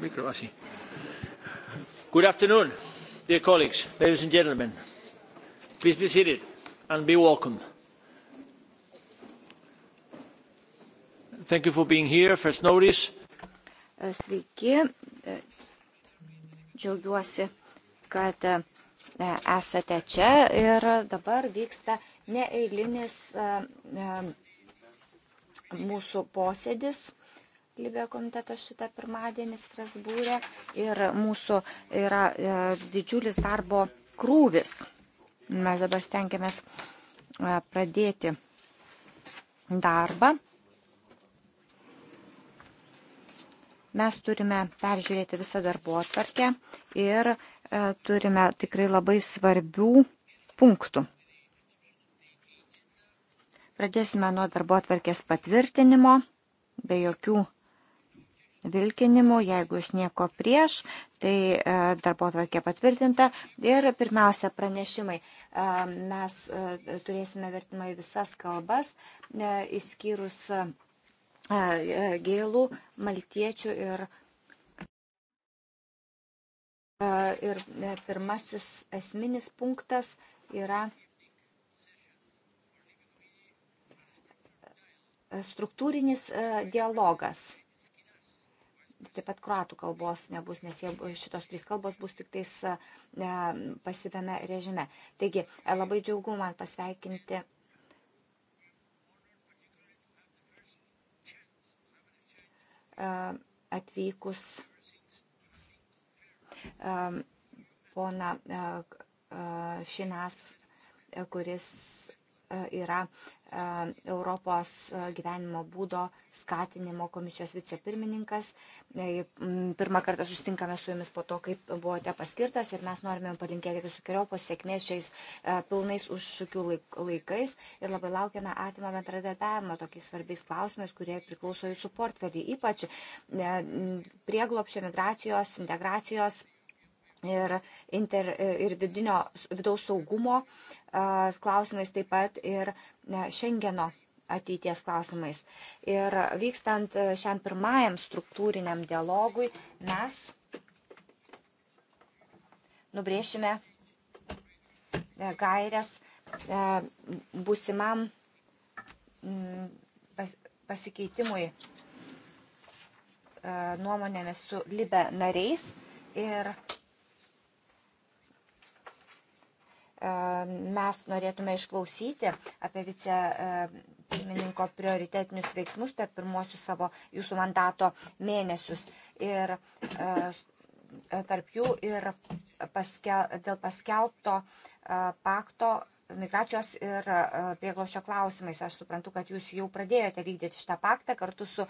Micro, así. Good afternoon, dear colleagues, ladies and gentlemen. Please be seated and be welcome. Thank you for being here. First notice. E, sveiki. E, džiaugiuosi, kad e, esate čia ir dabar vyksta neeilinis mūsų posėdis Libė komiteto šitą pirmadienį Strasbūrė ir mūsų yra e, didžiulis darbo krūvis. Mes dabar stengiamės e, pradėti darbą. Mes turime peržiūrėti visą darbo atvarkę ir e, turime tikrai labai svarbių punktų. Pradėsime nuo darbo atvarkės patvirtinimo, be jokių vilkinimu. Jeigu jūs nieko prieš, tai e, darbo atvarkė patvirtinta. Ir pirmiausia, pranešimai. E, mes e, turėsime vertimą į visas kalbas, išskyrus gėlų, maltiečių ir. Ir pirmasis esminis punktas yra struktūrinis dialogas taip pat kruatų kalbos nebus, nes jie, šitos trys kalbos bus tik tais e, pasitame režime. Taigi, e, labai džiaugu man pasveikinti. E, atvykus pona Šinas, kuris yra E, Europos e, gyvenimo būdo skatinimo komisijos vicepirmininkas. E, pirmą kartą sustinkame su jumis po to, kaip buvote paskirtas ir mes norime palinkėti visokiojo pasiekmės šiais pilnais užšūkių laikais ir labai laukiame artimo bendradarbiavimo tokiais svarbiais klausimais, kurie priklauso jūsų portfelį, ypač prieglopščio migracijos, integracijos ir, inter, ir vidinio, vidaus saugumo klausimais, taip pat ir Šengeno ateities klausimais. Ir vykstant šiam pirmajam struktūriniam dialogui mes nubrėšime gairias būsimam pasikeitimui nuomonėmis su Libe nariais ir E, mes norėtume išklausyti apie vice e, pirmininko prioritetinius veiksmus per pirmosius savo jūsų mandato mėnesius. Ir e, tarp jų ir paskel, dėl paskelbto pakto migracijos ir e, prieglošio klausimais. Aš suprantu, kad jūs jau pradėjote vykdyti šitą paktą kartu su e,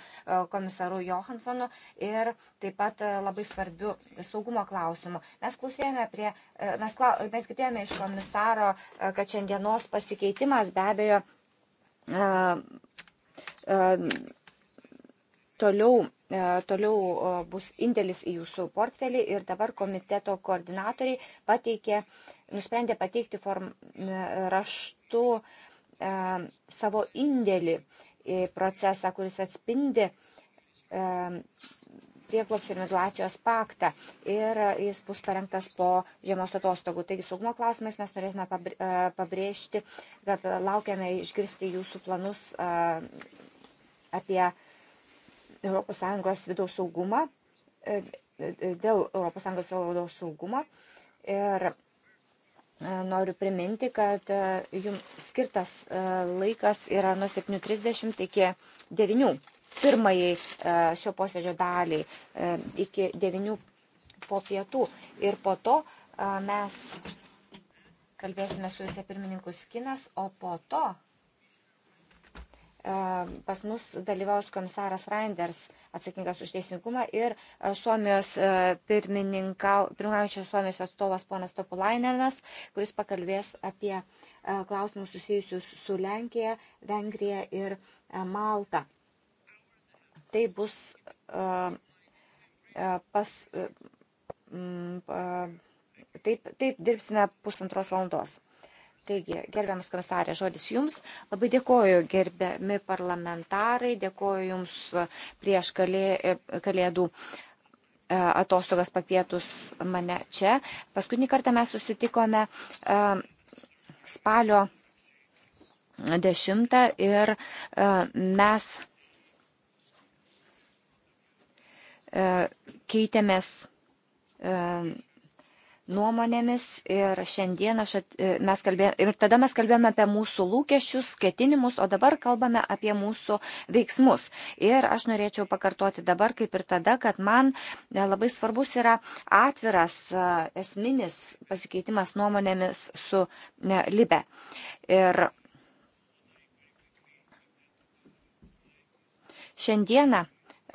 komisaru Johansonu ir taip pat e, labai svarbiu saugumo klausimu. Mes, prie, mes, klau, mes girdėjome iš komisaro, kad šiandienos pasikeitimas be abejo toliau E, toliau e, bus indėlis į jūsų portfelį ir dabar komiteto koordinatoriai pateikė, nusprendė pateikti form, e, raštu e, savo indėlį į procesą, kuris atspindi e, prieklopščio ir migracijos paktą ir jis bus parengtas po žiemos atostogų. Taigi saugumo klausimais mes norėtume pabrėžti, kad laukiame išgirsti jūsų planus apie ES vidaus saugumą, e, e, dėl ES vidaus saugumo. Ir e, noriu priminti, kad jums skirtas laikas yra nuo 7.30 iki 9. Pirmajai šio posėdžio daliai iki 9 po pietų. Ir po to mes kalbėsime su vicepirmininku Skinas, o po to E, pas mus dalyvaus komisaras Reinders, atsakingas už teisingumą, ir e, Suomijos e, pirmininkaujančios Suomijos atstovas ponas Topulainenas, kuris pakalbės apie klausimus susijusius su Lenkija, Vengrija ir Malta. Tai bus pas. Taip, taip dirbsime pusantros valandos. Taigi, gerbiamas komisarė, žodis Jums. Labai dėkoju, gerbiami parlamentarai, dėkoju Jums prieš kalė, e, kalėdų e, atostogas papietus mane čia. Paskutinį kartą mes susitikome e, spalio 10 ir mes keitėmės nuomonėmis ir šiandien aš, e, mes kalbėjome, ir tada mes kalbėjome apie mūsų lūkesčius, ketinimus, o dabar kalbame apie mūsų veiksmus. Ir aš norėčiau pakartoti dabar, kaip ir tada, kad man e, labai svarbus yra atviras e, esminis pasikeitimas nuomonėmis su ne, Libe. Ir šiandieną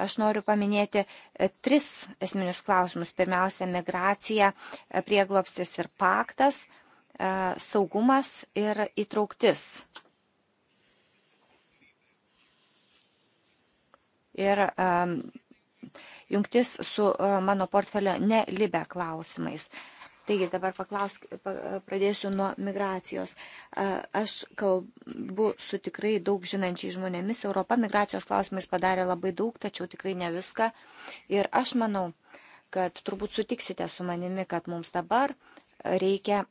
Aš noriu paminėti e, tris esminius klausimus. Pirmiausia, migracija, e, prieglopstis ir paktas, e, saugumas ir įtrauktis. Ir jungtis su mano portfelio nelibe klausimais. Uh, Taigi dabar paklausk, pradėsiu nuo migracijos. Aš kalbu su tikrai daug žinančiai žmonėmis. Europa migracijos klausimais padarė labai daug, tačiau tikrai ne viską. Ir aš manau, kad turbūt sutiksite su manimi, kad mums dabar reikia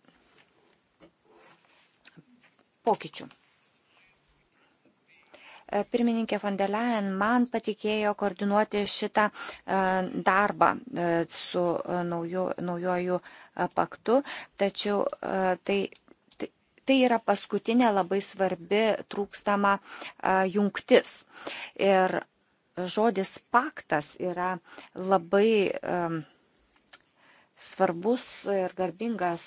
pokyčių pirmininkė von der Leyen man patikėjo koordinuoti šitą e, darbą e, su e, nauju, naujoju paktu, tačiau tai, tai. Tai yra paskutinė labai svarbi trūkstama jungtis. Ir žodis paktas yra labai um, svarbus ir garbingas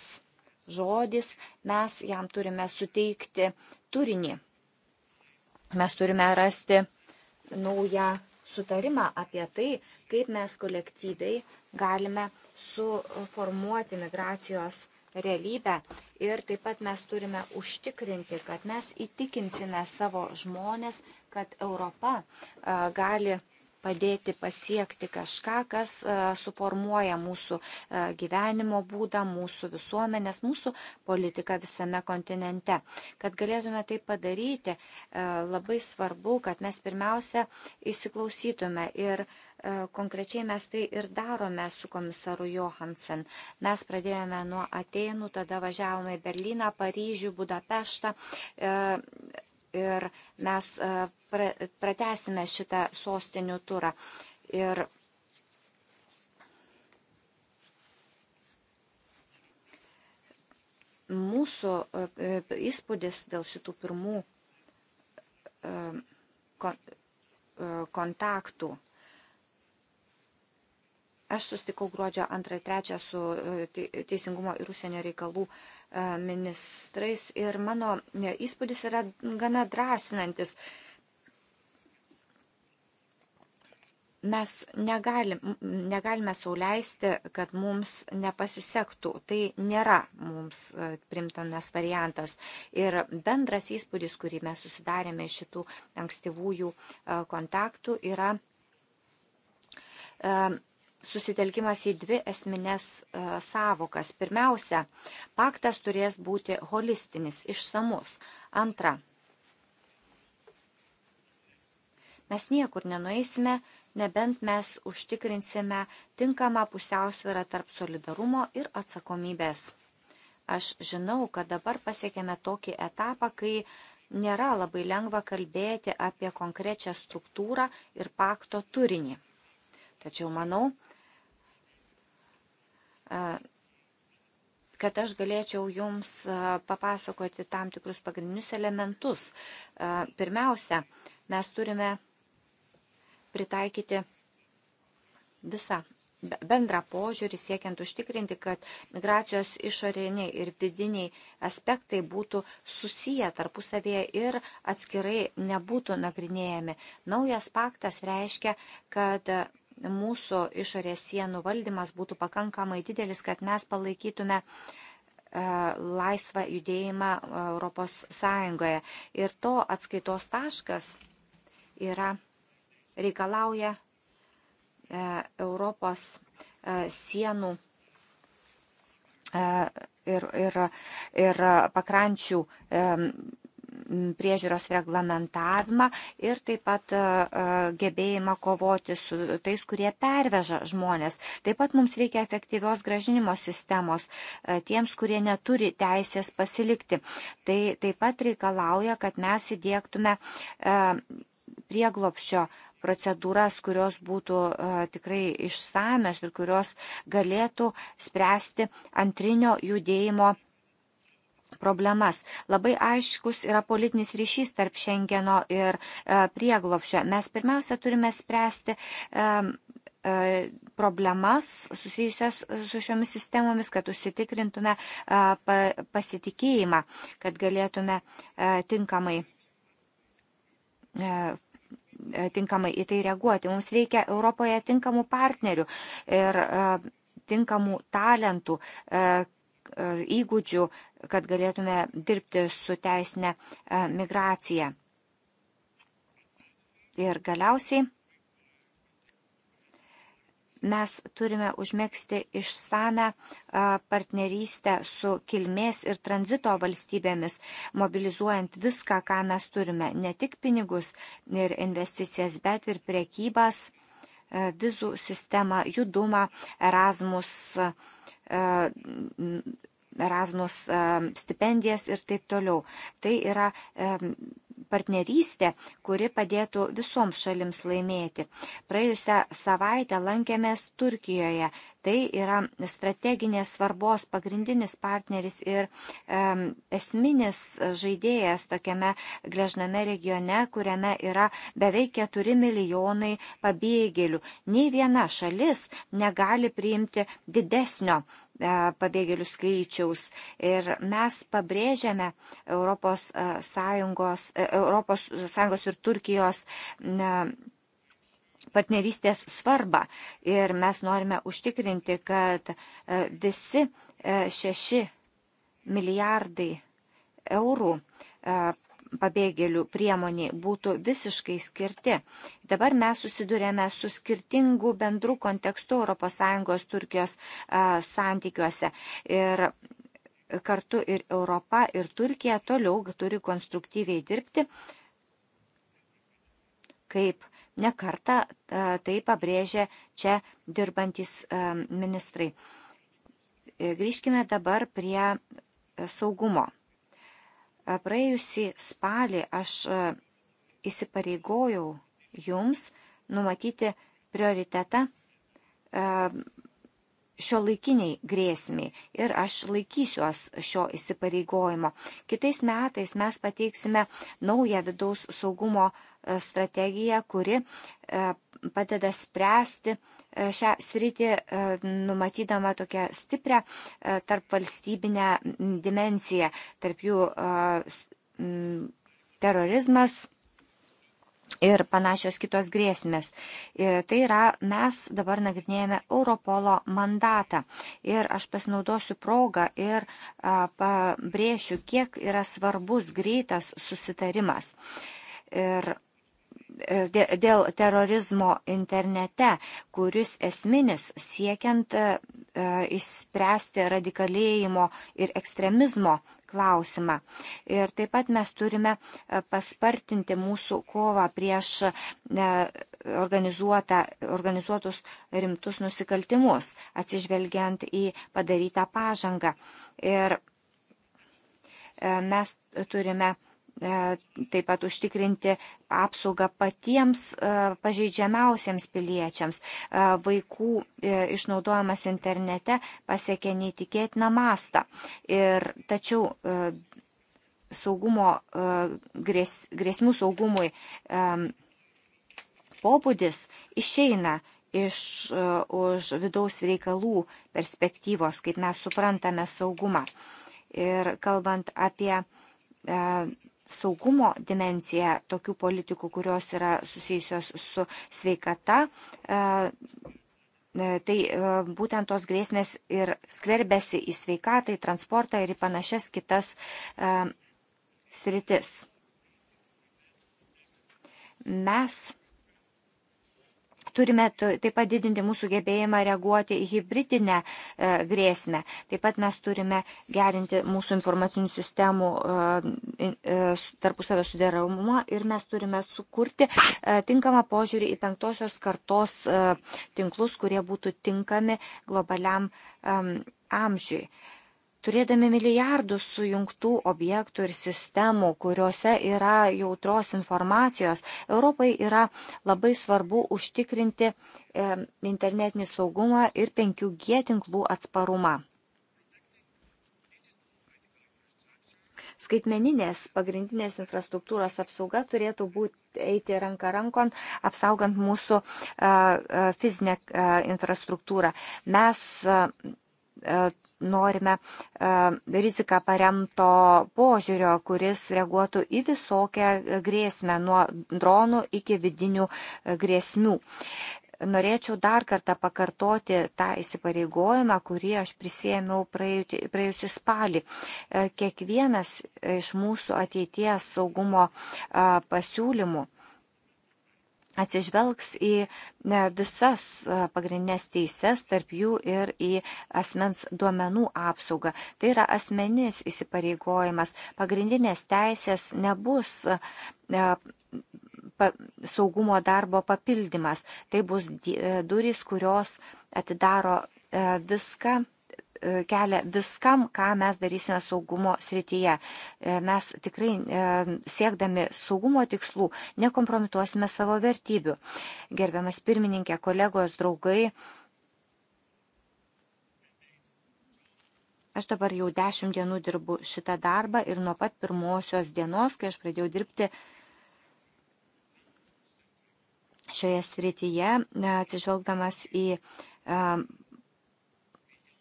žodis. Mes jam turime suteikti turinį Mes turime rasti naują sutarimą apie tai, kaip mes kolektyviai galime suformuoti migracijos realybę. Ir taip pat mes turime užtikrinti, kad mes įtikinsime savo žmonės, kad Europa gali padėti pasiekti kažką, kas e, suformuoja mūsų e, gyvenimo būdą, mūsų visuomenės, mūsų politiką visame kontinente. Kad galėtume tai padaryti, e, labai svarbu, kad mes pirmiausia įsiklausytume ir konkrečiai mes tai ir darome su komisaru Johansen. Mes pradėjome nuo Atenų, tada važiavome į Berliną, Paryžių, Budapeštą ir mes e, pratesime šitą sostinių turą. Ir mūsų e, e, įspūdis dėl šitų pirmų kontaktų. Aš sustikau gruodžio 2-3 su Teisingumo ir užsienio reikalų uh, ministrais ir mano e, įspūdis yra gana drąsinantis. Mes negalim, negalime sauliaisti, kad mums nepasisektų. Tai nėra mums e, primtinas variantas. Ir bendras įspūdis, kurį mes susidarėme iš šitų ankstyvųjų e, kontaktų, yra susitelkimas į dvi esminės e, savokas. Pirmiausia, paktas turės būti holistinis, išsamus. Antra, mes niekur nenueisime, nebent mes užtikrinsime tinkamą pusiausvyrą tarp solidarumo ir atsakomybės. Aš žinau, kad dabar pasiekėme tokį etapą, kai nėra labai lengva kalbėti apie konkrečią struktūrą ir pakto turinį. Tačiau manau, kad aš galėčiau jums papasakoti tam tikrus pagrindinius elementus. Pirmiausia, mes turime pritaikyti visą bendrą požiūrį, siekiant užtikrinti, kad migracijos išoriniai ir vidiniai aspektai būtų susiję tarpusavėje ir atskirai nebūtų nagrinėjami. Naujas paktas reiškia, kad mūsų išorės sienų valdymas būtų pakankamai didelis, kad mes palaikytume e, laisvą judėjimą e, Europos Sąjungoje. Ir to atskaitos taškas yra reikalauja e, Europos sienų ir, ir, ir pakrančių Mm, priežiūros reglamentavimą ir taip pat e, e, gebėjimą kovoti su tais, kurie perveža žmonės. Taip pat mums reikia efektyvios gražinimo sistemos e, tiems, kurie neturi teisės pasilikti. Tai taip pat reikalauja, kad mes įdėktume prieglopšio procedūras, kurios būtų tikrai išsamios ir kurios galėtų spręsti antrinio judėjimo problemas. Labai aiškus yra politinis ryšys tarp Šengeno ir e, prieglopščio. Mes pirmiausia turime spręsti e, e, problemas susijusias su šiomis sistemomis, kad užsitikrintume pasitikėjimą, kad galėtume tinkamai, tinkamai į tai reaguoti. Mums reikia Europoje tinkamų partnerių ir tinkamų talentų, E, įgūdžių, kad galėtume dirbti su teisinė e, migracija. Ir galiausiai mes turime užmėgsti išsame e, partnerystę su kilmės ir tranzito valstybėmis, mobilizuojant viską, ką mes turime, ne tik pinigus ir investicijas, bet ir priekybas, vizų sistemą, judumą, Erasmus E, Erasmus e, stipendijas ir taip toliau. Tai yra e, partnerystė, kuri padėtų visoms šalims laimėti. Praėjusią savaitę lankėmės Turkijoje. Tai yra strateginės svarbos pagrindinis partneris ir um, esminis žaidėjas tokiame gležname regione, kuriame yra beveik 4 milijonai pabėgėlių. Nei viena šalis negali priimti didesnio e, pabėgėlių skaičiaus. Ir mes pabrėžiame ES, ES e, ir Turkijos partnerystės svarbą ir mes norime užtikrinti, kad e, visi e, šeši milijardai eurų e, pabėgėlių priemoniai būtų visiškai skirti. Dabar mes susidurėme su skirtingu bendru kontekstu ES Turkijos santykiuose. Ir kartu ir Europa, ir Turkija toliau turi konstruktyviai dirbti kaip nekarta e, tai pabrėžė čia dirbantis e, ministrai. E, grįžkime dabar prie saugumo. Praėjusį spalį aš įsipareigojau jums numatyti prioritetą šio laikiniai grėsmiai ir aš laikysiuos šio įsipareigojimo. Kitais metais mes pateiksime naują vidaus saugumo strategiją, kuri e, padeda spręsti e, šią sritį, e, numatydama tokią stiprią tarp valstybinę dimenciją, tarp jų terorizmas, ir panašios kitos grėsmės. Tai yra, mes dabar nagrinėjame Europolo mandatą ir aš pasinaudosiu progą ir pabrėšiu, kiek yra svarbus greitas susitarimas. Ir dėl terorizmo internete, kuris esminis siekiant e, išspręsti radikalėjimo ir ekstremizmo klausimą. Ir taip pat mes turime e, paspartinti mūsų kovą prieš e, organizuotus rimtus nusikaltimus, atsižvelgiant į padarytą pažangą. Ir mes turime E, taip pat užtikrinti apsaugą patiems e, pažeidžiamiausiems piliečiams. E, vaikų išnaudojimas internete pasiekė neįtikėtiną mastą. Ir tačiau saugumo, grės, grėsmių saugumui pobūdis išeina iš uh, už vidaus reikalų perspektyvos, kaip mes suprantame saugumą. Ir kalbant apie uh, saugumo dimencija tokių politikų, kurios yra susijusios su sveikata. E, e, tai e, būtent tos grėsmės ir skverbėsi į sveikatą, į transportą ir į panašias kitas sritis. Mes turime taip pat didinti mūsų gebėjimą reaguoti į hybridinę e, grėsmę. Taip pat mes turime gerinti mūsų informacinių sistemų e, e, tarpusavio suderamumą ir mes turime sukurti tinkamą požiūrį į penktosios kartos tinklus, kurie būtų tinkami globaliam amžiui. Turėdami milijardus sujungtų objektų ir sistemų, kuriuose yra jautros informacijos, Europai yra labai svarbu užtikrinti internetinį saugumą ir 5G tinklų atsparumą. skaitmeninės pagrindinės infrastruktūros apsauga turėtų būti eiti ranka rankon, apsaugant mūsų fizinę infrastruktūrą. Mes E, norime e, riziką paremto požiūrio, kuris reaguotų į visokią grėsmę nuo dronų iki vidinių e, grėsmių norėčiau dar kartą pakartoti tą įsipareigojimą, kurį aš prisėmiau praėjusį spalį. Kiekvienas iš mūsų ateities saugumo pasiūlymų atsižvelgs į visas e, pagrindinės teises, tarp jų ir į asmens duomenų apsaugą. Tai yra asmenis įsipareigojimas. Pagrindinės teisės nebus e, saugumo darbo papildymas. Tai bus e, durys, kurios atidaro viską E, kelią viskam, ką mes darysime saugumo srityje. E, mes tikrai e, siekdami saugumo tikslų nekompromituosime savo vertybių. Gerbiamas pirmininkė, kolegos, draugai. Aš dabar jau dešimt dienų dirbu šitą darbą ir nuo pat pirmosios dienos, kai aš pradėjau dirbti šioje srityje, atsižvelgdamas į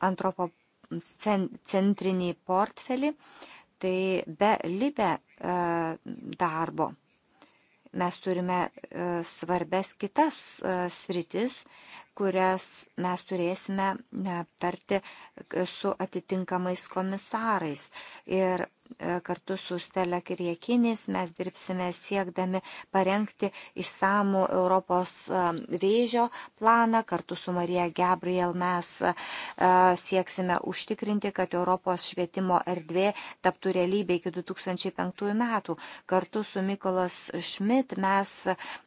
antropocentrinį portfelį, tai be libe e, darbo mes turime e, svarbes kitas e, sritis, kurias mes turėsime e, aptarti su atitinkamais komisarais. Ir e, kartu su Stela Kiriekinis mes dirbsime siekdami parengti išsamų Europos e, vėžio planą. Kartu su Marija Gabriel mes sieksime užtikrinti, kad Europos švietimo erdvė taptų realybė iki 2005 metų. Kartu su Mikolas Šmit mes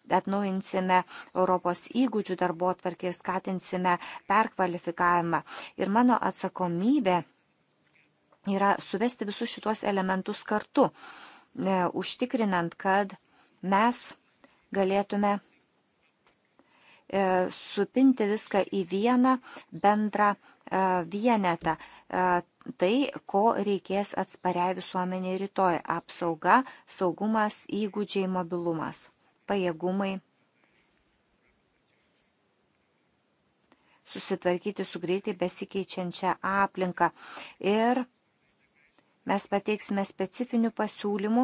atnaujinsime Europos įgūdžių darbo atvarkės skatinsime perkvalifikavimą. Ir mano atsakomybė yra suvesti visus šitos elementus kartu, e, užtikrinant, kad mes galėtume e, supinti viską į vieną bendrą e, vienetą. Tai, ko reikės atspariai visuomeniai rytoj - apsauga, saugumas, įgūdžiai, mobilumas, pajėgumai susitvarkyti su greitai besikeičiančia aplinka. Ir mes pateiksime specifinių pasiūlymų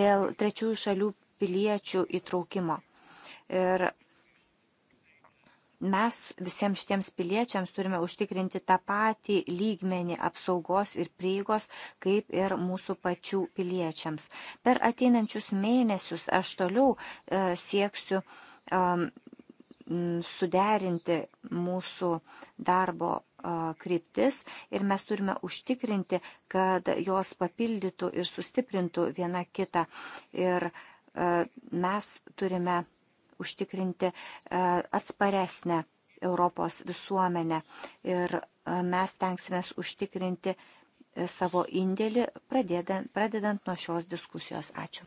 dėl trečiųjų šalių piliečių įtraukimo. Ir mes visiems šitiems piliečiams turime užtikrinti tą patį lygmenį apsaugos ir prieigos, kaip ir mūsų pačių piliečiams. Per ateinančius mėnesius aš toliau e, sieksiu e, suderinti mūsų darbo kryptis ir mes turime užtikrinti, kad jos papildytų ir sustiprintų viena kitą. Ir mes turime užtikrinti atsparesnę Europos visuomenę ir mes tenksimės užtikrinti e, savo indėlį, pradedant, pradedant nuo šios diskusijos. Ačiū.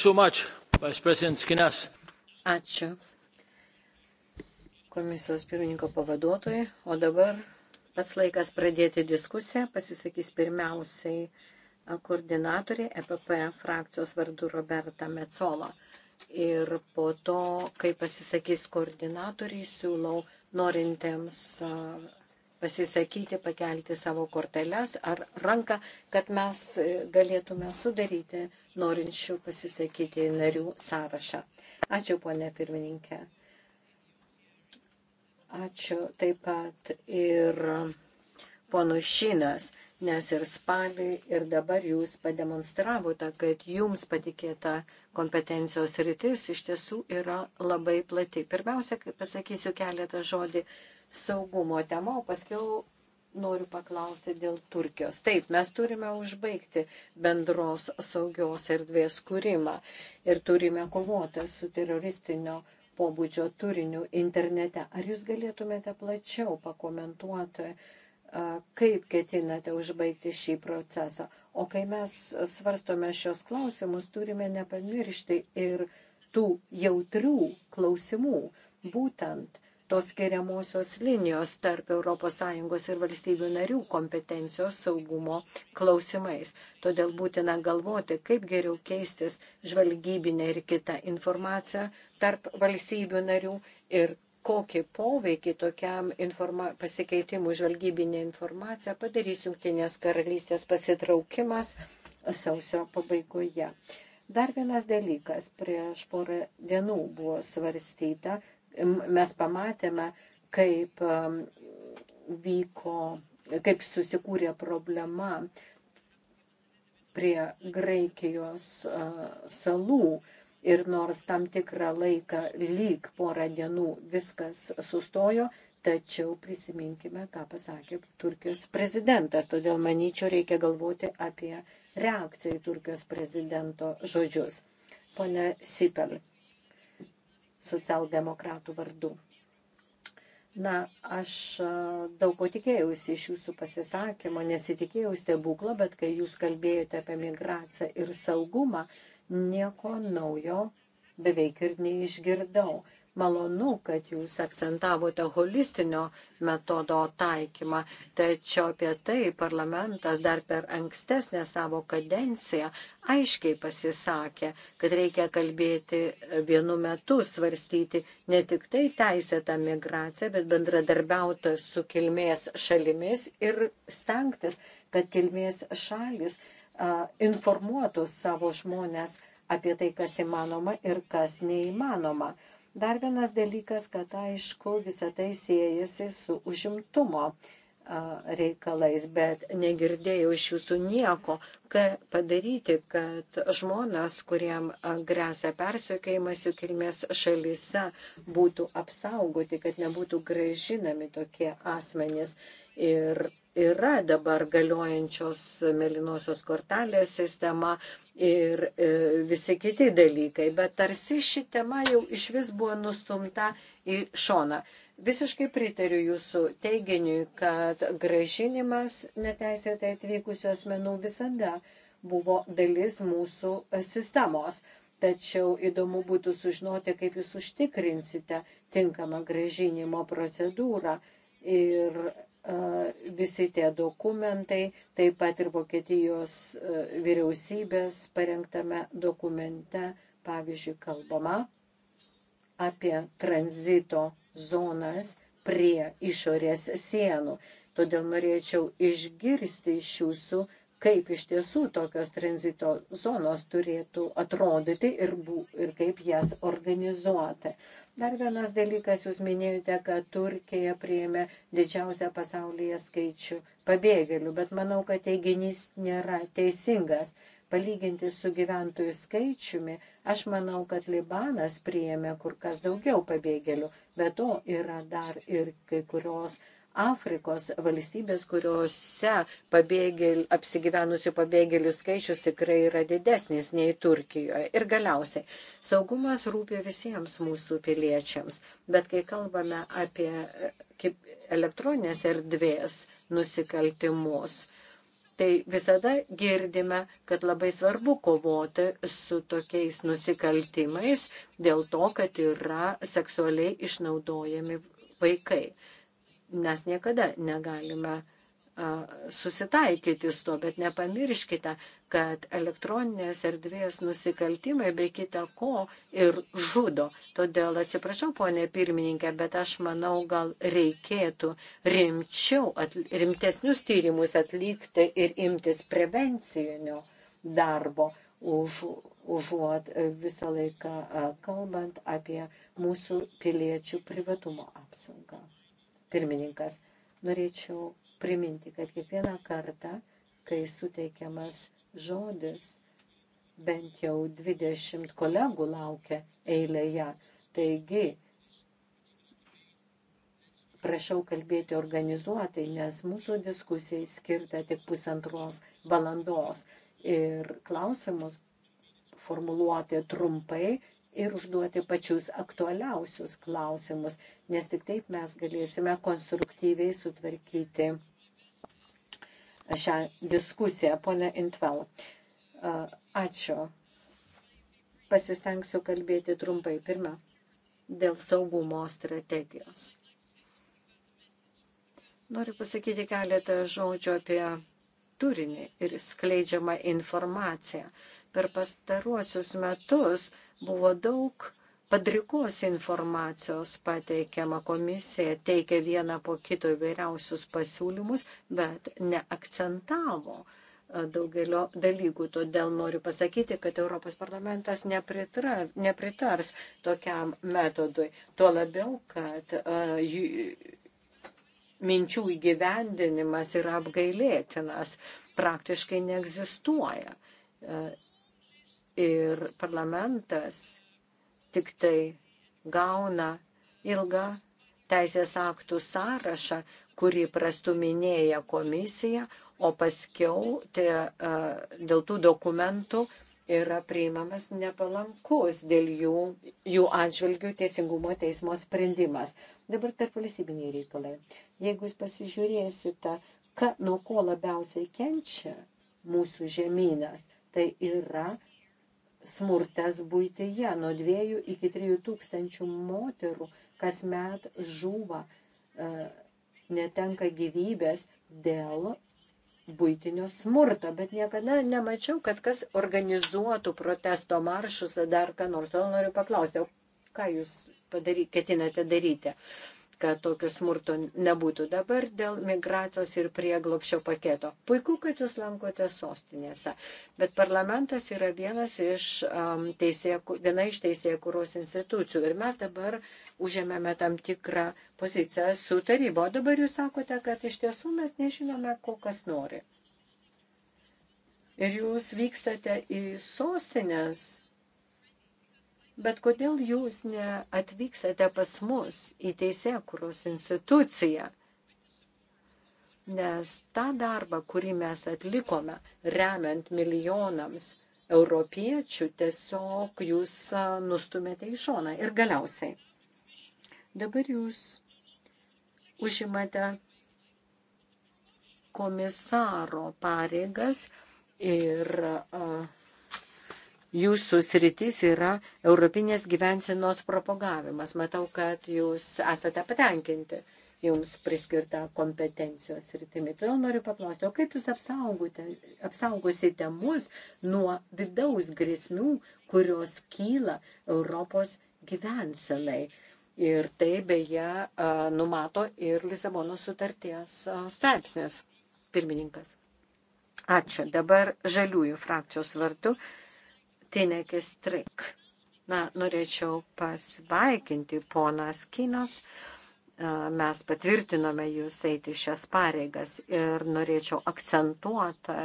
So much, Ačiū, komisijos pirmininko pavaduotojai, o dabar pats laikas pradėti diskusiją. Pasisakys pirmiausiai koordinatoriai EPP frakcijos vardu Roberta Metzola. Ir po to, kai pasisakys koordinatoriai, siūlau norintiems pasisakyti, pakelti savo korteles ar ranką, kad mes e, galėtume sudaryti norinčių pasisakyti narių sąrašą. Ačiū, ponė pirmininkė. Ačiū taip pat ir ponui Šinas, nes ir spalį, ir dabar jūs pademonstravote, kad jums patikėta kompetencijos rytis iš tiesų yra labai plati. Pirmiausia, kai pasakysiu keletą žodį saugumo tema, o paskiau noriu paklausti dėl Turkijos. Taip, mes turime užbaigti bendros saugios erdvės kūrimą ir turime kovoti su teroristinio pobūdžio turiniu internete. Ar jūs galėtumėte plačiau pakomentuoti, kaip ketinate užbaigti šį procesą? O kai mes svarstome šios klausimus, turime nepamiršti ir tų jautrių klausimų, būtent tos skiriamosios linijos tarp ES ir valstybių narių kompetencijos saugumo klausimais. Todėl būtina galvoti, kaip geriau keistis žvalgybinę ir kitą informaciją tarp valstybių narių ir kokį poveikį tokiam informa pasikeitimui žvalgybinė informacija padarys Junktinės karalystės pasitraukimas sausio pabaigoje. Dar vienas dalykas, prieš porą dienų buvo svarstyta mes pamatėme, kaip um, vyko, kaip susikūrė problema prie Graikijos salų. Ir nors tam tikrą laiką, lyg porą dienų, viskas sustojo, tačiau prisiminkime, ką pasakė Turkijos prezidentas. Todėl, manyčiau, reikia galvoti apie reakciją į Turkijos prezidento žodžius. Pone Sipel, socialdemokratų vardu. Na, aš daug ko tikėjausi iš jūsų pasisakymo, nesitikėjau stebuklą, bet kai jūs kalbėjote apie migraciją ir saugumą, nieko naujo beveik ir neišgirdau malonu, kad jūs akcentavote holistinio metodo taikymą, tačiau apie tai parlamentas dar per ankstesnę savo kadenciją aiškiai pasisakė, kad reikia kalbėti vienu metu, svarstyti ne tik tai teisėtą migraciją, bet bendradarbiauti su kilmės šalimis ir stengtis, kad kilmės šalis informuotų savo žmonės apie tai, kas įmanoma ir kas neįmanoma. Dar vienas dalykas, kad aišku, visą tai siejasi su užimtumo reikalais, bet negirdėjau iš jūsų nieko, ką padaryti, kad žmonės, kuriem grėsia persiekėjimas jų kilmės šalyse, būtų apsaugoti, kad nebūtų gražinami tokie asmenys. Ir yra dabar galiojančios melinosios kortelės sistema ir e, visi kiti dalykai, bet tarsi ši tema jau iš vis buvo nustumta į šoną. Visiškai pritariu jūsų teiginiui, kad gražinimas neteisėtai atvykusių asmenų visada buvo dalis mūsų sistemos. Tačiau įdomu būtų sužinoti, kaip jūs užtikrinsite tinkamą gražinimo procedūrą ir visi tie dokumentai, taip pat ir Vokietijos e, vyriausybės parengtame dokumente, pavyzdžiui, kalbama apie tranzito zonas prie išorės sienų. Todėl norėčiau išgirsti iš jūsų, kaip iš tiesų tokios tranzito zonos turėtų atrodyti ir, bu, ir kaip jas organizuoti. Dar vienas dalykas, jūs minėjote, kad Turkija priėmė didžiausią pasaulyje skaičių pabėgėlių, bet manau, kad teiginys nėra teisingas. Palyginti su gyventojų skaičiumi, aš manau, kad Libanas priėmė kur kas daugiau pabėgėlių, bet to yra dar ir kai kurios uh, Afrikos valstybės, kuriuose pabėgėl, apsigyvenusių pabėgėlių skaičius tikrai yra didesnis nei Turkijoje. Ir galiausiai, saugumas rūpi visiems mūsų piliečiams, bet kai kalbame apie e, elektroninės erdvės nusikaltimus, tai visada girdime, kad labai svarbu kovoti su tokiais nusikaltimais dėl to, kad yra seksualiai išnaudojami vaikai mes niekada negalime susitaikyti su to, bet nepamirškite, kad elektroninės erdvės nusikaltimai be kita ko ir žudo. Todėl atsiprašau, ponė pirmininkė, bet aš manau, gal reikėtų rimčiau, at, rimtesnius tyrimus atlikti ir imtis prevencinio darbo, už, užuot visą laiką kalbant apie mūsų piliečių privatumo apsaugą pirmininkas. Norėčiau priminti, kad kiekvieną kartą, kai suteikiamas žodis, bent jau 20 kolegų laukia eilėje. Taigi, prašau kalbėti organizuotai, nes mūsų diskusijai skirta tik pusantros valandos ir klausimus formuluoti trumpai ir užduoti pačius aktualiausius klausimus, nes tik taip mes galėsime konstruktyviai sutvarkyti šią diskusiją. Pone Intvel, ačiū. Pasistengsiu kalbėti trumpai. Pirma, dėl saugumo strategijos. Noriu pasakyti keletą žodžių apie turinį ir skleidžiamą informaciją. Per pastaruosius metus uh, Buvo daug padrikos informacijos pateikiama komisija, teikė vieną po kito įvairiausius pasiūlymus, bet neakcentavo e, daugelio dalykų. Todėl noriu pasakyti, kad Europos parlamentas nepritra, nepritars tokiam metodui. Tuo labiau, kad uh, minčių įgyvendinimas yra apgailėtinas, praktiškai neegzistuoja. Uh, ir parlamentas tik tai gauna ilgą teisės aktų sąrašą, kurį prastuminėja komisija, o paskiau te, dėl tų dokumentų yra priimamas nepalankus dėl jų, jų atžvilgių teisingumo teismo sprendimas. Dabar tarp valstybiniai reikalai. Jeigu jūs pasižiūrėsite, ka, nuo ko labiausiai kenčia mūsų žemynas, tai yra smurtas būtyje. Nuo 2 iki 3 tūkstančių moterų kasmet žūva, e, netenka gyvybės dėl būtinio smurto, bet niekada nemačiau, kad kas organizuotų protesto maršus ar dar ką nors. Todėl noriu paklausti, o ką jūs padary, ketinate daryti? kad tokio smurto nebūtų dabar dėl migracijos ir prieglopšio paketo. Puiku, kad jūs lankote sostinėse, bet parlamentas yra vienas iš, um, teisė, viena iš teisėkuros institucijų ir mes dabar užėmėme tam tikrą poziciją su tarybo. O dabar jūs sakote, kad iš tiesų mes nežinome, ko kas nori. Ir jūs vykstate į sostinės Bet kodėl jūs neatvykstate pas mus į Teisėkuros instituciją? Nes tą darbą, kurį mes atlikome, remiant milijonams europiečių, tiesiog jūs nustumėte į šoną. Ir galiausiai, dabar jūs užimate komisaro pareigas ir uh, jūsų sritis yra europinės gyvensenos propagavimas. Matau, kad jūs esate patenkinti jums priskirta kompetencijos rytimi. Todėl noriu paklausti, o kaip jūs apsaugosite mus nuo vidaus grėsmių, kurios kyla Europos gyvensenai? Ir tai beje numato ir Lisabono sutarties straipsnis pirmininkas. Ačiū. Dabar žaliųjų frakcijos vardu Tinekis Trik. Na, norėčiau pasveikinti ponas Kinos. Mes patvirtinome jūs eiti šias pareigas ir norėčiau akcentuoti,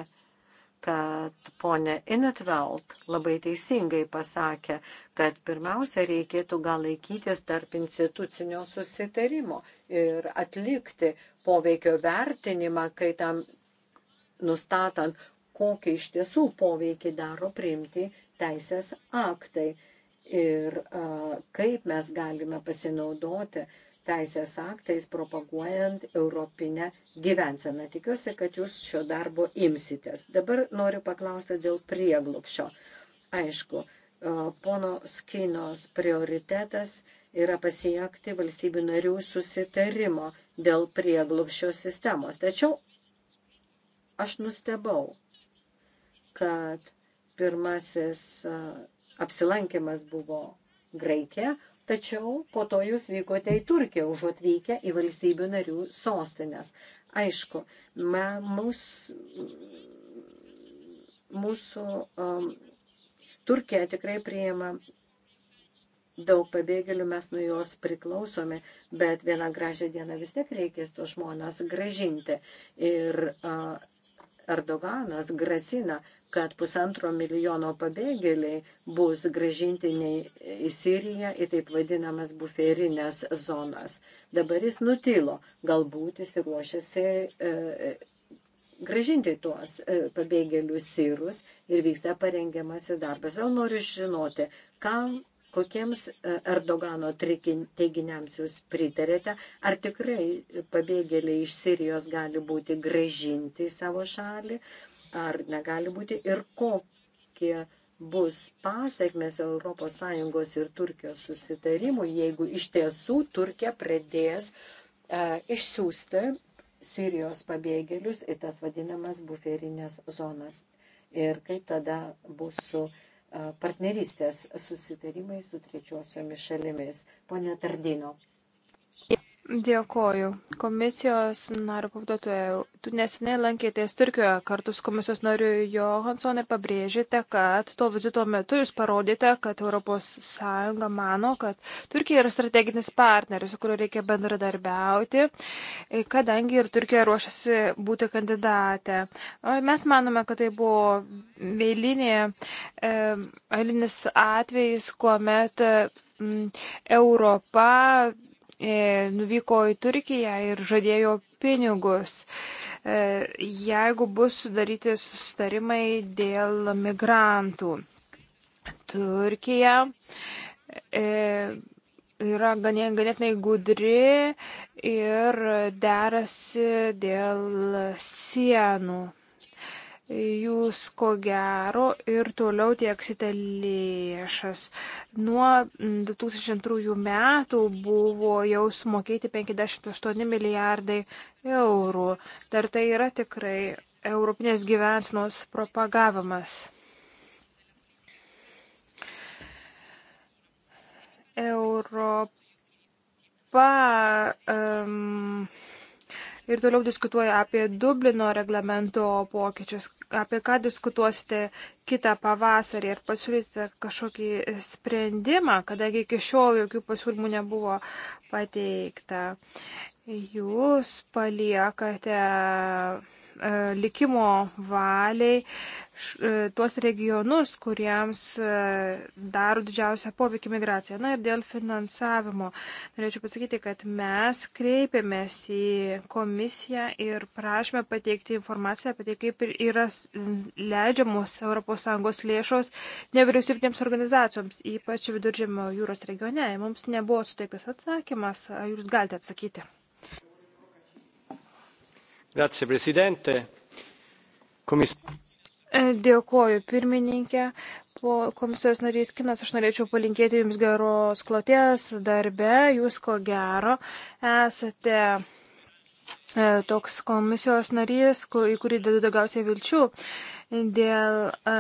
kad ponė Inetveld labai teisingai pasakė, kad pirmiausia reikėtų gal laikytis tarp institucinio susitarimo ir atlikti poveikio vertinimą, kai tam nustatant, kokį iš tiesų poveikį daro priimti teisės aktai ir a, kaip mes galime pasinaudoti teisės aktais propaguojant europinę gyvenseną. Tikiuosi, kad jūs šio darbo imsitės. Dabar noriu paklausti dėl prieglupšio. Aišku, pono Skinos prioritetas yra pasiekti valstybių narių susitarimo dėl prieglupšio sistemos. Tačiau aš nustebau, kad Pirmasis apsilankimas buvo Graikija, tačiau po to jūs vykote į Turkiją, užuot vykę į valstybių narių sostinės. Aišku, mūs, mūsų um, Turkija tikrai priima daug pabėgėlių, mes nuo jos priklausome, bet vieną gražią dieną vis tiek reikės tos žmonas gražinti. Ir uh, Erdoganas grasina kad pusantro milijono pabėgėliai bus gražinti ne į Siriją, į taip vadinamas buferinės zonas. Dabar jis nutilo, galbūt jis ruošiasi e, e, gražinti tuos e, pabėgėlius sirus ir vyksta parengiamasis darbas. Jau noriu žinoti, kam kokiems e, Erdogano teiginiams jūs pritarėte, ar tikrai pabėgėliai iš Sirijos gali būti gražinti į savo šalį, ar negali būti ir kokie bus pasiekmes ES ir Turkijos susitarimų, jeigu iš tiesų Turkija pradės e, išsiųsti Sirijos pabėgėlius į tas vadinamas buferinės zonas. Ir kaip tada bus su e, partnerystės susitarimais su trečiosiomis šalimis. Pone Tardino. Dėkoju. Komisijos nario pavaduotojai, tu neseniai lankėtės Turkijoje kartu su komisijos nariu Johansson ir pabrėžėte, kad to vizito metu jūs parodėte, kad ES mano, kad Turkija yra strateginis partneris, su kuriuo reikia bendradarbiauti, kadangi ir Turkija ruošiasi būti kandidatė. Mes manome, kad tai buvo eilinė, eilinis atvejis, kuomet Europa E, nuvyko į Turkiją ir žadėjo pinigus, e, jeigu bus sudaryti sustarimai dėl migrantų. Turkija e, yra ganėtinai gudri ir derasi dėl sienų jūs ko gero ir toliau tieksite lėšas. Nuo 2002 mm, metų buvo jau sumokėti 58 milijardai eurų. Dar tai yra tikrai europinės gyvensinos propagavimas. Europa. Um, ir toliau diskutuoja apie Dublino reglamento pokyčius, apie ką diskutuosite kitą pavasarį ir pasiūlysite kažkokį sprendimą, kadangi iki šiol jokių pasiūlymų nebuvo pateikta. Jūs paliekate E, likimo valiai e, tuos regionus, kuriems e, daro didžiausią poveikį migraciją. Na ir dėl finansavimo. Norėčiau pasakyti, kad mes kreipėmės į komisiją ir prašome pateikti informaciją apie tai, kaip yra leidžiamos ES lėšos nevyriausybinėms organizacijoms, ypač viduržėmio jūros regione. Mums nebuvo suteiktas atsakymas, jūs galite atsakyti. Grazie, prezidente. Komis... E, dėkoju, pirmininkė. Po komisijos narys Kinas aš norėčiau palinkėti Jums geros kloties darbe. Jūs ko gero esate e, toks komisijos narys, į kurį dedu daugiausiai vilčių dėl e,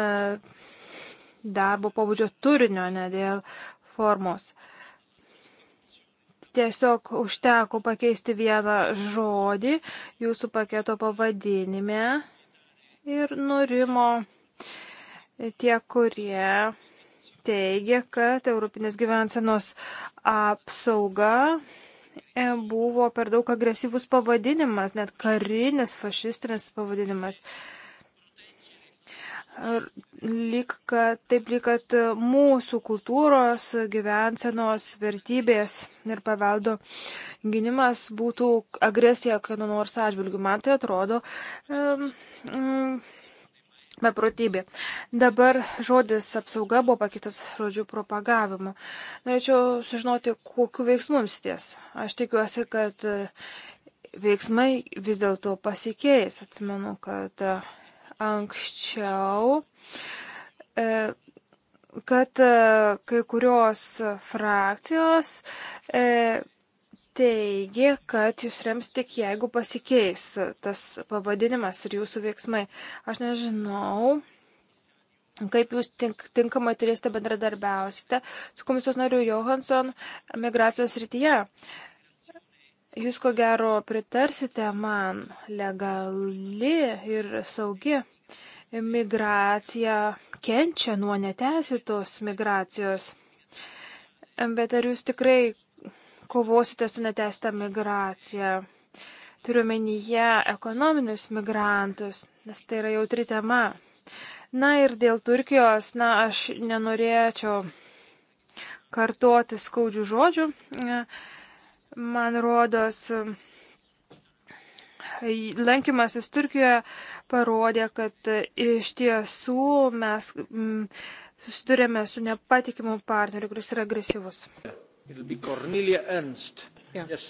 darbo pabudžio turinio, ne dėl formos. Uh, tiesiog užteko pakeisti vieną žodį jūsų paketo pavadinime ir nurimo tie, kurie teigia, kad Europinės gyvensenos apsauga e, buvo per daug agresyvus pavadinimas, net karinis fašistinis pavadinimas lyg kad, taip lyg kad mūsų kultūros gyvensenos vertybės ir paveldo gynimas būtų agresija kieno nors atžvilgiu. Man tai atrodo um, um, beprotybė. Dabar žodis apsauga buvo pakeistas žodžiu propagavimu. Norėčiau sužinoti, kokiu veiksmu jums ties. Aš tikiuosi, kad veiksmai vis dėlto pasikeis. Atsimenu, kad uh, anksčiau, e, kad e, kai kurios frakcijos e, teigia, kad jūs rems tik jeigu pasikeis tas pavadinimas ir jūsų veiksmai. Aš nežinau, kaip jūs tink, tinkamai turėsite bendradarbiausite su komisijos nariu Johansson migracijos rytyje. Jūs ko gero pritarsite man legali ir saugi migracija kenčia nuo neteisėtos migracijos. Bet ar jūs tikrai kovosite su neteisėta migracija? Turiu menyje ekonominius migrantus, nes tai yra jautri tema. Na ir dėl Turkijos, na, aš nenorėčiau kartoti skaudžių žodžių. Man rodos, lankimasis Turkijoje parodė, kad iš tiesų mes mm, susidurėme su nepatikimu partneriu, kuris yra agresyvus. Ja. Yes.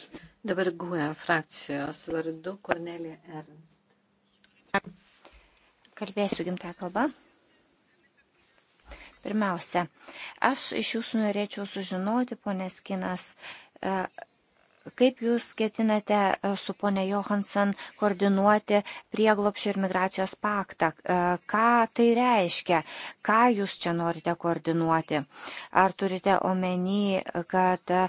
Dabar guoja frakcijos vardu Kornelija Ernst. Kalbėsiu gimtąją kalbą. Pirmiausia, aš iš jūsų norėčiau sužinoti, ponės Kinas, e, Kaip Jūs ketinate e, su ponė Johansen koordinuoti prieglopšio ir migracijos paktą? E, ką tai reiškia? Ką Jūs čia norite koordinuoti? Ar turite omeny, kad e,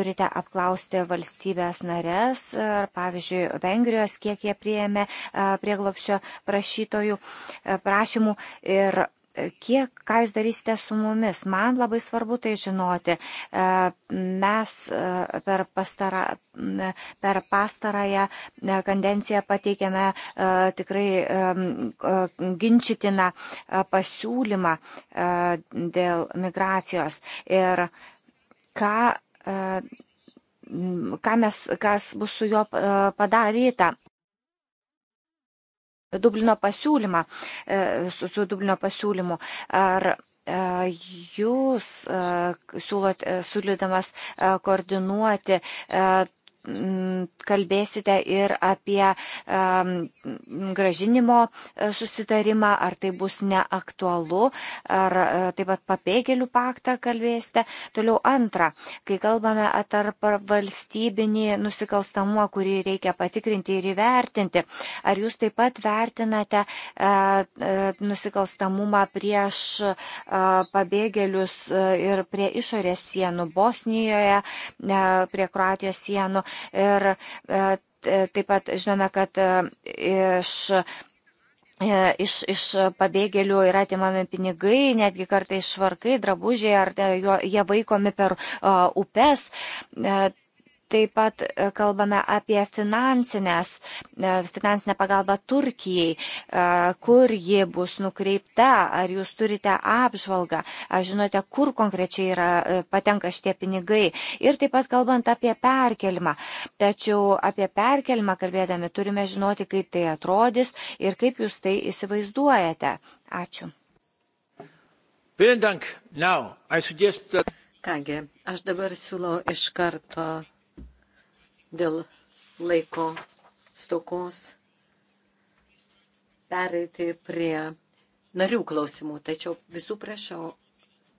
turite apklausti valstybės narės, pavyzdžiui, Vengrijos, kiek jie prieėmė prieglopšio prašytojų prašymų ir kiek, ką jūs darysite su mumis. Man labai svarbu tai žinoti. E, mes e, per, pastara, per pastarąją e, kandenciją pateikėme tikrai ginčytiną pasiūlymą dėl migracijos. Ir ką ką mes, kas bus su juo padaryta. Dublino pasiūlymą, e, su, su Dublino pasiūlymu. Ar e, jūs e, siūlot, siūlydamas koordinuoti Mm, kalbėsite ir apie um, gražinimo e, susitarimą, ar tai bus neaktualu, ar uh, taip pat papėgėlių paktą kalbėsite. Toliau antra, kai kalbame apie valstybinį nusikalstamumą, kurį reikia patikrinti ir įvertinti, ar jūs taip pat vertinate uh, uh, nusikalstamumą prieš pabėgėlius ir prie išorės sienų Bosnijoje, prie Kroatijos sienų, Ir e, taip pat žinome, kad e, iš e, iš, iš pabėgėlių yra atimami pinigai, netgi kartais švarkai, drabužiai, ar jie vaikomi per uh, upes. Uh, Taip pat e, kalbame apie e, finansinę pagalbą Turkijai, e, kur ji bus nukreipta, ar jūs turite apžvalgą, ar žinote, kur konkrečiai yra, patenka šitie pinigai. Ir taip pat kalbant apie perkelimą. Tačiau apie perkelimą kalbėdami turime žinoti, kaip tai atrodys ir kaip jūs tai įsivaizduojate. Ačiū. Kągi, aš dabar siūlau iš karto dėl laiko stokos pereiti prie narių klausimų, tačiau visų prašau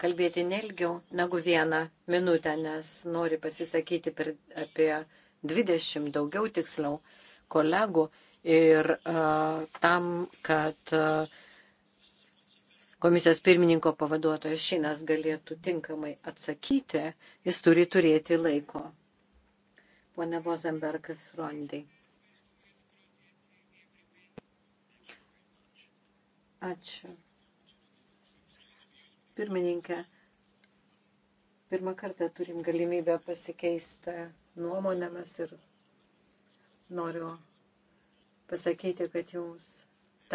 kalbėti nelgiau negu vieną minutę, nes nori pasisakyti per, apie 20 daugiau tiksliau kolegų ir uh, tam, kad uh, komisijos pirmininko pavaduotojas Šinas galėtų tinkamai atsakyti, jis turi turėti laiko ponia Vozenberg Frondai. Ačiū. Pirmininkė, pirmą kartą turim galimybę pasikeisti nuomonėmis ir noriu pasakyti, kad jums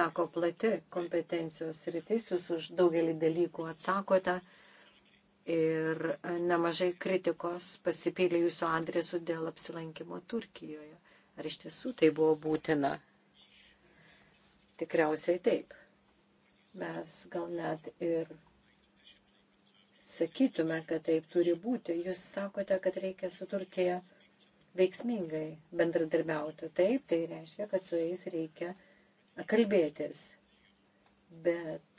teko plati kompetencijos rytis, jūs už daugelį dalykų atsakote. Ta ir nemažai kritikos pasipylė jūsų adresu dėl apsilankimo Turkijoje. Ar iš tiesų tai buvo būtina? Tikriausiai taip. Mes gal net ir sakytume, kad taip turi būti. Jūs sakote, kad reikia su Turkija veiksmingai bendradarbiauti. Taip, tai reiškia, kad su jais reikia kalbėtis. Bet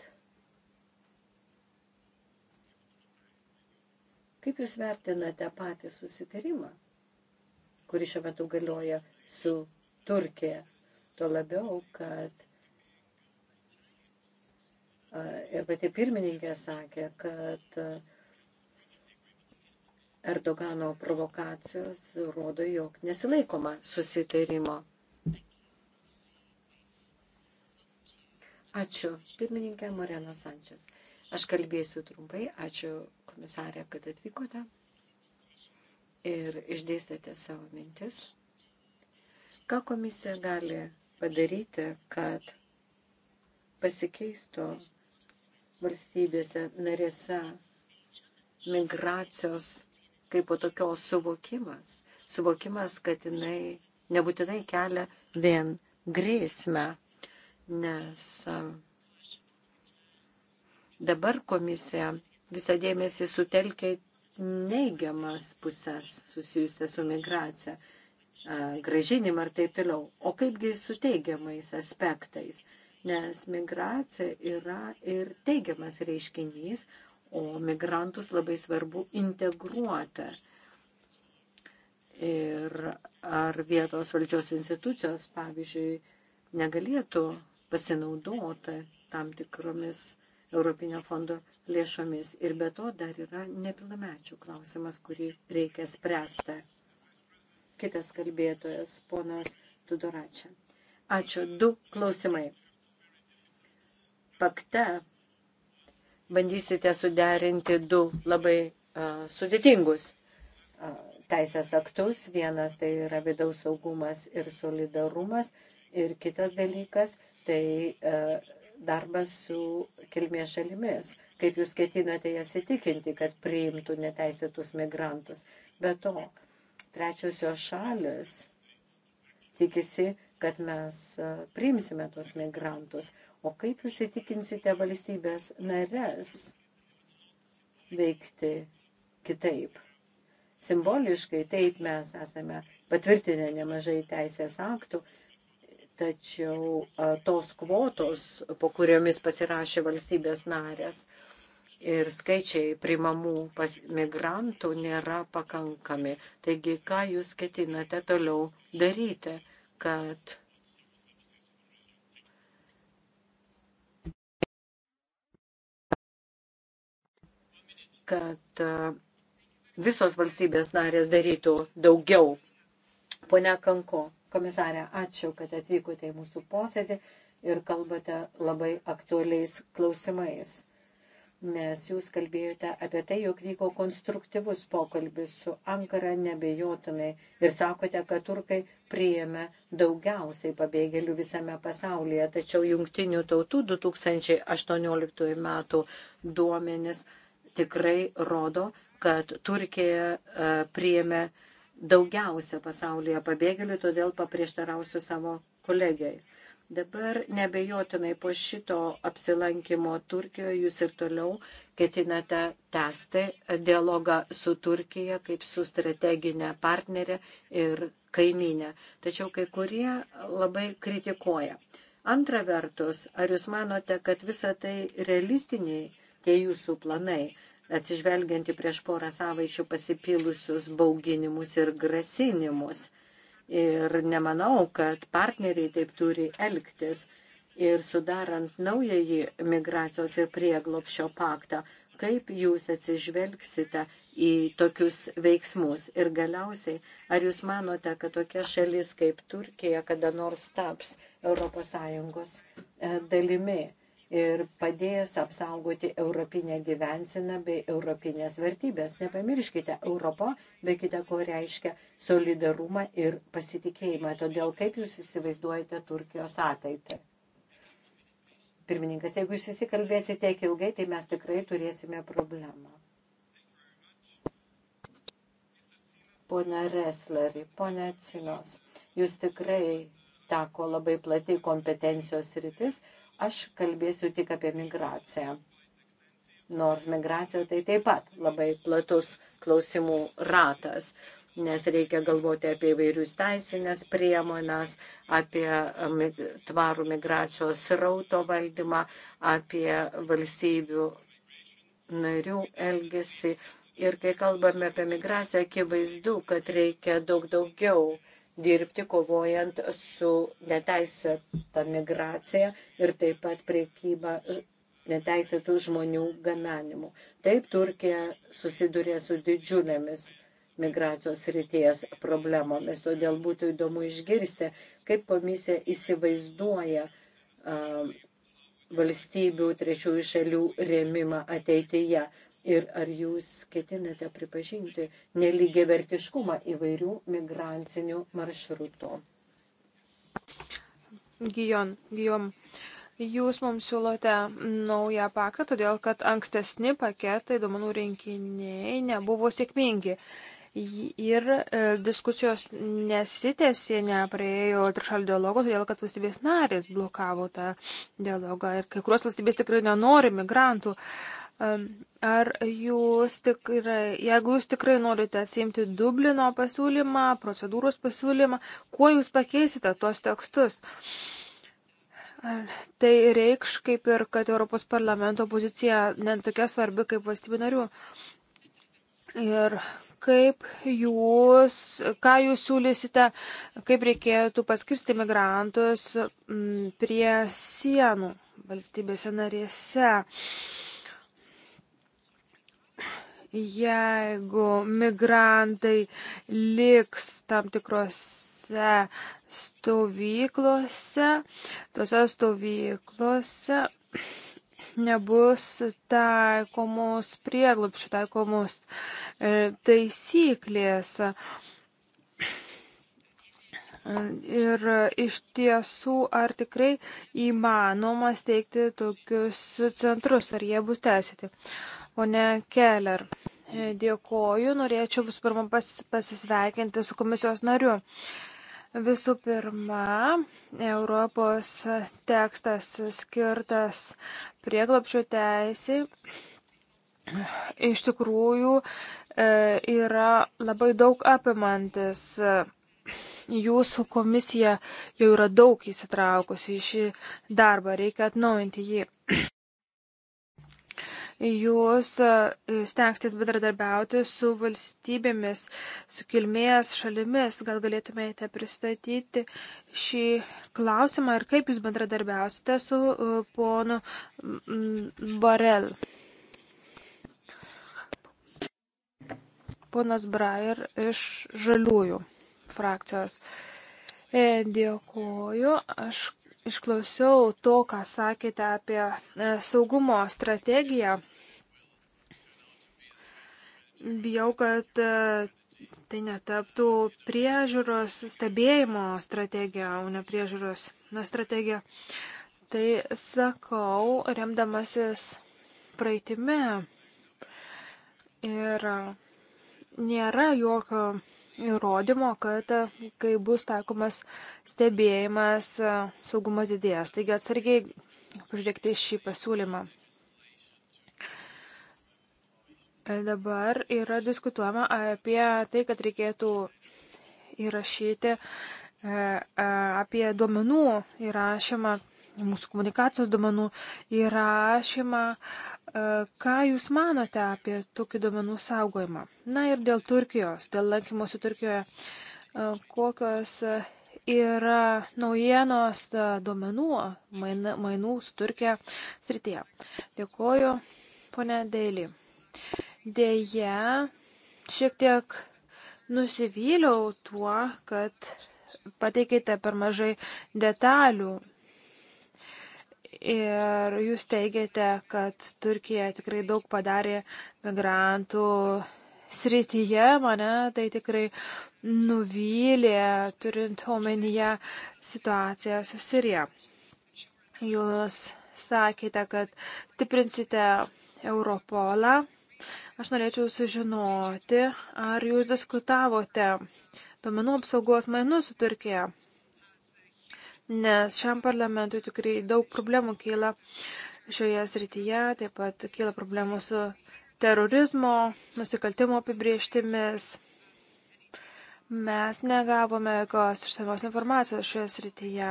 Kaip Jūs vertinate patį susitarimą, kurį šiuo metu galioja su Turkija? Tuo labiau, kad ir pati pirmininkė sakė, kad Erdogano provokacijos rodo, jog nesilaikoma susitarimo. Ačiū, pirmininkė Moreno Sančias. Aš kalbėsiu trumpai, ačiū komisarė, kad atvykote ir išdėstėte savo mintis. Ką komisija gali padaryti, kad pasikeistų valstybėse narėse migracijos kaip po tokios suvokimas. Suvokimas, kad jinai nebūtinai kelia vien grėsmę, nes dabar komisija visą dėmesį sutelkia neigiamas pusės susijusias su migracija, gražinimą ir taip toliau. O kaipgi su teigiamais aspektais? Nes migracija yra ir teigiamas reiškinys, o migrantus labai svarbu integruoti. Ir ar vietos valdžios institucijos, pavyzdžiui, negalėtų pasinaudoti tam tikromis Europinio fondo lėšomis. Ir be to dar yra nepilnamečių klausimas, kurį reikia spręsti. Kitas kalbėtojas, ponas Tudoračia. Ačiū. Du klausimai. Pakte bandysite suderinti du labai uh, sudėtingus uh, teisės aktus. Vienas tai yra vidaus saugumas ir solidarumas. Ir kitas dalykas tai uh, darbas su kilmės šalimis, kaip jūs ketinate jas įtikinti, kad priimtų neteisėtus migrantus. Be to, trečiosios šalis tikisi, kad mes e, priimsime tuos migrantus. O kaip jūs įtikinsite valstybės nares veikti kitaip? Simboliškai taip mes esame patvirtinę nemažai teisės aktų, Tačiau tos kvotos, po kuriomis pasirašė valstybės narės ir skaičiai primamų migrantų nėra pakankami. Taigi, ką jūs ketinate toliau daryti, kad kad visos valstybės narės darytų daugiau. Pone Kanko. Komisarė, ačiū, kad atvykote į mūsų posėdį ir kalbate labai aktualiais klausimais, nes jūs kalbėjote apie tai, jog vyko konstruktyvus pokalbis su Ankara, nebejotumai ir sakote, kad turkai priėmė daugiausiai pabėgėlių visame pasaulyje, tačiau jungtinių tautų 2018 metų duomenis tikrai rodo, kad Turkija e, priėmė daugiausia pasaulyje pabėgėlių, todėl paprieštarausiu savo kolegijai. Dabar nebejotinai po šito apsilankimo Turkijoje jūs ir toliau ketinate tęsti dialogą su Turkija kaip su strateginė partnerė ir kaiminė. Tačiau kai kurie labai kritikuoja. Antra vertus, ar jūs manote, kad visa tai realistiniai tie jūsų planai? atsižvelgianti prieš porą savaičių pasipilusius bauginimus ir grasinimus. Ir nemanau, kad partneriai taip turi elgtis. Ir sudarant naująjį migracijos ir prieglopšio paktą, kaip jūs atsižvelgsite į tokius veiksmus. Ir galiausiai, ar jūs manote, kad tokia šalis kaip Turkija kada nors taps ES e, dalimi? ir padės apsaugoti europinę gyvensiną bei europinės vertybės. Nepamirškite, Europo be kita ko reiškia solidarumą ir pasitikėjimą. Todėl kaip jūs įsivaizduojate Turkijos ateitį? Pirmininkas, jeigu jūs visi kalbėsite tiek ilgai, tai mes tikrai turėsime problemą. Pone Resleri, pone Cinos, jūs tikrai teko labai plati kompetencijos rytis Aš kalbėsiu tik apie migraciją. Nors migracija tai taip pat labai platus klausimų ratas nes reikia galvoti apie įvairius teisinės priemonas, apie tvarų migracijos srauto valdymą, apie valstybių narių elgesį. Ir kai kalbame apie migraciją, akivaizdu, kad reikia daug daugiau dirbti kovojant su neteisėta migracija ir taip pat priekyba neteisėtų žmonių gamenimu. Taip Turkija susidurė su didžiulėmis migracijos ryties problemomis. Todėl būtų įdomu išgirsti, kaip komisija įsivaizduoja uh, valstybių trečiųjų šalių rėmimą ateityje ir ar jūs ketinate pripažinti nelygiavertiškumą įvairių migracinių maršrutų? Gijon, Gijom, jūs mums siūlote naują paktą, todėl kad ankstesni paketai duomenų rinkiniai nebuvo sėkmingi. Ir e, diskusijos nesitėsi, nepraėjo trišalio dialogo, todėl kad valstybės narės blokavo tą dialogą ir kai kurios valstybės tikrai nenori migrantų. Uh, Ar jūs tikrai, jeigu jūs tikrai norite atsiimti Dublino pasiūlymą, procedūros pasiūlymą, kuo jūs pakeisite tuos tekstus? Tai reikš kaip ir, kad Europos parlamento pozicija net tokia svarbi kaip valstybių narių. Ir kaip jūs, ką jūs siūlysite, kaip reikėtų paskirsti migrantus prie sienų valstybėse narėse Jeigu migrantai liks tam tikrose stovyklose, tose stovyklose nebus taikomos prieglupščių, taikomos e, taisyklės. Ir iš tiesų, ar tikrai įmanoma steigti tokius centrus, ar jie bus teisėti. Pone Keller, e, dėkoju, norėčiau visų pirma pas, pasisveikinti su komisijos nariu. Visų pirma, Europos tekstas skirtas prieglapšio teisiai iš tikrųjų e, yra labai daug apimantis. Jūsų komisija jau yra daug įsitraukusi į šį darbą, reikia atnaujinti jį jūs e, stengsitės bendradarbiauti su valstybėmis, su kilmės šalimis. Gal galėtumėte pristatyti šį klausimą ir kaip jūs bendradarbiausite su e, ponu Barel. Ponas Brair iš Žaliųjų frakcijos. E, Dėkuoju. Aš išklausiau to, ką sakėte apie e, saugumo strategiją. Bijau, kad e, tai netaptų priežiūros stebėjimo strategija, o ne priežiūros na, strategija. Tai sakau, remdamasis praeitimi. Ir e, nėra jokio įrodymo, kad e, kai bus taikomas stebėjimas, e, saugumas didės. Taigi atsargiai pažiūrėkite šį pasiūlymą. E, dabar yra diskutuojama apie tai, kad reikėtų įrašyti apie duomenų įrašymą mūsų komunikacijos duomenų įrašymą. E, ką Jūs manote apie tokių duomenų saugojimą? Na ir dėl Turkijos, dėl lankymosi Turkijoje, e, kokios yra naujienos e, duomenų mainų su Turkija srityje. Dėkuoju, ponė Deilį. Deja, šiek tiek nusivyliau tuo, kad pateikėte per mažai detalių Ir jūs teigiate, kad Turkija tikrai daug padarė migrantų srityje, mane tai tikrai nuvylė, turint omenyje situaciją su Sirija. Jūs sakėte, kad stiprinsite Europolą. Aš norėčiau sužinoti, ar jūs diskutavote duomenų apsaugos mainų su Turkija nes šiam parlamentui tikrai daug problemų kyla šioje srityje, taip pat kyla problemų su terorizmo, nusikaltimo apibrieštimis. Mes negavome jokios išsamios informacijos šioje srityje.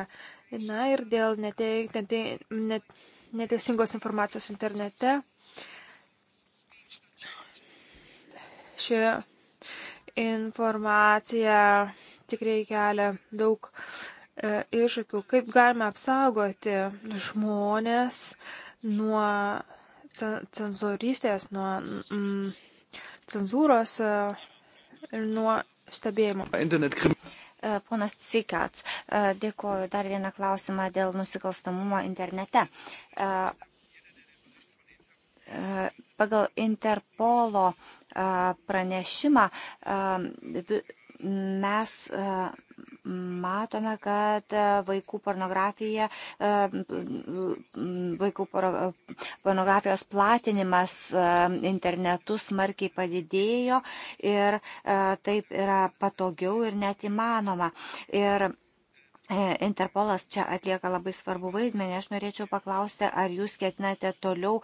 Na ir dėl netei, netei, net, neteisingos informacijos internete. Ši informacija tikrai kelia daug uh, E, iššūkių, kaip galime apsaugoti žmonės nuo cenzorystės, nuo mm, cenzūros e, ir nuo stebėjimo. E, ponas Cikats, dėkuoju dar vieną klausimą dėl nusikalstamumo internete. Pagal Interpolo pranešimą mes matome, kad e, vaikų pornografija, e, vaikų e, pornografijos platinimas internetu smarkiai padidėjo ir taip yra patogiau ir net įmanoma. Ir Interpolas čia atlieka labai svarbu vaidmenį. Aš norėčiau paklausti, ar jūs ketinate toliau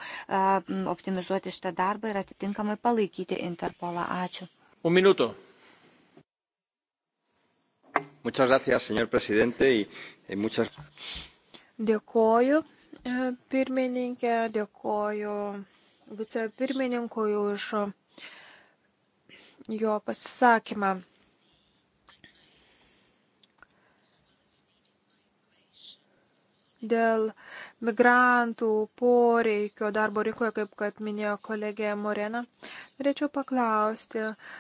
optimizuoti šitą darbą ir atitinkamai palaikyti Interpolą. Ačiū. Un minuto. Muchas gracias, señor presidente, y, y muchas. Dėkoju, e, pirmininkė, dėkoju vicepirmininkui už jo pasisakymą. Dėl migrantų poreikio darbo rinkoje, kaip kad minėjo kolegė Morena, norėčiau paklausti, uh,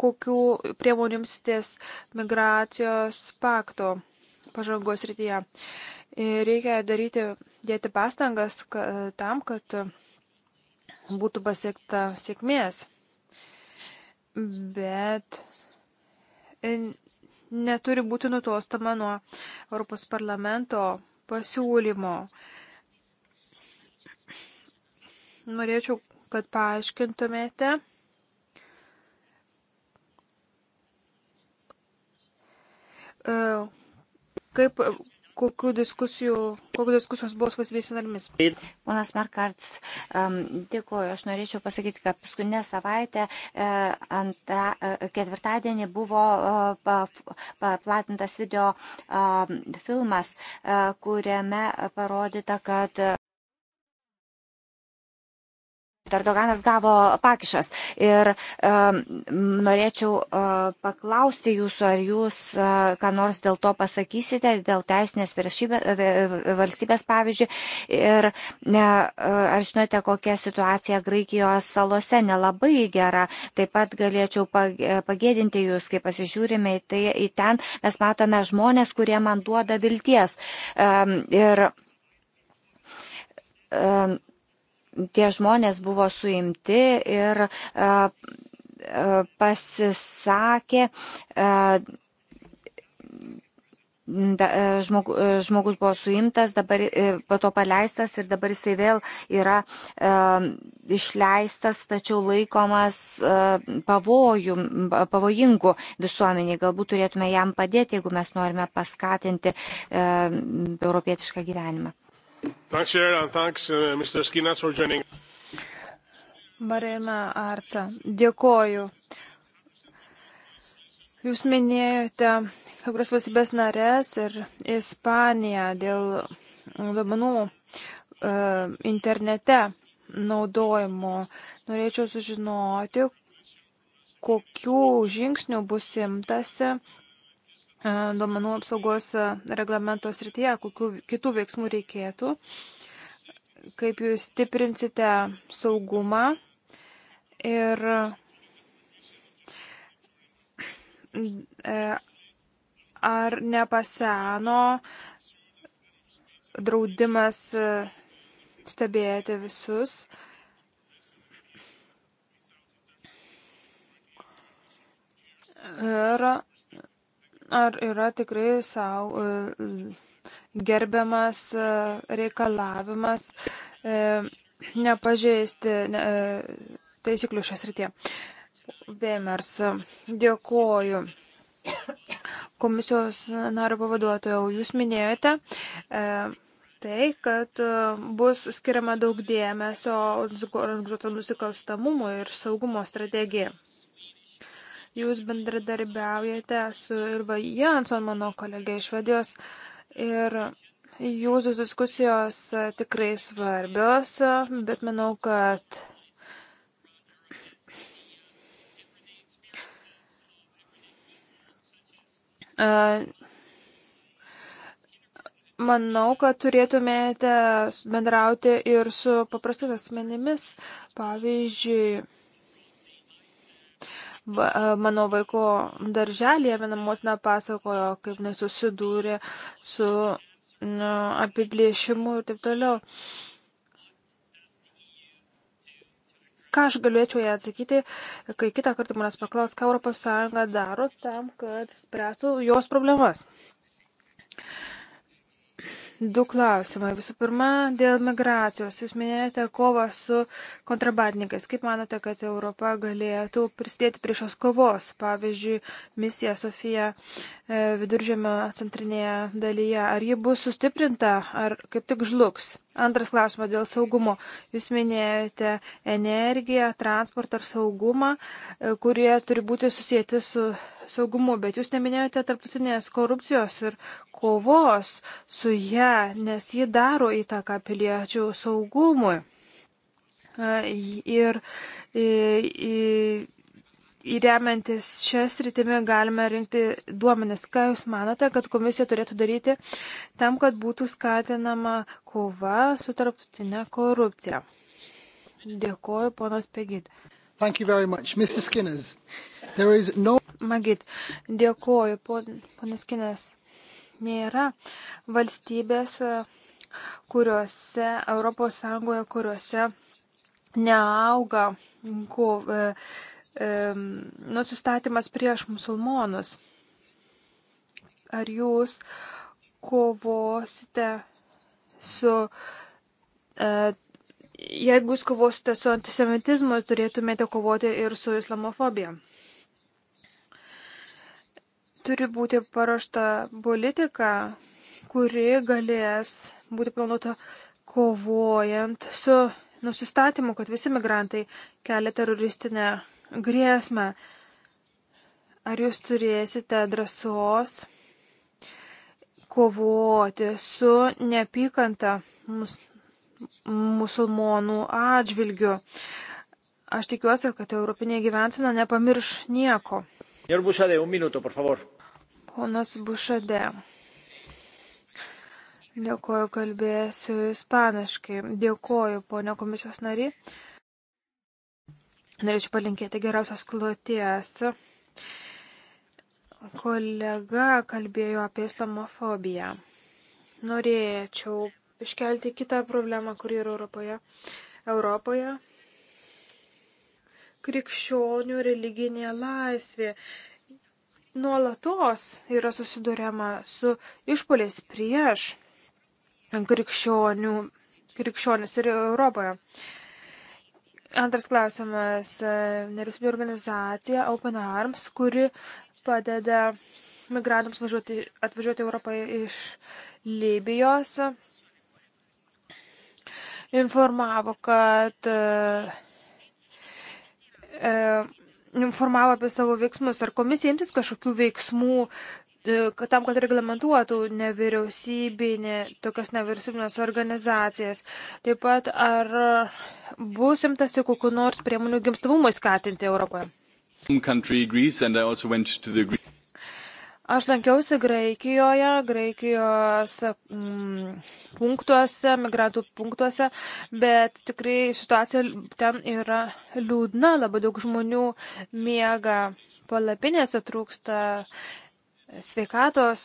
kokių priemonių imsitės migracijos pakto pažangos rytyje. Reikia daryti, dėti pastangas ka, tam, kad būtų pasiekta sėkmės. Bet neturi būti nutostama nuo Europos parlamento pasiūlymo. Norėčiau, kad paaiškintumėte E, kaip, kokių diskusijų, kokių diskusijos buvo su valstybės narėmis. Ponas Merkarts, um, dėkuoju, aš norėčiau pasakyti, kad paskutinę savaitę e, antra, e, ketvirtadienį buvo e, paplatintas video e, filmas, e, kuriame parodyta, kad e, Erdoganas gavo pakišas. Ir um, norėčiau uh, paklausti jūsų, ar jūs uh, ką nors dėl to pasakysite, dėl teisinės valstybės pavyzdžiui. Ir ne, uh, ar žinote, kokia situacija Graikijos salose nelabai gera. Taip pat galėčiau pagėdinti jūs, kai pasižiūrime į tai, į ten mes matome žmonės, kurie man duoda vilties. Um, ir, um, tie žmonės buvo suimti ir e, e, pasisakė e, žmogus, žmogus buvo suimtas, dabar po to paleistas ir dabar jisai vėl yra e, išleistas, tačiau laikomas e, pavojų, pavojingu visuomeniai. Galbūt turėtume jam padėti, jeigu mes norime paskatinti e, europietišką gyvenimą. Thanks, Chair, and thanks, uh, Mr. Skinas, for joining. Marina Arca, dėkoju. Jūs minėjote kai kurias valstybės narės ir Ispaniją dėl duomenų e, internete naudojimo. Norėčiau sužinoti, kokių žingsnių bus imtasi E, duomenų apsaugos reglamento srityje, kokių kitų veiksmų reikėtų, kaip jūs stiprinsite saugumą ir e, ar nepaseno draudimas stebėti visus. Ir ar yra tikrai savo e, gerbiamas e, reikalavimas e, nepažeisti taisyklių šios rytie. Bėmers, dėkoju. Komisijos nario pavaduotojau, jūs minėjote tai, kad bus skiriama daug dėmesio organizuotam nusikalstamumui ir saugumo strategijai. Jūs bendradarbiaujate su Irva Janson, mano kolegė iš Švedijos, ir jūsų diskusijos tikrai svarbios, bet manau, kad Manau, kad turėtumėte bendrauti ir su paprastais asmenimis. Pavyzdžiui, Va, mano vaiko darželėje viena motina pasakojo, kaip nesusidūrė su nu, apiplėšimu ir taip toliau. Ką aš galėčiau ją atsakyti, kai kitą kartą manęs paklaus, ką ES daro tam, kad spręstų jos problemas. Du klausimai. Visų pirma, dėl migracijos. Jūs minėjote kovą su kontrabandininkais. Kaip manote, kad Europa galėtų prisidėti prie šios kovos? Pavyzdžiui, misija Sofija e, viduržėmio centrinėje dalyje. Ar ji bus sustiprinta, ar kaip tik žlugs? Antras klausimas dėl saugumo. Jūs minėjote energiją, transportą ar saugumą, e, kurie turi būti susijęti su saugumu, bet jūs neminėjote tarptautinės korupcijos ir kovos su ją, nes ji daro įtaką piliečių saugumui. E, ir, ir, ir remiantis šią sritimį galime rinkti duomenis. Ką Jūs manote, kad komisija turėtų daryti tam, kad būtų skatinama kova su tarptautinė korupcija? Dėkoju, ponas Pegid. Thank you very much, Mrs. Skinners. There is no... Magid, dėkoju, pon, ponas Skinners. Nėra valstybės, kuriuose, Europos Sąjungoje, kuriuose neauga ko, e, nusistatymas prieš musulmonus. Ar jūs kovosite su. E, jeigu jūs kovosite su antisemitizmu, turėtumėte kovoti ir su islamofobija. Turi būti paruošta politika, kuri galės būti planuota kovojant su nusistatymu, kad visi migrantai kelia teroristinę grėsmę. Ar jūs turėsite drąsos kovoti su nepykanta mus, musulmonų atžvilgiu? Aš tikiuosi, kad europinė gyvensina nepamirš nieko. Bušade, un minuto, por favor. Ponas Bušade. Dėkoju, kalbėsiu ispaniškai. Dėkoju, ponio komisijos nariai. Norėčiau palinkėti geriausios kloties. Kolega kalbėjo apie islamofobiją. Norėčiau iškelti kitą problemą, kuri yra Europoje. Europoje krikščionių religinė laisvė nuolatos yra susidurėma su išpoliais prieš krikščionių, krikščionis ir Europoje. Antras klausimas. Nevyriausybė organizacija Open Arms, kuri padeda migrantams važiuoti, atvažiuoti Europą iš Libijos, informavo, kad e, informavo apie savo veiksmus. Ar komisija imtis kažkokių veiksmų E, tam, kad reglamentuotų nevyriausybinė, tokias nevyriausybinės organizacijas. Taip pat, ar bus imtasi kokiu nors priemonių gimstavumui skatinti Europoje? Aš lankiausi Graikijoje, Graikijos mm, punktuose, migrantų punktuose, bet tikrai situacija ten yra liūdna, labai daug žmonių miega palapinėse trūksta sveikatos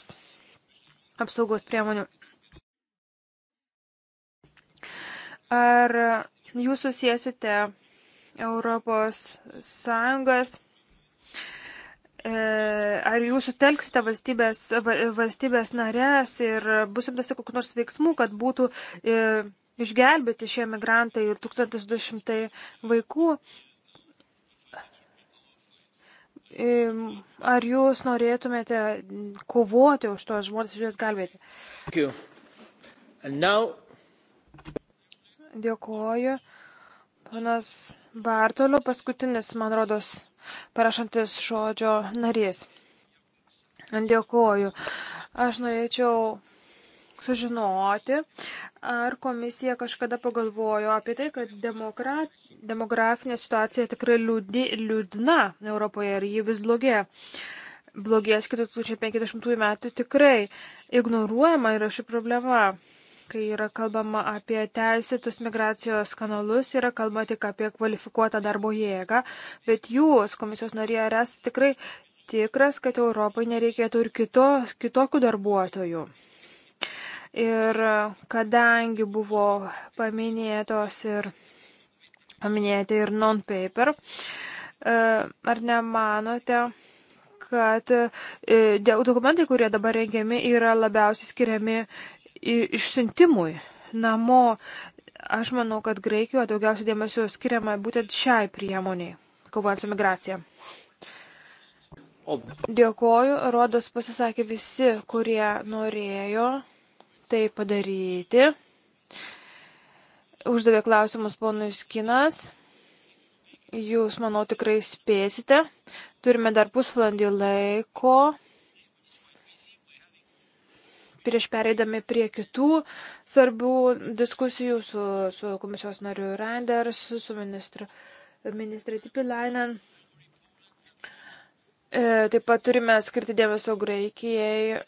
apsaugos priemonių. Ar jūs susijęsite Europos Sąjungas? E, ar jūs sutelksite valstybės, valstybės narės ir bus imtasi kokiu nors veiksmu, kad būtų e, išgelbėti šie migrantai ir 1200 vaikų? Ar jūs norėtumėte kovoti už tos žmonės ir juos gelbėti? Now... Dėkuoju. Panas Bartolio, paskutinis, man rodos, parašantis žodžio narys. Dėkuoju. Aš norėčiau sužinoti, ar komisija kažkada pagalvojo apie tai, kad demokrat, demografinė situacija tikrai liūdi, liūdna Europoje ir ji vis blogėja. Blogės 2050 metų tikrai ignoruojama yra ši problema. Kai yra kalbama apie teisėtus migracijos kanalus, yra kalbama tik apie kvalifikuotą darbo jėgą, bet jūs, komisijos narė, esate tikrai tikras, kad Europai nereikėtų ir kito, kitokių darbuotojų. Ir e, kadangi buvo paminėtos ir paminėti ir non-paper, e, ar nemanote, kad e, dokumentai, kurie dabar rengiami, yra labiausiai skiriami išsiuntimui namo? Aš manau, kad Graikijoje daugiausiai dėmesio skiriama būtent šiai priemoniai, kovojant su migracija. Dėkoju, rodos pasisakė visi, kurie norėjo tai padaryti. Uždavė klausimus ponui Skinas. Jūs, manau, tikrai spėsite. Turime dar pusvalandį laiko. Prieš pereidami prie kitų svarbių diskusijų su, su komisijos nariu Reinders, su ministru, ministrė Tipilainen. E, taip pat turime skirti dėmesio Graikijai,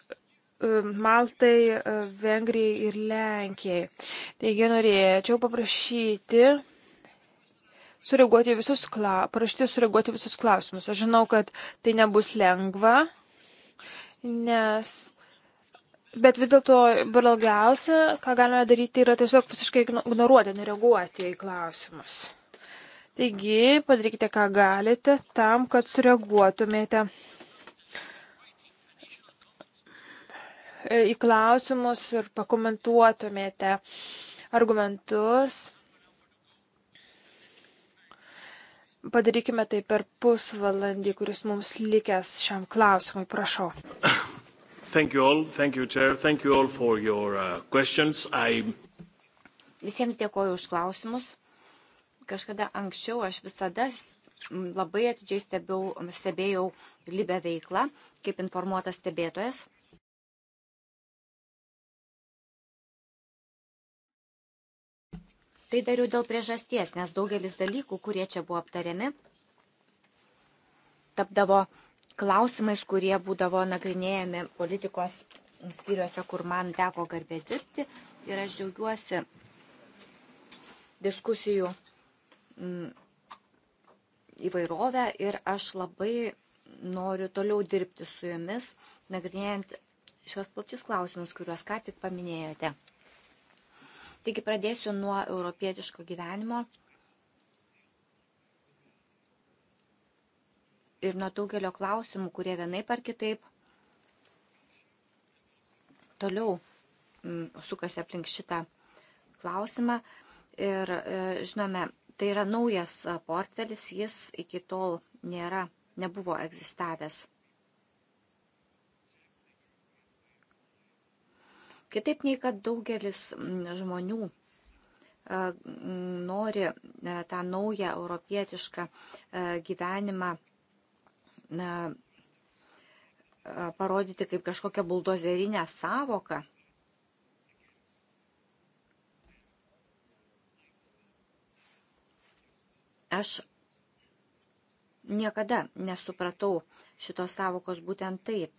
Maltai, e, Vengrijai ir Lenkijai. Taigi norėčiau paprašyti sureaguoti visus, kla... parašyti sureaguoti visus klausimus. Aš žinau, kad tai nebus lengva, nes. Bet vis dėlto blogiausia, ką galime daryti, yra tiesiog visiškai ignoruoti, nereaguoti į klausimus. Taigi padarykite, ką galite, tam, kad sureaguotumėte E, į klausimus ir pakomentuotumėte argumentus. Padarykime tai per pusvalandį, kuris mums likęs šiam klausimui. Prašau. Thank you all. Thank you, Chair. Thank you all for your uh, questions. I... Visiems dėkoju už klausimus. Kažkada anksčiau aš visada labai atidžiai stebėjau, stebėjau Libę veiklą kaip informuotas stebėtojas. Tai dariau dėl priežasties, nes daugelis dalykų, kurie čia buvo aptariami, tapdavo klausimais, kurie būdavo nagrinėjami politikos skyriuose, kur man teko garbė dirbti. Ir aš džiaugiuosi diskusijų mm, įvairovę ir aš labai noriu toliau dirbti su jumis, nagrinėjant šios plačius klausimus, kuriuos ką tik paminėjote. Taigi pradėsiu nuo europietiško gyvenimo ir nuo daugelio klausimų, kurie vienai par kitaip toliau mm, sukasi aplink šitą klausimą. Ir e, žinome, tai yra naujas e, portfelis, jis iki tol nėra, nebuvo egzistavęs. Kitaip nei kad daugelis mm, žmonių e, mm, nori e, tą naują europietišką e, gyvenimą parodyti kaip kažkokią buldozerinę savoką. Aš niekada nesupratau šitos savokos būtent taip.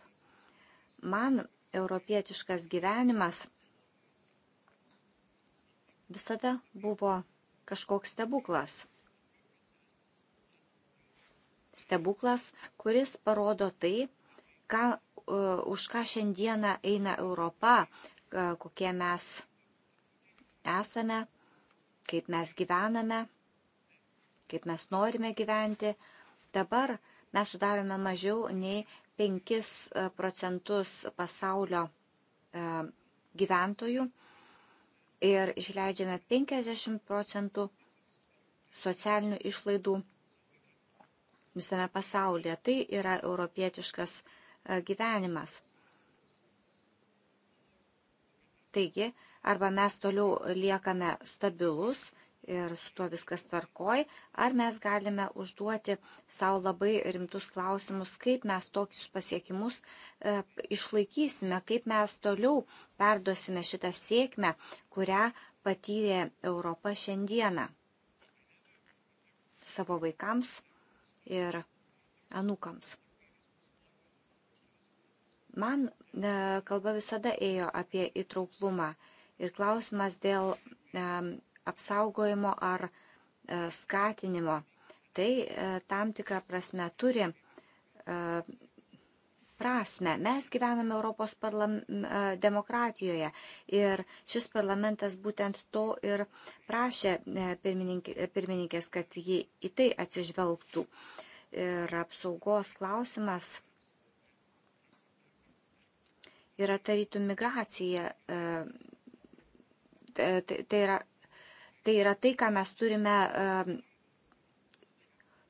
Man europietiškas gyvenimas visada buvo kažkoks stebuklas. Stebuklas, kuris parodo tai, ką, e, už ką šiandieną eina Europa, e, kokie mes esame, kaip mes gyvename, kaip mes norime gyventi. Dabar mes sudarome mažiau nei 5 e, procentus pasaulio e, gyventojų ir išleidžiame 50 procentų socialinių išlaidų visame pasaulyje. Tai yra europietiškas e, gyvenimas. Taigi, arba mes toliau liekame stabilus ir su tuo viskas tvarkoj, ar mes galime užduoti savo labai rimtus klausimus, kaip mes tokius pasiekimus e, išlaikysime, kaip mes toliau perduosime šitą sėkmę, kurią patyrė Europa šiandieną savo vaikams ir anūkams. Man e, kalba visada ėjo apie įtrauklumą ir klausimas dėl e, apsaugojimo ar e, skatinimo. Tai e, tam tikrą prasme turi e, prasme. Mes gyvename Europos parlam, demokratijoje ir šis parlamentas būtent to ir prašė pirmininkės, kad ji į tai atsižvelgtų. Ir apsaugos klausimas yra tarytų migracija. Tai, tai yra Tai yra tai, ką mes turime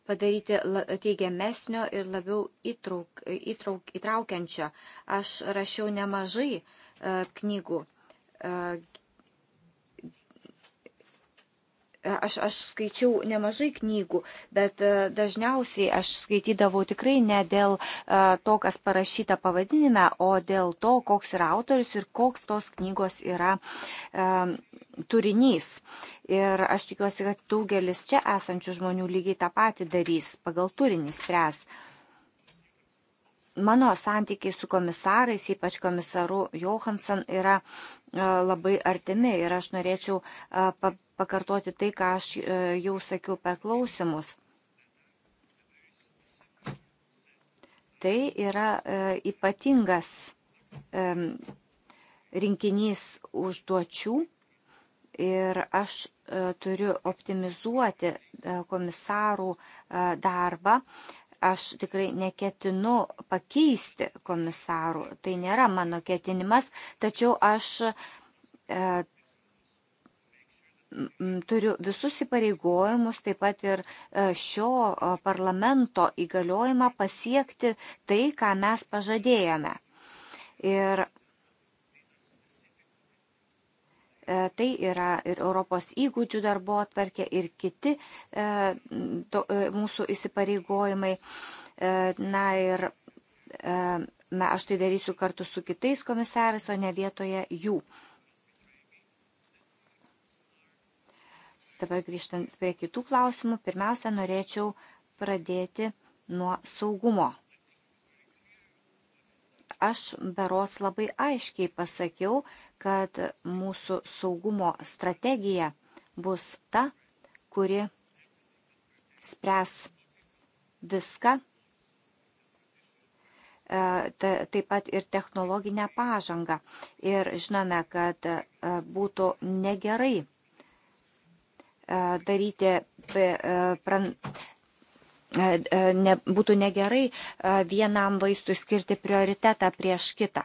padaryti teigiamesnio ir labiau įtrauk, įtrauk, įtraukiančio. Aš rašiau nemažai e, knygų. E, aš, aš skaičiau nemažai knygų, bet e, dažniausiai aš skaitydavau tikrai ne dėl to, kas parašyta pavadinime, o dėl to, koks yra autorius ir koks tos knygos yra turinys. Ir aš tikiuosi, kad daugelis čia esančių žmonių lygiai tą patį darys, pagal turinį spręs. Mano santykiai su komisarais, ypač komisaru Johansen, yra e, labai artimi ir aš norėčiau e, pakartoti tai, ką aš e, jau sakiau per klausimus. Tai yra ypatingas rinkinys užduočių ir aš e, turiu optimizuoti e, komisarų e, darbą. Aš tikrai neketinu pakeisti komisarų, tai nėra mano ketinimas, tačiau aš turiu visus įpareigojimus, taip pat ir šio parlamento įgaliojimą pasiekti tai, ką mes pažadėjome. Ir E, tai yra ir Europos įgūdžių darbo atvarkė, ir kiti e, e, mūsų įsipareigojimai. Na ir aš tai darysiu kartu su kitais komisarais, o ne vietoje jų. Dabar grįžtant prie kitų klausimų, pirmiausia, norėčiau pradėti nuo saugumo. Aš beros labai aiškiai pasakiau, kad mūsų saugumo strategija bus ta, kuri spręs viską, e, taip pat ir technologinę pažangą. Ir žinome, kad e, būtų negerai e, daryti E, e, ne, būtų negerai e, vienam vaistui skirti prioritetą prieš kitą.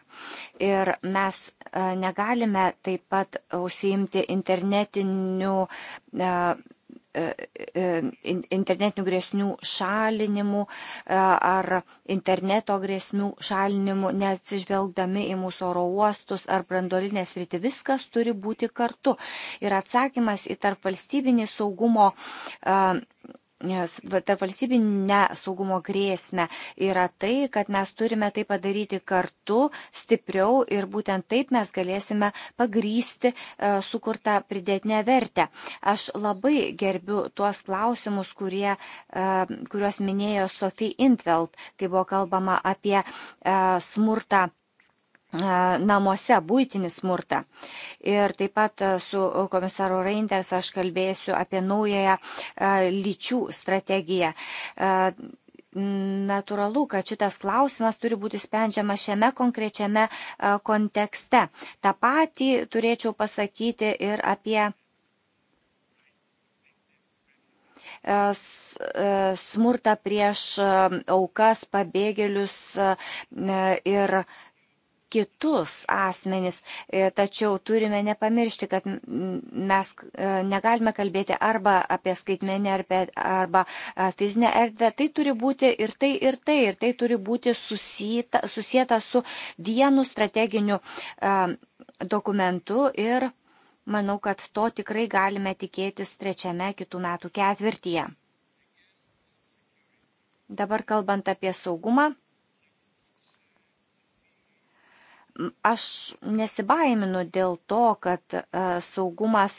Ir mes negalime taip pat užsiimti internetinių internetinių grėsmių šalinimu ar interneto grėsmių šalinimu, neatsižvelgdami į mūsų oro uostus ar brandolinės rytį. Viskas turi būti kartu. Ir atsakymas į tarp valstybinį saugumo tarp valstybinę saugumo grėsmę yra tai, kad mes turime tai padaryti kartu, stipriau ir būtent taip mes galėsime pagrysti e, sukurtą pridėtinę vertę. Aš labai gerbiu tuos klausimus, kurie, e, kuriuos minėjo Sofija Intveld, kai buvo kalbama apie e, smurtą namuose būtinį smurtą. Ir taip pat su komisaru Reinders aš kalbėsiu apie naująją lyčių strategiją. Naturalu, kad šitas klausimas turi būti sprendžiama šiame konkrečiame kontekste. Ta pati turėčiau pasakyti ir apie smurtą prieš aukas, pabėgėlius ir kitus asmenis, e, tačiau turime nepamiršti, kad mes e, negalime kalbėti arba apie skaitmenę, arba e, fizinę erdvę. Tai turi būti ir tai, ir tai, ir tai turi būti susijęta, susijęta su vienu strateginiu dokumentu ir manau, kad to tikrai galime tikėtis trečiame kitų metų ketvirtyje. Dabar kalbant apie saugumą, Aš nesibaiminu dėl to, kad e, saugumas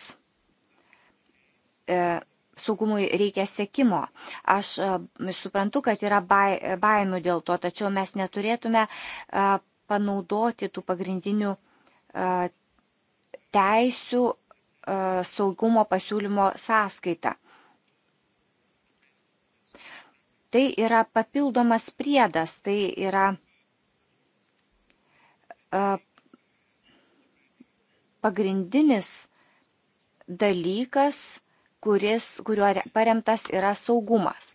e, saugumui reikia sėkimo. Aš e, suprantu, kad yra baimių dėl to, tačiau mes neturėtume panaudoti tų pagrindinių teisių saugumo pasiūlymo sąskaita. Tai yra papildomas priedas, tai yra pagrindinis dalykas, kuris, kuriuo paremtas yra saugumas.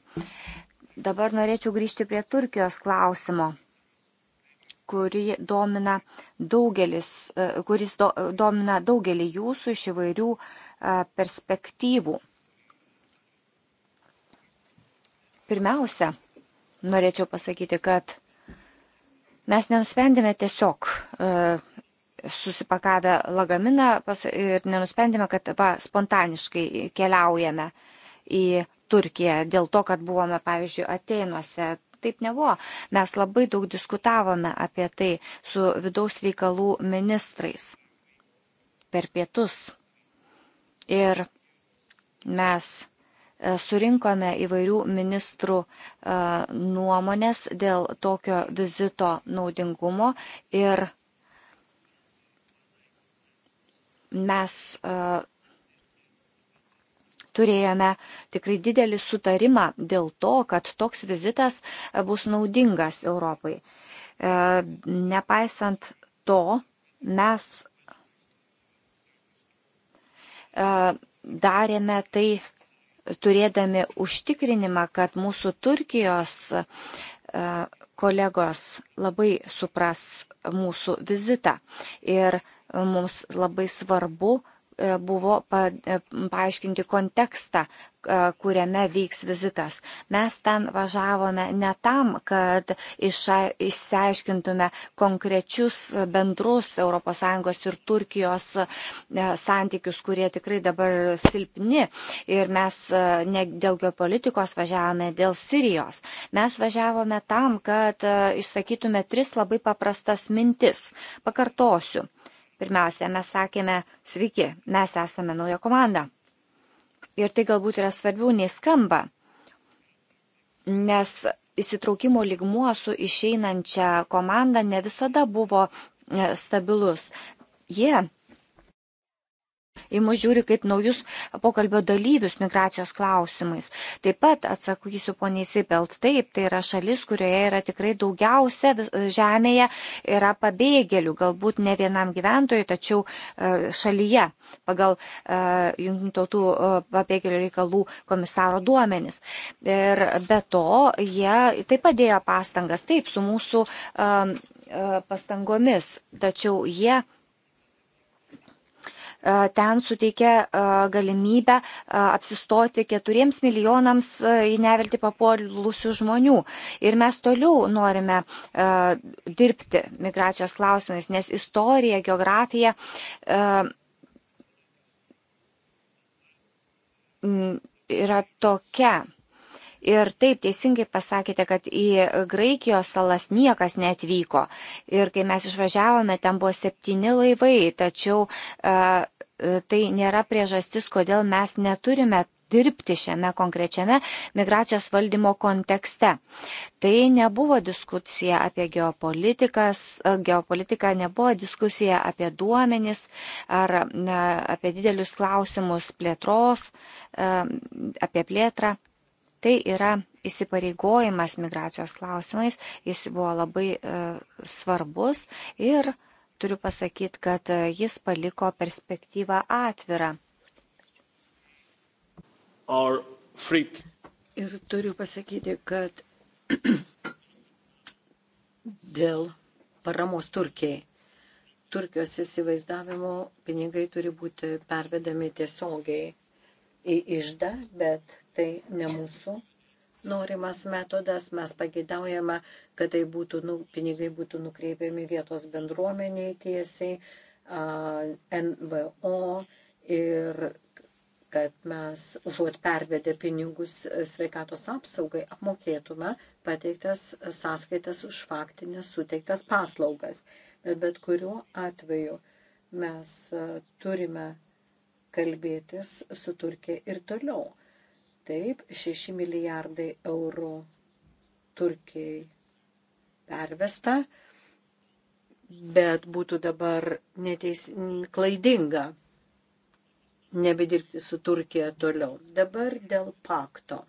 Dabar norėčiau grįžti prie Turkijos klausimo, kuri domina daugelis, e, kuris do, domina daugelį jūsų iš įvairių e, perspektyvų. Pirmiausia, norėčiau pasakyti, kad Mes nenusprendėme tiesiog e, susipakavę lagaminą ir nenusprendėme, kad va, spontaniškai keliaujame į Turkiją dėl to, kad buvome, pavyzdžiui, Ateinuose. Taip nebuvo. Mes labai daug diskutavome apie tai su vidaus reikalų ministrais per pietus. Ir mes E, surinkome įvairių ministrų e, nuomonės dėl tokio vizito naudingumo ir mes e, turėjome tikrai didelį sutarimą dėl to, kad toks vizitas bus naudingas Europai. Nepaisant to, mes darėme tai turėdami užtikrinimą, kad mūsų Turkijos e, kolegos labai supras mūsų vizitą. Ir mums labai svarbu E, buvo e, paaiškinti kontekstą, e, kuriame vyks vizitas. Mes ten važiavome ne tam, kad išsiaiškintume konkrečius bendrus ES ir Turkijos santykius, kurie tikrai dabar silpni. Ir mes ne dėl geopolitikos važiavome, dėl Sirijos. Mes važiavome tam, kad išsakytume tris labai paprastas mintis. Pakartosiu. Pirmiausia, mes sakėme, sveiki, mes esame nauja komanda. Ir tai galbūt yra svarbiau nei skamba, nes įsitraukimo ligmuo su išeinančia komanda ne visada buvo e, stabilus. Jie Į mus žiūri kaip naujus pokalbio dalyvius migracijos klausimais. Taip pat atsakysiu poniai Sibelt, taip, tai yra šalis, kurioje yra tikrai daugiausia žemėje yra pabėgėlių, galbūt ne vienam gyventojui, tačiau e, šalyje pagal e, Junktinių tautų e, pabėgėlių reikalų komisaro duomenis. Ir be to, jie taip padėjo pastangas, taip, su mūsų pastangomis, tačiau jie ten suteikia galimybę apsistoti keturiems milijonams į nevilti papuolusių žmonių. Ir mes toliau norime dirbti migracijos klausimais, nes istorija, geografija yra tokia. Ir taip teisingai pasakėte, kad į Graikijos salas niekas netvyko. Ir kai mes išvažiavome, ten buvo septyni laivai, tačiau e, tai nėra priežastis, kodėl mes neturime dirbti šiame konkrečiame migracijos valdymo kontekste. Tai nebuvo diskusija apie geopolitikas, e, geopolitika nebuvo diskusija apie duomenis ar ne, apie didelius klausimus plėtros, e, apie plėtrą. Tai yra įsipareigojimas migracijos klausimais, jis buvo labai e, svarbus ir turiu pasakyti, kad e, jis paliko perspektyvą atvirą. Ir turiu pasakyti, kad dėl paramos Turkijai. Turkijos įsivaizdavimo pinigai turi būti pervedami tiesiogiai į išdą, bet tai ne mūsų norimas metodas. Mes pageidaujame, kad tai būtų, nu, pinigai būtų nukreipiami vietos bendruomeniai tiesiai, NVO ir kad mes užuot pervedę pinigus sveikatos apsaugai apmokėtume pateiktas sąskaitas už faktinės suteiktas paslaugas. Bet bet kuriuo atveju mes turime kalbėtis su Turkija ir toliau Taip, 6 milijardai eurų Turkijai pervesta, bet būtų dabar neteis, klaidinga nebedirbti su Turkija toliau. Dabar dėl pakto.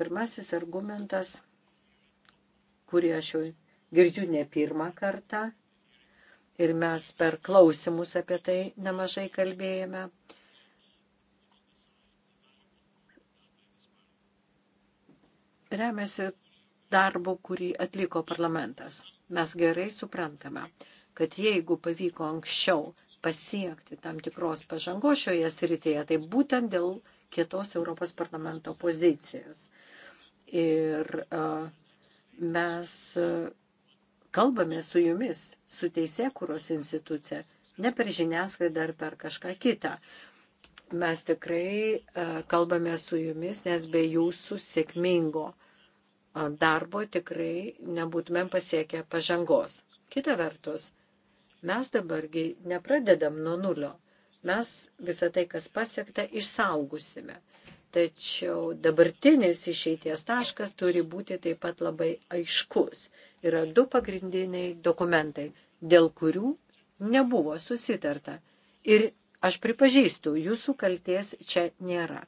Pirmasis argumentas, kurį aš jau girdžiu ne pirmą kartą ir mes per klausimus apie tai nemažai kalbėjome, remiasi darbu, kurį atliko parlamentas. Mes gerai suprantame, kad jeigu pavyko anksčiau pasiekti tam tikros pažangos šioje srityje, tai būtent dėl kitos Europos parlamento pozicijos. Ir uh, mes uh, kalbame su jumis, su teisėkuros institucija, ne per žiniasklaidą ar per kažką kitą. Mes tikrai e, kalbame su jumis, nes be jūsų sėkmingo e, darbo tikrai nebūtumėm pasiekę pažangos. Kita vertus, mes dabargi nepradedam nuo nulio. Mes visą tai, kas pasiekta, išsaugusime. Tačiau dabartinis išeities taškas turi būti taip pat labai aiškus. Yra du pagrindiniai dokumentai, dėl kurių nebuvo susitarta. Ir Aš pripažįstu, jūsų kalties čia nėra.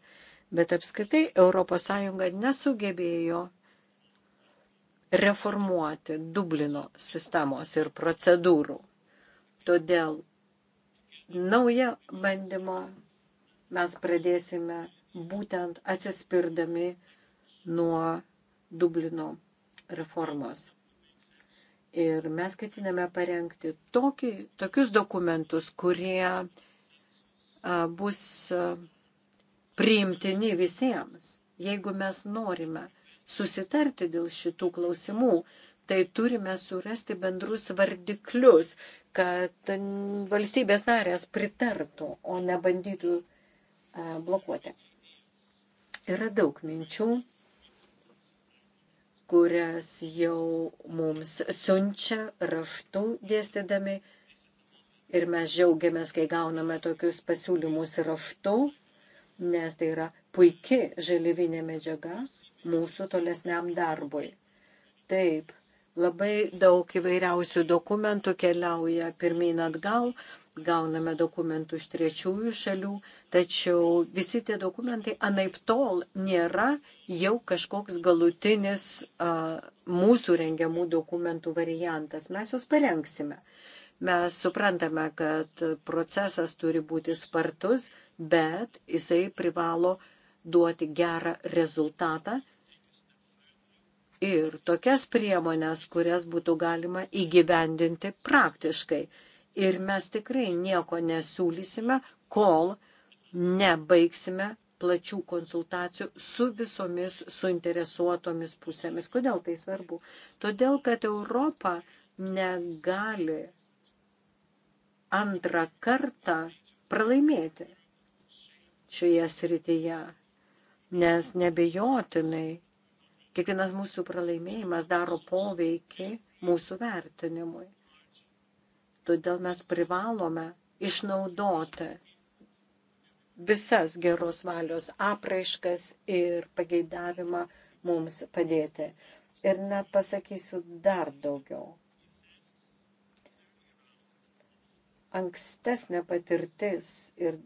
Bet apskritai ES nesugebėjo reformuoti Dublino sistemos ir procedūrų. Todėl naują bandymą mes pradėsime būtent atsispirdami nuo Dublino reformos. Ir mes ketiname parengti tokį, tokius dokumentus, kurie bus priimtini visiems. Jeigu mes norime susitarti dėl šitų klausimų, tai turime surasti bendrus vardiklius, kad valstybės narės pritartų, o ne bandytų blokuoti. Yra daug minčių, kurias jau mums siunčia raštu dėstydami Ir mes džiaugiamės, kai gauname tokius pasiūlymus raštu, nes tai yra puikia žalivinė medžiaga mūsų tolesniam darbui. Taip, labai daug įvairiausių dokumentų keliauja pirmyn atgal, gauname dokumentų iš trečiųjų šalių, tačiau visi tie dokumentai anaip tol nėra jau kažkoks galutinis a, mūsų rengiamų dokumentų variantas. Mes juos parengsime. Mes suprantame, kad procesas turi būti spartus, bet jisai privalo duoti gerą rezultatą. Ir tokias priemonės, kurias būtų galima įgyvendinti praktiškai. Ir mes tikrai nieko nesiūlysime, kol nebaigsime plačių konsultacijų su visomis suinteresuotomis pusėmis. Kodėl tai svarbu? Todėl, kad Europa negali antrą kartą pralaimėti šioje srityje, nes nebejotinai kiekvienas mūsų pralaimėjimas daro poveikį mūsų vertinimui. Todėl mes privalome išnaudoti visas geros valios apraiškas ir pageidavimą mums padėti. Ir na, pasakysiu dar daugiau. ankstesnė patirtis ir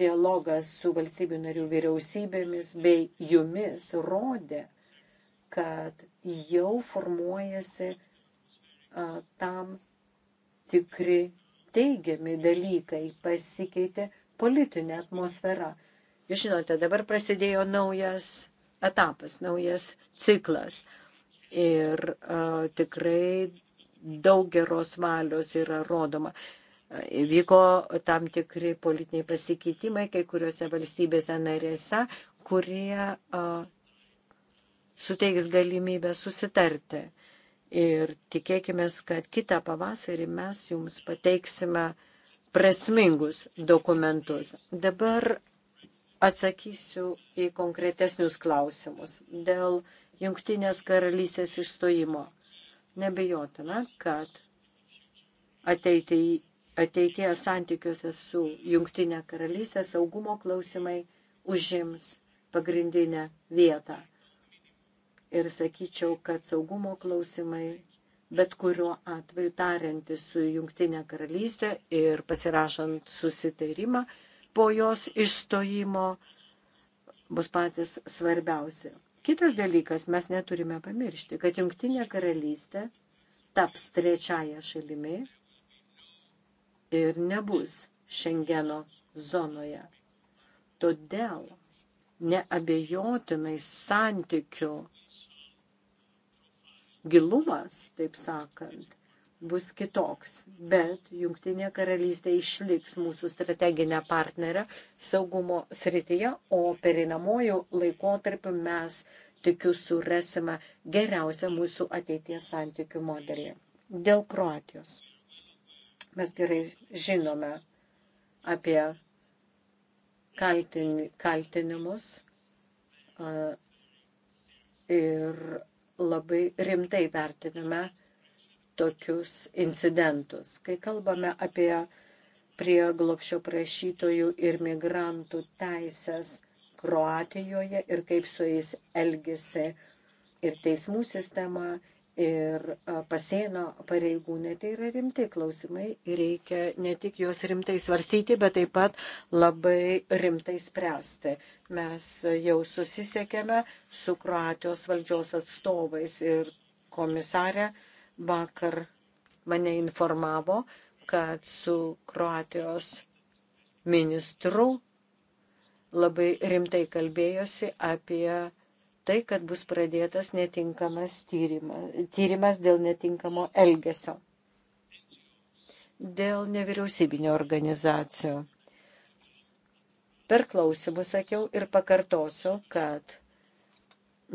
dialogas su valstybių narių vyriausybėmis bei jumis rodė, kad jau formuojasi a, tam tikri teigiami dalykai, pasikeitė politinė atmosfera. Jūs žinote, dabar prasidėjo naujas etapas, naujas ciklas. Ir a, tikrai daug geros valios yra rodoma. Vyko tam tikri politiniai pasikeitimai kai kuriuose valstybėse narėse, kurie uh, suteiks galimybę susitarti. Ir tikėkime, kad kitą pavasarį mes jums pateiksime prasmingus dokumentus. Dabar atsakysiu į konkretesnius klausimus dėl jungtinės karalystės išstojimo. Nebejotina, kad ateitėje ateitie santykiuose su Jungtinė karalystė saugumo klausimai užims pagrindinę vietą. Ir sakyčiau, kad saugumo klausimai bet kuriuo atveju tariantis su Jungtinė karalystė ir pasirašant susitarimą po jos išstojimo bus patys svarbiausi. Kitas dalykas, mes neturime pamiršti, kad Junktinė karalystė taps trečiaja šalimi ir nebus Šengeno zonoje. Todėl neabejotinai santykių gilumas, taip sakant, bus kitoks, bet Junktinė karalystė išliks mūsų strateginę partnerę saugumo srityje, o perinamojų laikotarpiu mes, tikiu, surasime geriausią mūsų ateities santykių modelį. Dėl Kroatijos. Mes gerai žinome apie kaltin, kaltinimus ir labai rimtai vertiname tokius incidentus. Kai kalbame apie prieglopšio prašytojų ir migrantų teisės Kroatijoje ir kaip su jais elgesi ir teismų sistema, ir pasienio pareigūnai, tai yra rimti klausimai ir reikia ne tik juos rimtai svarstyti, bet taip pat labai rimtai spręsti. Mes jau susisiekėme su Kroatijos valdžios atstovais ir komisarė vakar mane informavo, kad su Kroatijos ministru labai rimtai kalbėjosi apie tai, kad bus pradėtas netinkamas tyrimas, tyrimas dėl netinkamo elgesio. Dėl nevyriausybinio organizacijų. Per klausimus sakiau ir pakartosiu, kad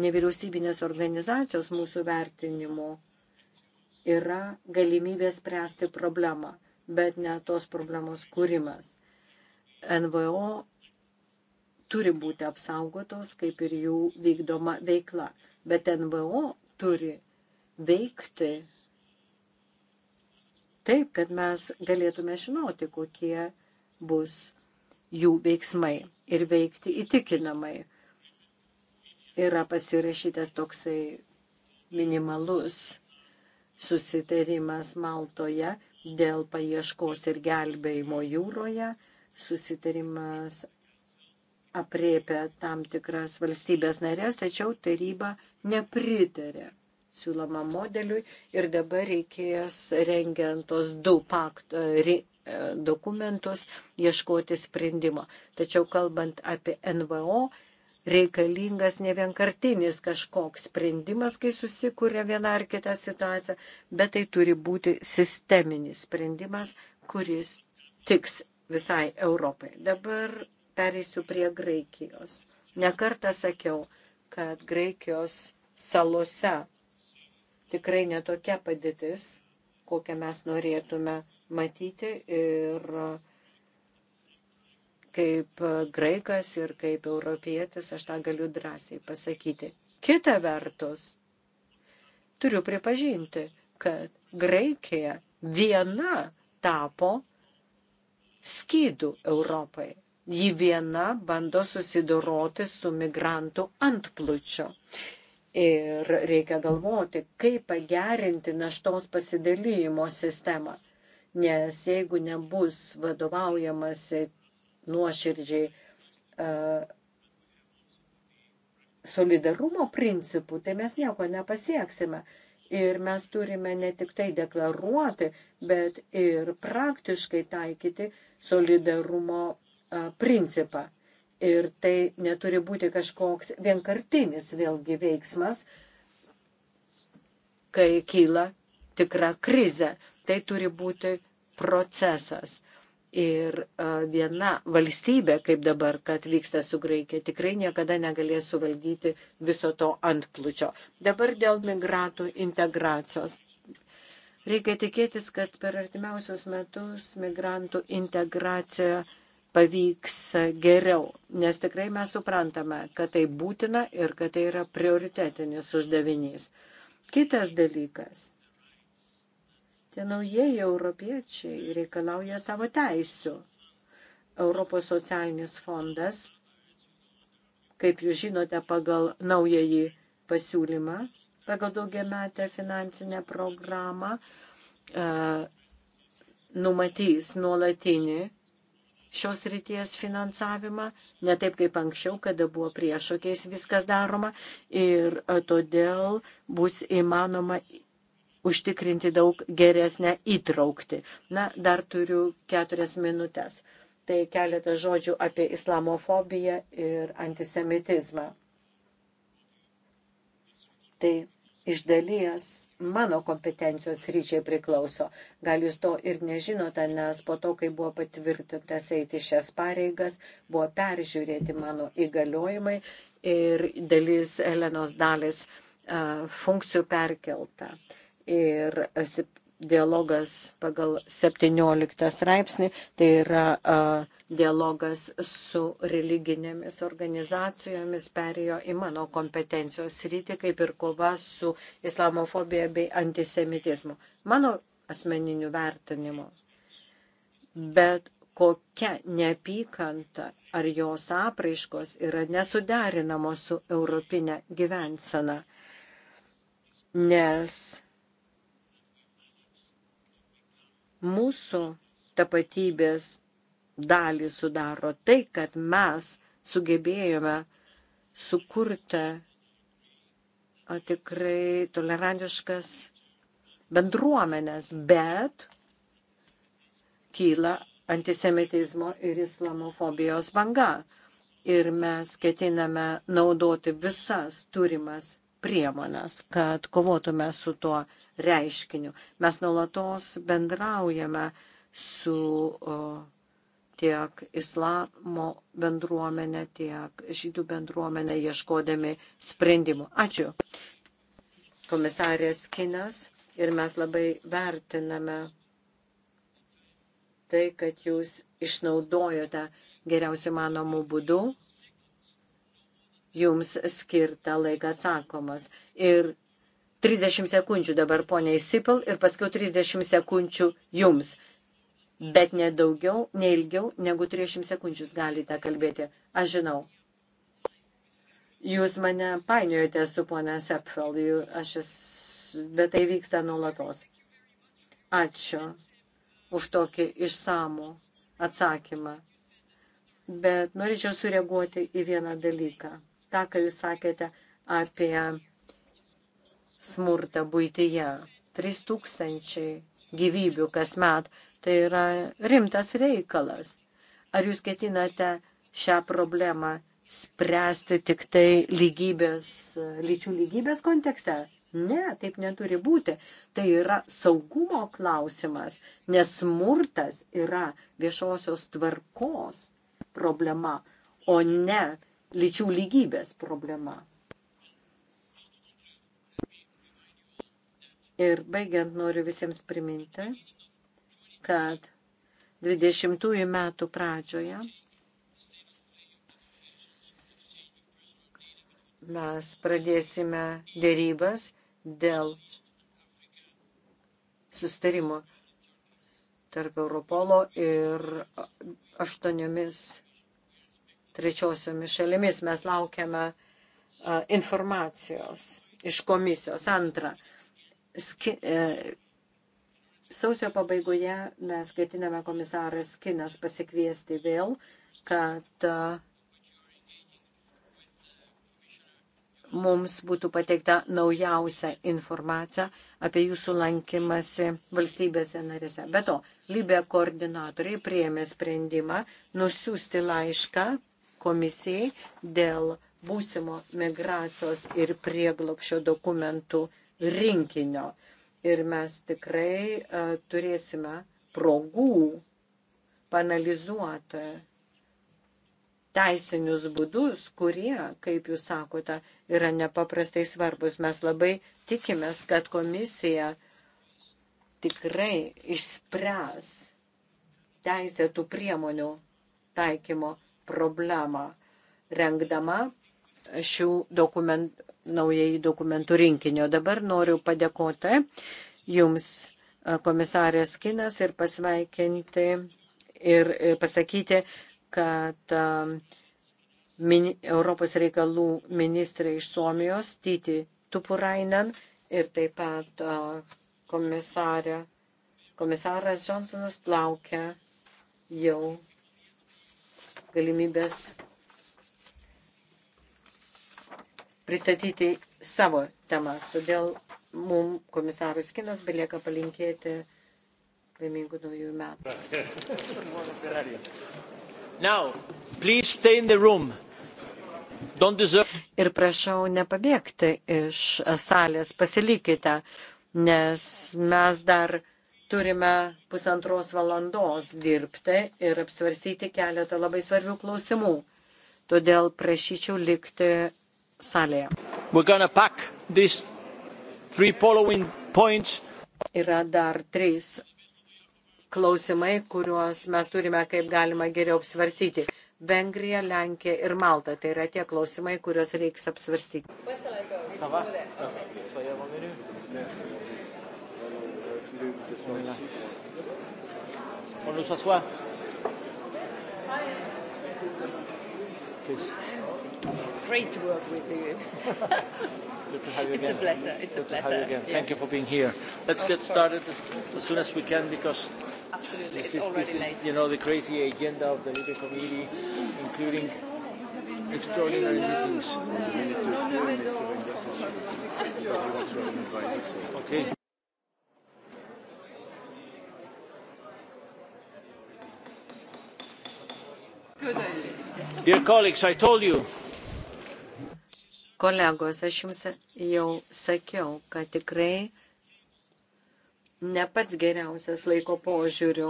nevyriausybinės organizacijos mūsų vertinimu yra galimybė spręsti problemą, bet ne tos problemos kūrimas. NVO turi būti apsaugotos, kaip ir jų vykdoma veikla, bet NVO turi veikti taip, kad mes galėtume žinoti, kokie bus jų veiksmai ir veikti įtikinamai. Yra pasirašytas toksai minimalus susitarimas Maltoje dėl paieškos ir gelbėjimo jūroje, susitarimas apriepia tam tikras valstybės narės, tačiau taryba nepritarė siūloma modeliui ir dabar reikės rengiant tos du pakt, e, dokumentus ieškoti sprendimo. Tačiau kalbant apie NVO, reikalingas ne vienkartinis kažkoks sprendimas, kai susikūrė viena ar kita situacija, bet tai turi būti sisteminis sprendimas, kuris tiks visai Europai. Dabar pereisiu prie Graikijos. Nekartą sakiau, kad Graikijos salose tikrai netokia padėtis, kokią mes norėtume matyti ir uh, Kaip e, graikas ir kaip europietis aš tą galiu drąsiai pasakyti. Kita vertus, turiu pripažinti, kad Graikija viena tapo skydų Europai. Ji viena bando susidoroti su migrantų antplūčio. Ir reikia galvoti, kaip pagerinti naštos pasidalymo sistemą. Nes jeigu nebus vadovaujamasi nuoširdžiai e, solidarumo principų, tai mes nieko nepasieksime. Ir mes turime ne tik tai deklaruoti, bet ir praktiškai taikyti solidarumo e, principą. Ir tai neturi būti kažkoks vienkartinis vėlgi veiksmas, kai kyla tikra krize. Tai turi būti procesas ir viena valstybė, kaip dabar, kad vyksta su Graikija, tikrai niekada negalės suvaldyti viso to antplūčio. Dabar dėl migrantų integracijos. Reikia tikėtis, kad per artimiausius metus migrantų integracija pavyks geriau, nes tikrai mes suprantame, kad tai būtina ir kad tai yra prioritetinis uždavinys. Kitas dalykas Tie naujieji europiečiai reikalauja savo teisių. Europos socialinis fondas, kaip jūs žinote, pagal naująjį pasiūlymą, pagal daugiametę finansinę programą, e, numatys nuolatinį šios ryties finansavimą, ne taip kaip anksčiau, kada buvo priešokiais viskas daroma ir e, todėl bus įmanoma užtikrinti daug geresnę įtraukti. Na, dar turiu keturias minutės. Tai keletas žodžių apie islamofobiją ir antisemitizmą. Tai iš dalies mano kompetencijos ryčiai priklauso. Gal jūs to ir nežinote, nes po to, kai buvo patvirtintas eiti šias pareigas, buvo peržiūrėti mano įgaliojimai ir dalis Elenos dalis uh, funkcijų perkelta. Uh, ir dialogas pagal 17 straipsnį, tai yra a, dialogas su religinėmis organizacijomis perėjo į mano kompetencijos rytį, kaip ir kova su islamofobija bei antisemitizmu. Mano asmeniniu vertinimu. Bet kokia neapykanta ar jos apraiškos yra nesuderinamos su europinė gyvensena. Nes mūsų tapatybės dalį sudaro tai, kad mes sugebėjome sukurti tikrai tolerantiškas bendruomenės, bet kyla antisemitizmo ir islamofobijos banga. Ir mes ketiname naudoti visas turimas priemonės, kad kovotume su tuo reiškiniu. Mes nuolatos bendraujame su tiek islamo bendruomenė, tiek žydų bendruomenė ieškodami sprendimų. Ačiū. Komisarės Kinas ir mes labai vertiname tai, kad jūs išnaudojote geriausių manomų būdų jums skirtą laiką atsakomas. Ir 30 sekundžių dabar poniai Sipal ir paskui 30 sekundžių jums. Bet nedaugiau, neilgiau negu 30 sekundžių jūs galite kalbėti. Aš žinau. Jūs mane painiojate su ponia Sepfel, aš esu, bet tai vyksta nuolatos. Ačiū už tokį išsamų atsakymą. Bet norėčiau sureaguoti į vieną dalyką. Ta, ką jūs sakėte apie smurtą būtyje. 3000 gyvybių kasmet tai yra rimtas reikalas. Ar jūs ketinate šią problemą spręsti tik tai lygybės, lyčių lygybės kontekste? Ne, taip neturi būti. Tai yra saugumo klausimas, nes smurtas yra viešosios tvarkos problema, o ne lyčių lygybės problema. Ir baigiant noriu visiems priminti, kad 20 metų pradžioje mes pradėsime dėrybas dėl sustarimo tarp Europolo ir aštuoniomis trečiosiomis šalimis. Mes laukiame informacijos iš komisijos. Antra, ski, e, sausio pabaigoje mes ketiname komisarą Skinas pasikviesti vėl, kad e, mums būtų pateikta naujausia informacija apie jūsų lankymasi valstybėse narėse. Be to, Libė koordinatoriai priėmė sprendimą nusiųsti laišką komisijai dėl būsimo migracijos ir prieglopšio dokumentų rinkinio. Ir mes tikrai uh, turėsime progų panalizuoti teisinius būdus, kurie, kaip jūs sakote, yra nepaprastai svarbus. Mes labai tikimės, kad komisija tikrai išspręs teisėtų priemonių taikymo problemą, rengdama šių dokumentų naująjį dokumentų rinkinį. O dabar noriu padėkoti Jums, e, komisarės Kinas, ir pasveikinti ir e, pasakyti, kad e, mini, Europos reikalų ministrė iš Suomijos, Tyti Tupurainen ir taip pat komisarė, komisaras Johnsonas laukia jau galimybės pristatyti savo temas. Todėl mums komisarų skinas belieka palinkėti laimingų naujų metų. Now, please stay in the room. Ir prašau nepabėgti iš salės, pasilikite, nes mes dar turime pusantros valandos dirbti ir apsvarsyti keletą labai svarbių klausimų. Todėl prašyčiau likti salėje. Yra dar trys klausimai, kuriuos mes turime kaip galima geriau apsvarsyti. Vengrija, Lenkija ir Malta. Tai yra tie klausimai, kuriuos reiks apsvarstyti. On nous s'assoit. Qu'est-ce Great to work with you. Good to have you it's again. It's a pleasure. It's Good a pleasure. To have you again. Yes. Thank you for being here. Let's of get course. started as, as soon as we can because Absolutely. this it's is, already this late. is you know the crazy agenda of the Libre Committee, including extraordinary meetings. Okay. Good idea. Dear colleagues, I told you. Kolegos, aš jums jau sakiau, kad tikrai ne pats geriausias laiko požiūrių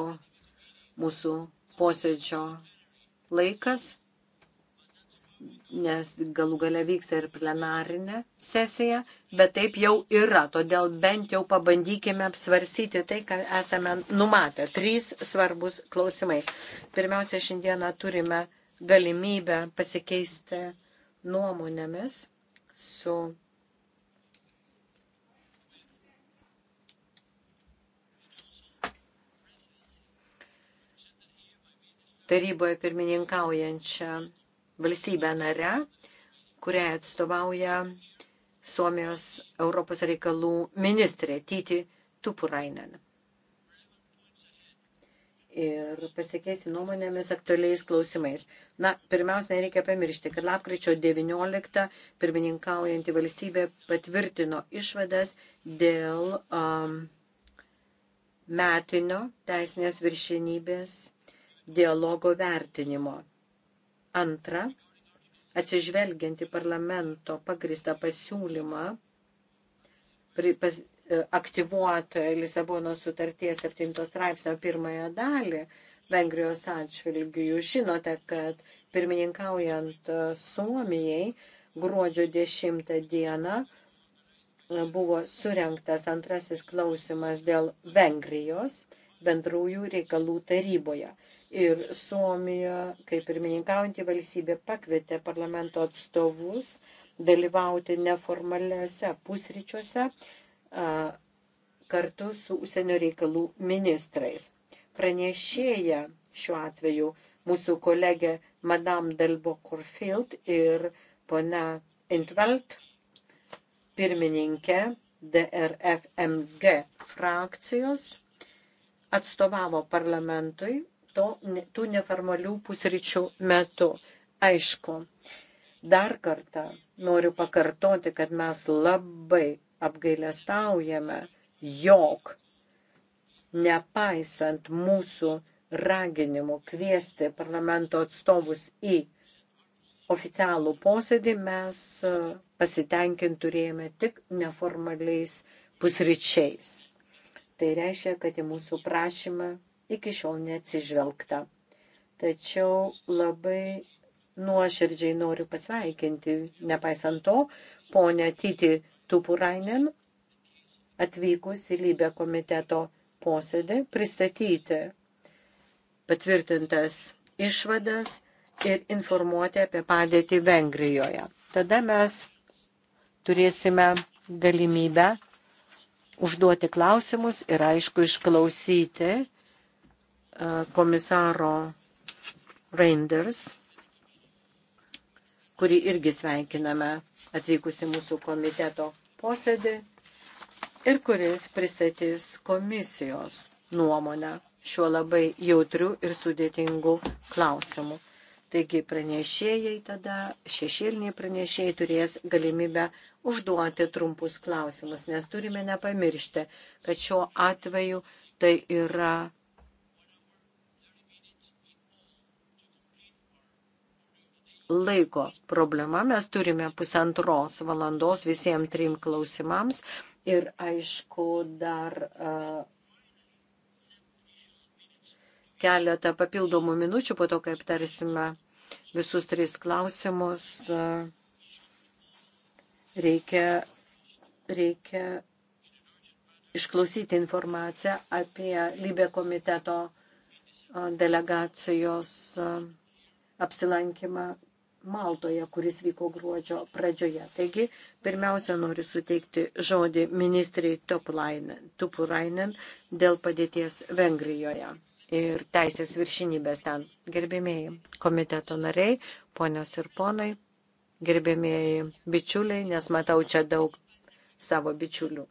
mūsų posėdžio laikas, nes galų gale vyksta ir plenarinė sesija, bet taip jau yra. Todėl bent jau pabandykime apsvarsyti tai, ką esame numatę. Trys svarbus klausimai. Pirmiausia, šiandieną turime galimybę pasikeisti nuomonėmis su taryboje pirmininkaujančią valstybę narę, kurią atstovauja Suomijos Europos reikalų ministrė Tyti Tupurainen ir pasikeisti nuomonėmis aktualiais klausimais. Na, pirmiausia, nereikia pamiršti, kad lapkričio 19 pirmininkaujanti valstybė patvirtino išvadas dėl um, metinio teisinės viršinybės dialogo vertinimo. Antra, atsižvelgianti parlamento pagristą pasiūlymą, pri, pas, aktyvuoti Lisabono sutarties 7 straipsnio pirmąją dalį Vengrijos atšvilgių. Jūs žinote, kad pirmininkaujant Suomijai gruodžio 10 dieną buvo surinktas antrasis klausimas dėl Vengrijos bendrųjų reikalų taryboje. Ir Suomija, kaip pirmininkaujantį valstybę, pakvietė parlamento atstovus dalyvauti neformaliuose pusryčiuose kartu su užsienio reikalų ministrais. Pranešėja šiuo atveju mūsų kolegė Madame Delbo Corfield ir pona Intvelt, pirmininkė DRFMG frakcijos, atstovavo parlamentui to, tų neformalių pusryčių metu. Aišku, dar kartą noriu pakartoti, kad mes labai apgailestaujame, jog nepaisant mūsų raginimų kviesti parlamento atstovus į oficialų posėdį, mes e, pasitenkint turėjome tik neformaliais pusryčiais. Tai reiškia, kad į mūsų prašymą iki šiol neatsižvelgta. Tačiau labai nuoširdžiai noriu pasveikinti, nepaisant to, ponę Tyti Tupurainen atvykus į Lybę komiteto posėdį pristatyti patvirtintas išvadas ir informuoti apie padėtį Vengrijoje. Tada mes turėsime galimybę užduoti klausimus ir aišku išklausyti e, komisaro Reinders, kurį irgi sveikiname atvykusi mūsų komiteto posėdį ir kuris pristatys komisijos nuomonę šiuo labai jautriu ir sudėtingu klausimu. Taigi pranešėjai tada, šešėliniai pranešėjai turės galimybę užduoti trumpus klausimus, nes turime nepamiršti, kad šiuo atveju tai yra laiko problema. Mes turime pusantros valandos visiems trim klausimams ir aišku dar keletą papildomų minučių po to, kai aptarsime visus tris klausimus. Reikia, reikia išklausyti informaciją apie Libė komiteto delegacijos apsilankymą Maltoje, kuris vyko gruodžio pradžioje. Taigi, pirmiausia, noriu suteikti žodį ministrei Tupurainen dėl padėties Vengrijoje ir teisės viršinybės ten. Gerbėmėjai komiteto nariai, ponios ir ponai, gerbėmėjai bičiuliai, nes matau čia daug savo bičiulių.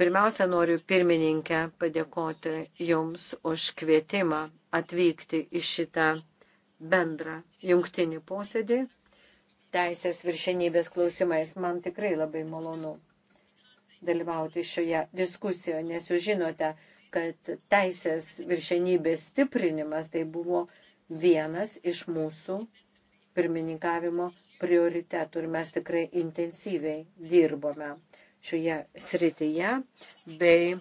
Pirmiausia, noriu pirmininkę padėkoti Jums už kvietimą atvykti į šitą bendrą jungtinį posėdį teisės viršenybės klausimais. Man tikrai labai malonu dalyvauti šioje diskusijoje, nes jūs žinote, kad teisės viršenybės stiprinimas tai buvo vienas iš mūsų pirmininkavimo prioritetų ir mes tikrai intensyviai dirbome šioje srityje bei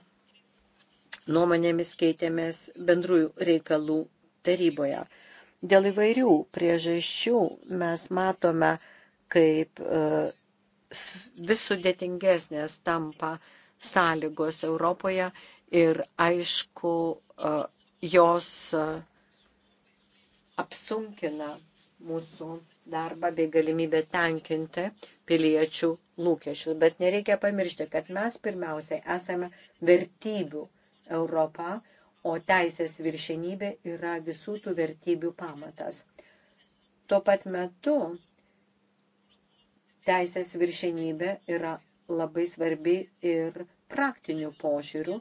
nuomonėmis keitėmės bendrųjų reikalų taryboje. Dėl įvairių priežasčių mes matome, kaip e, vis sudėtingesnės tampa sąlygos Europoje ir aišku, e, jos e, apsunkina mūsų darbą bei galimybę tenkinti piliečių lūkesčius. Bet nereikia pamiršti, kad mes pirmiausiai esame vertybių Europą o teisės viršenybė yra visų tų vertybių pamatas. Tuo pat metu teisės viršenybė yra labai svarbi ir praktinių požiūrių,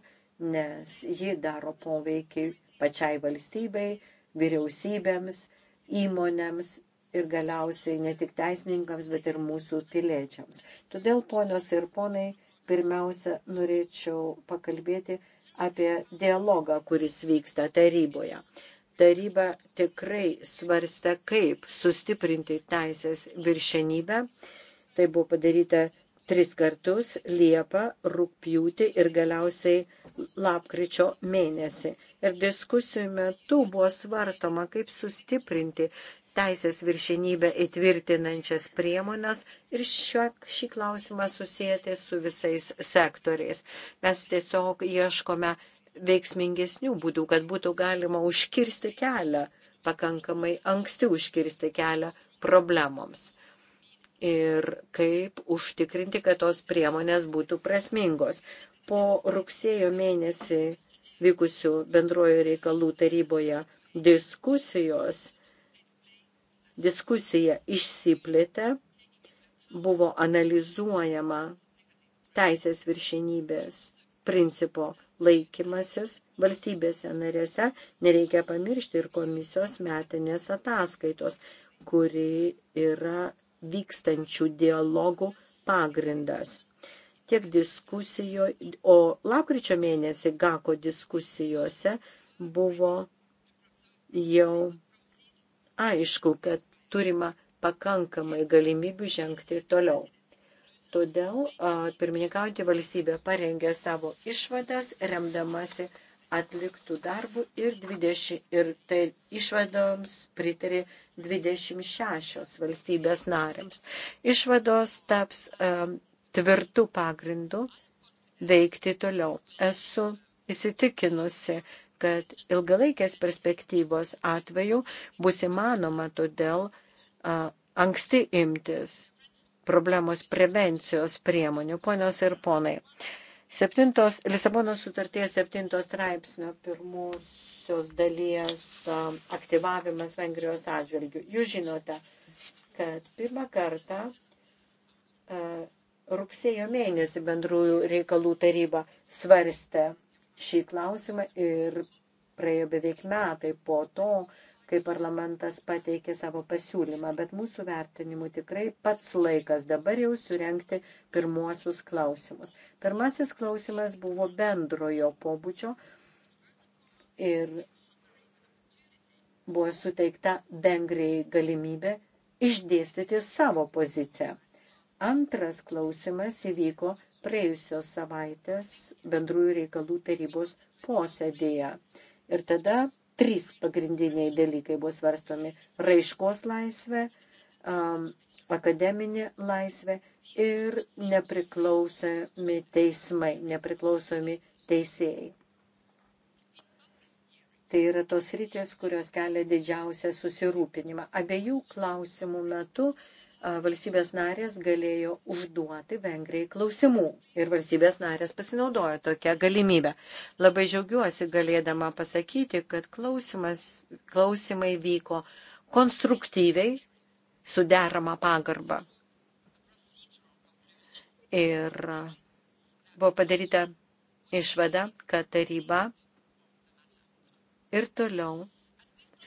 nes ji daro poveikį pačiai valstybei, vyriausybėms, įmonėms ir galiausiai ne tik teisininkams, bet ir mūsų piliečiams. Todėl, ponios ir ponai, pirmiausia, norėčiau pakalbėti apie dialogą, kuris vyksta taryboje. Taryba tikrai svarsta, kaip sustiprinti teisės viršenybę. Tai buvo padaryta tris kartus - Liepą, Rūpjūtį ir galiausiai lapkričio mėnesį. Ir diskusijų metu buvo svartoma, kaip sustiprinti teisės viršenybę įtvirtinančias priemonės ir šio, šį klausimą susijęti su visais sektoriais. Mes tiesiog ieškome veiksmingesnių būdų, kad būtų galima užkirsti kelią, pakankamai anksti užkirsti kelią problemoms. Ir kaip užtikrinti, kad tos priemonės būtų prasmingos. Po rugsėjo mėnesį vykusių bendrojo reikalų taryboje diskusijos Diskusija išsiplėtė, buvo analizuojama teisės viršenybės principo laikymasis valstybėse narėse. Nereikia pamiršti ir komisijos metinės ataskaitos, kuri yra vykstančių dialogų pagrindas. Tiek diskusijo, o lapkričio mėnesį GAKO diskusijose buvo jau aišku, kad turima pakankamai galimybių žengti toliau. Todėl pirmininkauti valstybė parengė savo išvadas, remdamasi atliktų darbų ir, 20, ir tai išvadoms pritarė 26 valstybės narėms. Išvados taps um, tvirtų pagrindų veikti toliau. Esu įsitikinusi, kad ilgalaikės perspektyvos atveju bus įmanoma todėl a, anksti imtis problemos prevencijos priemonių. Ponios ir ponai, septintos, Lisabono sutarties septintos straipsnio pirmosios dalies a, aktyvavimas Vengrijos atžvilgių. Jūs žinote, kad pirmą kartą a, rugsėjo mėnesį bendrųjų reikalų taryba svarstė šį klausimą ir praėjo beveik metai po to, kai parlamentas pateikė savo pasiūlymą, bet mūsų vertinimu tikrai pats laikas dabar jau surenkti pirmuosius klausimus. Pirmasis klausimas buvo bendrojo pobūdžio ir buvo suteikta Vengrijai galimybė išdėstyti savo poziciją. Antras klausimas įvyko praėjusios savaitės bendrųjų reikalų tarybos posėdėje. Ir tada trys pagrindiniai dalykai buvo svarstomi - raiškos laisvė, akademinė laisvė ir nepriklausomi teismai, nepriklausomi teisėjai. Tai yra tos rytis, kurios kelia didžiausią susirūpinimą. Abiejų klausimų metu uh, valstybės narės galėjo užduoti Vengrijai klausimų ir valstybės narės pasinaudojo tokią galimybę. Labai džiaugiuosi galėdama pasakyti, kad klausimas, klausimai vyko konstruktyviai, suderama pagarba. Ir buvo padaryta išvada, kad taryba ir toliau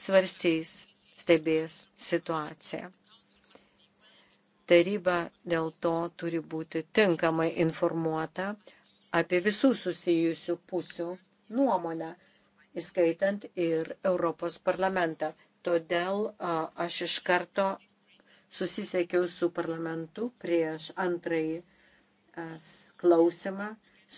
svarstys, stebės situaciją. Taryba dėl to turi būti tinkamai informuota apie visų susijusių pusių nuomonę, įskaitant ir Europos parlamentą. Todėl aš iš karto susisiekiau su parlamentu prieš antrąjį klausimą,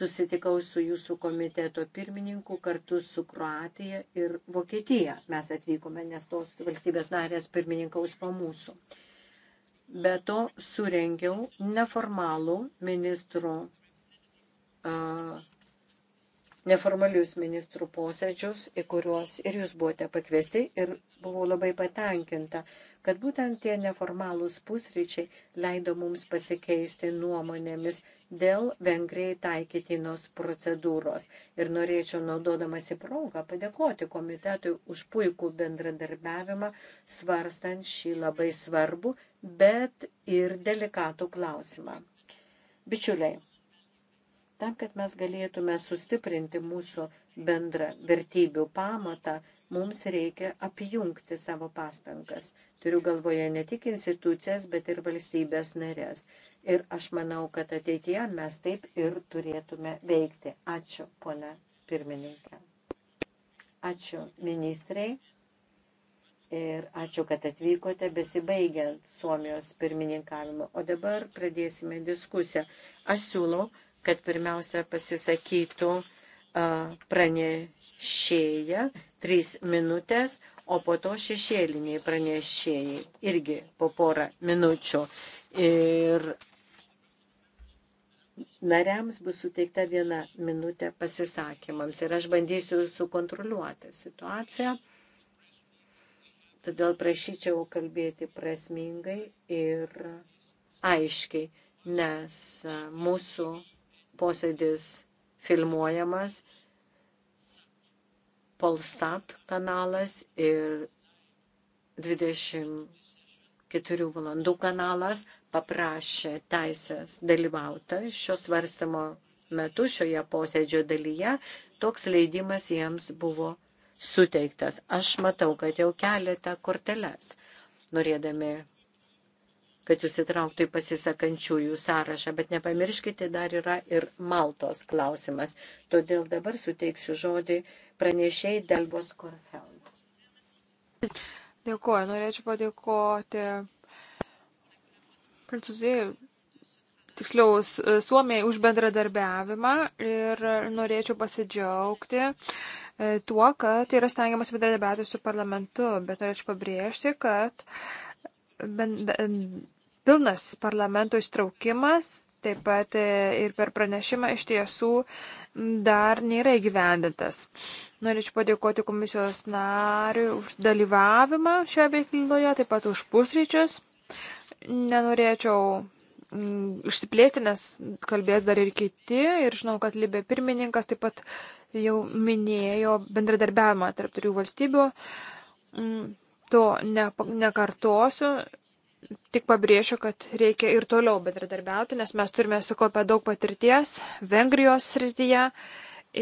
susitikau su jūsų komiteto pirmininku kartu su Kroatija ir Vokietija. Mes atvykome, nes tos valstybės narės pirmininkaus po mūsų. Be to surengiau neformalų ministrų uh, neformalius ministrų posėdžius, į kuriuos ir jūs buvote pakviesti ir buvau labai patenkinta, kad būtent tie neformalūs pusryčiai leido mums pasikeisti nuomonėmis dėl Vengrijai taikytinos procedūros. Ir norėčiau, naudodamasi progą, padėkoti komitetui už puikų bendradarbiavimą, svarstant šį labai svarbų, bet ir delikatų klausimą. Bičiuliai, tam, kad mes galėtume sustiprinti mūsų bendrą vertybių pamatą, mums reikia apjungti savo pastangas. Turiu galvoje ne tik institucijas, bet ir valstybės narės. Ir aš manau, kad ateityje mes taip ir turėtume veikti. Ačiū, pone pirmininkė. Ačiū, ministrai. Ir ačiū, kad atvykote besibaigiant Suomijos pirmininkavimo. O dabar pradėsime diskusiją. Aš siūlau, kad pirmiausia pasisakytų pranešėja trys minutės, o po to šešėliniai pranešėjai irgi po porą minučių. Ir nariams bus suteikta viena minutė pasisakymams. Ir aš bandysiu sukontroliuoti situaciją. Todėl prašyčiau kalbėti prasmingai ir aiškiai, nes mūsų posėdis filmuojamas Polsat kanalas ir 24 valandų kanalas paprašė teisės dalyvauti šio svarstymo metu šioje posėdžio dalyje. Toks leidimas jiems buvo suteiktas. Aš matau, kad jau keletą korteles norėdami kad jūs įtrauktų į pasisakančiųjų sąrašą, bet nepamirškite, dar yra ir Maltos klausimas. Todėl dabar suteiksiu žodį pranešėjai Delbos Korfeld. Dėkuoju, norėčiau padėkoti Prancūzijai, tiksliau Suomijai už bendradarbiavimą ir norėčiau pasidžiaugti e, tuo, kad yra stengiamas bendradarbiauti su parlamentu, bet norėčiau pabrėžti, kad pilnas parlamento įstraukimas, taip pat e, ir per pranešimą iš tiesų dar nėra įgyvendintas. Norėčiau padėkoti komisijos nariui už dalyvavimą šioje veikloje, taip pat už pusryčius. Nenorėčiau mm, išsiplėsti, nes kalbės dar ir kiti. Ir žinau, kad Libė pirmininkas taip pat jau minėjo bendradarbiavimą tarp trijų valstybių. Mm, to ne, nekartosiu tik pabrėšiu, kad reikia ir toliau bendradarbiauti, nes mes turime sukaupę daug patirties Vengrijos srityje.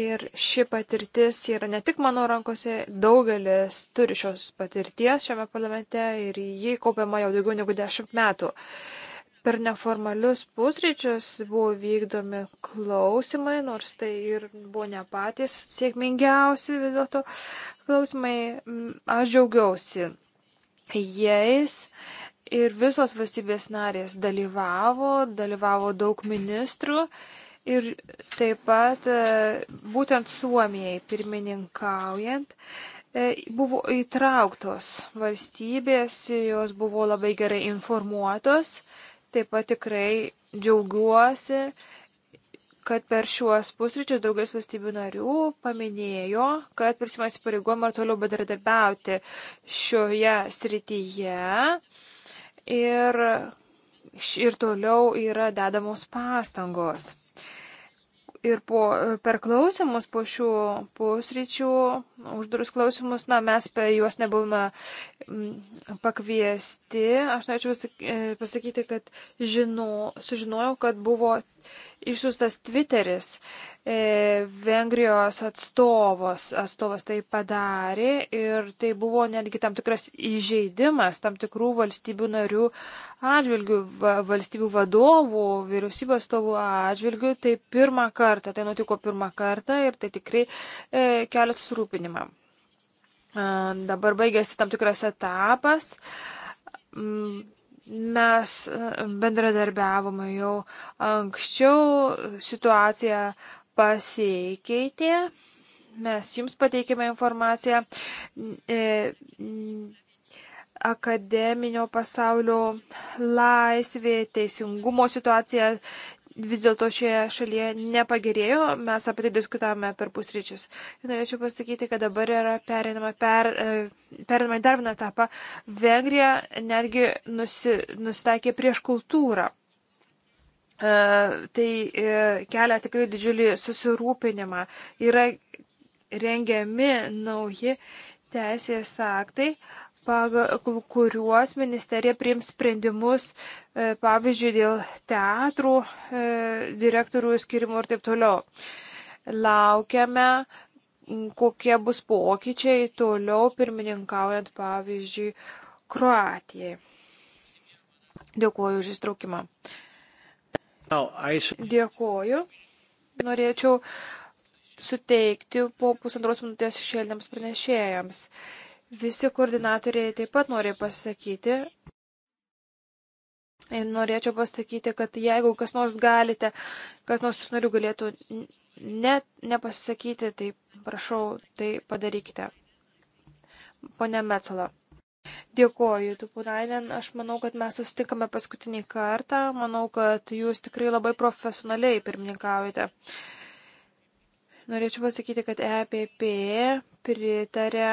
Ir ši patirtis yra ne tik mano rankose, daugelis turi šios patirties šiame parlamente ir jį kaupiama jau daugiau negu dešimt metų. Per neformalius pusryčius buvo vykdomi klausimai, nors tai ir buvo ne patys sėkmingiausi vis dėlto klausimai. Aš džiaugiausi jais, ir visos valstybės narės dalyvavo, dalyvavo daug ministrų ir taip pat e, būtent Suomijai pirmininkaujant e, buvo įtrauktos valstybės, jos buvo labai gerai informuotos, taip pat tikrai džiaugiuosi, kad per šiuos pusryčius daugelis valstybių narių paminėjo, kad prisimasi pareigojimą ir toliau bendradarbiauti šioje srityje ir, ir toliau yra dedamos pastangos. Ir po, per klausimus po šių pusryčių, uždarus klausimus, na, mes per juos nebuvome pakviesti. Aš norėčiau e, pasakyti, kad žino, sužinojau, kad buvo išsiųstas Twitteris. E, Vengrijos atstovas, atstovas tai padarė ir tai buvo netgi tam tikras įžeidimas tam tikrų valstybių narių atžvilgių, valstybių vadovų, vyriausybės atstovų atžvilgių. Tai pirmą kartą, tai nutiko pirmą kartą ir tai tikrai e, kelia susirūpinimą. E, dabar baigėsi tam tikras etapas. E, Mes e, bendradarbiavome jau anksčiau, situacija pasikeitė, mes jums pateikėme informaciją. E, akademinio pasaulio laisvė, teisingumo situacija vis dėlto šioje šalyje nepagerėjo, mes apie tai diskutavome per pusryčius. Ir norėčiau pasakyti, kad dabar yra perinama, per, e, perinama į dar vieną etapą. Vengrija netgi nusi, nusitaikė prieš kultūrą. E, tai e, kelia tikrai didžiulį susirūpinimą. Yra rengiami nauji teisės aktai, e, pagal kuriuos ministerija priims sprendimus, e, pavyzdžiui, dėl teatrų e, direktorių skirimų ir taip toliau. Laukiame, kokie bus pokyčiai toliau pirmininkaujant, pavyzdžiui, Kroatijai. Dėkuoju už įstraukimą. Dėkuoju. Norėčiau suteikti po pusantros minutės šėliniams pranešėjams. Visi koordinatoriai taip pat nori pasakyti. Ir norėčiau pasakyti, kad jeigu kas nors galite, kas nors iš narių galėtų ne, nepasakyti, tai prašau, tai padarykite. Pone Metzola. Dėkoju, Tupurainen. Aš manau, kad mes susitikame paskutinį kartą. Manau, kad jūs tikrai labai profesionaliai pirmininkaujate. Norėčiau pasakyti, kad EPP pritarė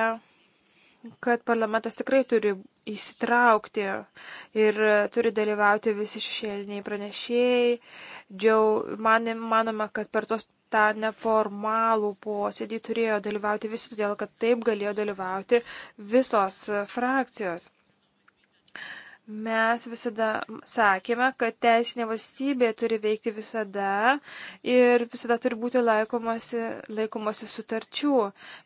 kad parlamentas tikrai turi įsitraukti ir turi dalyvauti visi šešėliniai pranešėjai. Džiau, man, manoma, kad per tos tą neformalų posėdį turėjo dalyvauti visi, todėl kad taip galėjo dalyvauti visos frakcijos. Mes visada sakėme, kad teisinė valstybė turi veikti visada ir visada turi būti laikomasi, laikomasi sutarčių.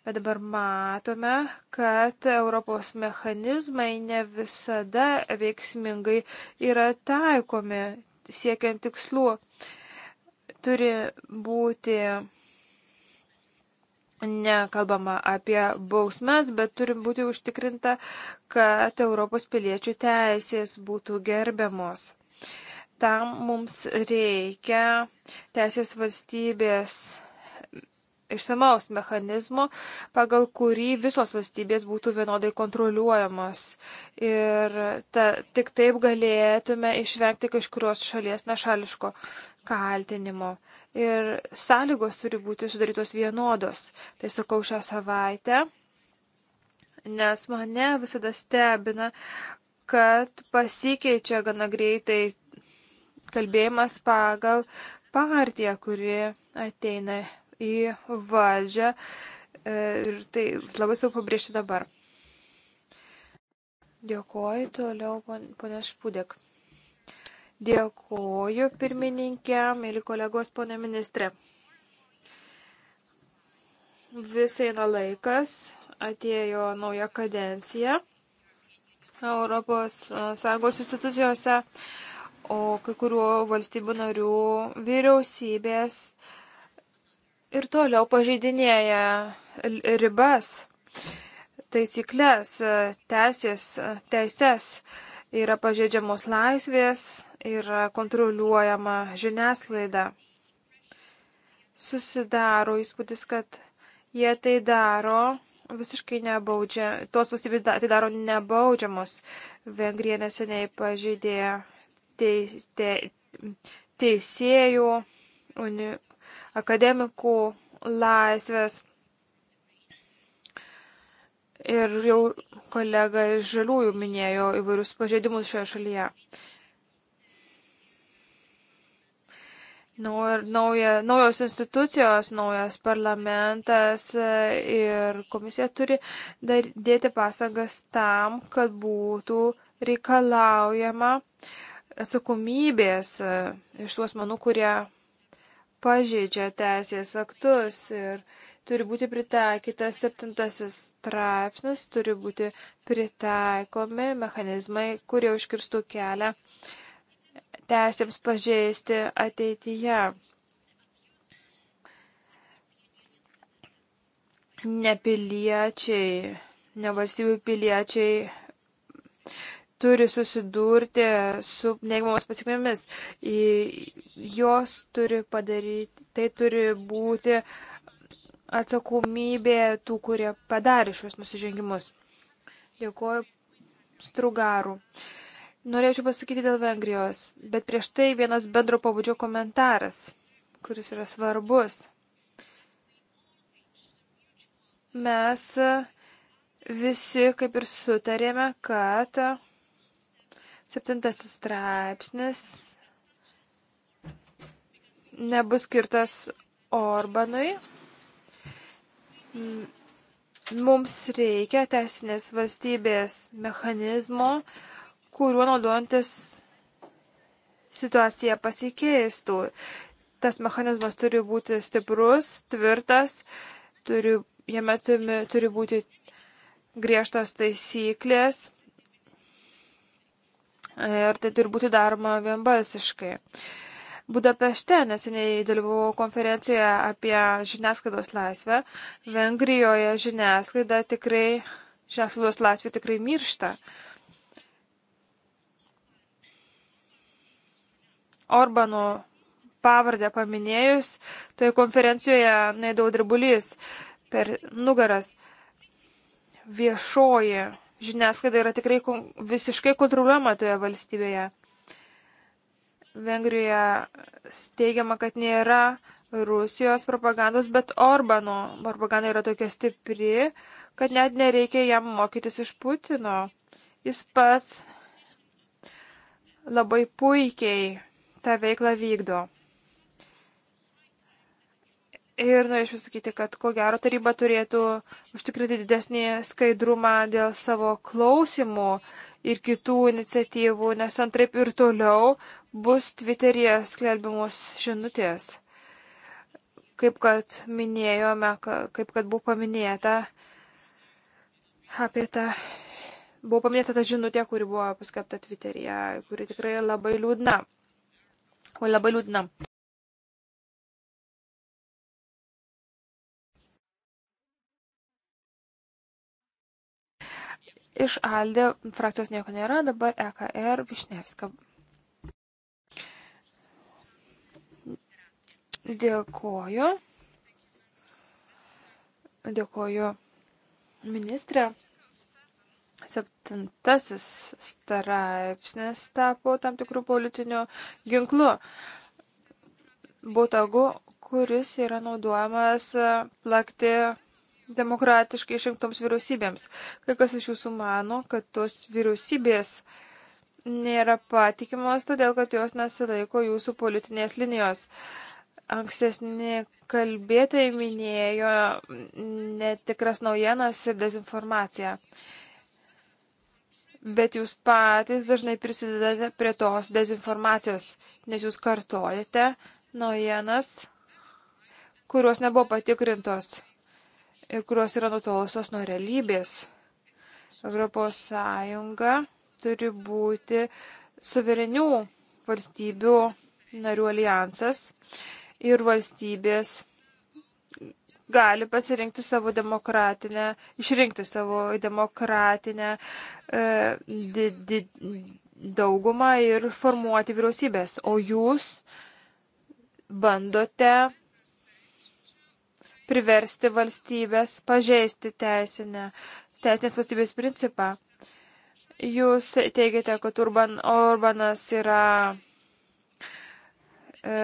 Bet dabar matome, kad Europos mechanizmai ne visada veiksmingai yra taikomi siekiant tikslų. Turi būti nekalbama apie bausmes, bet turi būti užtikrinta, kad Europos piliečių teisės būtų gerbiamos. Tam mums reikia teisės valstybės išsamaus mechanizmo, pagal kurį visos valstybės būtų vienodai kontroliuojamos. Ir ta, tik taip galėtume išvengti kažkurios šalies nešališko kaltinimo. Ir sąlygos turi būti sudarytos vienodos. Tai sakau šią savaitę, nes mane visada stebina, kad pasikeičia gana greitai kalbėjimas pagal partiją, kuri ateina į valdžią e, ir tai labai svarbu pabrėžti dabar. Dėkuoju toliau, ponia Špūdėk. Dėkuoju pirmininkė, mėly kolegos, ponia ministrė. Visai eina laikas, atėjo nauja kadencija Europos e, Sąjungos institucijose, o kai kurių valstybių narių vyriausybės uh, ir toliau pažeidinėja ribas, taisyklės, teisės, teises, yra pažeidžiamos laisvės, yra kontroliuojama žiniasklaida. Susidaro įspūdis, kad jie tai daro visiškai nebaudžia, tos valstybės tai daro nebaudžiamos. Vengrija neseniai pažeidė teis, te, teisėjų uni, akademikų laisvės. Ir jau kolega iš žaliųjų minėjo įvairius pažeidimus šioje šalyje. Nauja, naujos institucijos, naujas parlamentas e, ir komisija turi dar, dėti pasangas tam, kad būtų reikalaujama atsakomybės e, iš tų asmenų, kurie pažeidžia teisės aktus ir turi būti pritaikytas septintasis straipsnis, turi būti pritaikomi mechanizmai, kurie užkirstų kelią teisėms pažeisti ateityje. Nepiliečiai, nevalstybių piliečiai turi susidurti su neigiamomis pasiekmėmis. Jos turi padaryti, tai turi būti atsakomybė tų, kurie padarė šios nusižengimus. Dėkuoju Strugarų. Norėčiau pasakyti dėl Vengrijos, bet prieš tai vienas bendro pabudžio komentaras, kuris yra svarbus. Mes visi kaip ir sutarėme, kad Septintasis straipsnis nebus skirtas Orbanui. Mums reikia teisinės valstybės mechanizmo, kuriuo naudojantis situacija pasikeistų. Tas mechanizmas turi būti stiprus, tvirtas, turi, jame turi, turi būti griežtos taisyklės ir tai turi būti daroma vienbalsiškai. Budapešte neseniai dalyvau konferencijoje apie žiniasklaidos laisvę. Vengrijoje žiniasklaida tikrai, žiniasklaidos laisvė tikrai miršta. Orbano pavardę paminėjus, toje konferencijoje naidau drebulys per nugaras viešoji žiniasklaida yra tikrai visiškai kontroliuojama toje valstybėje. Vengrijoje steigiama, kad nėra Rusijos propagandos, bet Orbano propaganda yra tokia stipri, kad net nereikia jam mokytis iš Putino. Jis pats labai puikiai tą veiklą vykdo. Ir norėčiau sakyti, kad ko gero taryba turėtų užtikrinti didesnį skaidrumą dėl savo klausimų ir kitų iniciatyvų, nes antraip ir toliau bus Twitter'yje skelbiamos žinutės. Kaip kad minėjome, kaip kad buvo paminėta apie tą. Buvo paminėta ta žinutė, kuri buvo paskelbta Twitter'yje, kuri tikrai labai liūdna. O labai liūdna. Iš Aldė frakcijos nieko nėra, dabar EKR Višnevska. Dėkoju. Dėkoju ministrė. Septintasis straipsnis tapo tam tikrų politinių ginklų. Būtagu, kuris yra naudojamas plakti demokratiškai išrinktoms vyriausybėms. Kai kas iš jūsų mano, kad tos vyriausybės nėra patikimos, todėl kad jos nesilaiko jūsų politinės linijos. Ankstesni kalbėtojai minėjo netikras naujienas ir dezinformaciją. Bet jūs patys dažnai prisidedate prie tos dezinformacijos, nes jūs kartojate naujienas, kurios nebuvo patikrintos ir kurios yra nutolusios nuo realybės. Europos Sąjunga turi būti suverenių valstybių narių alijansas ir valstybės gali pasirinkti savo demokratinę, išrinkti savo demokratinę e, di, di, daugumą ir formuoti vyriausybės. O jūs bandote priversti valstybės pažeisti teisinę, teisinės valstybės principą. Jūs teigiate, kad Urban, Urbanas yra e,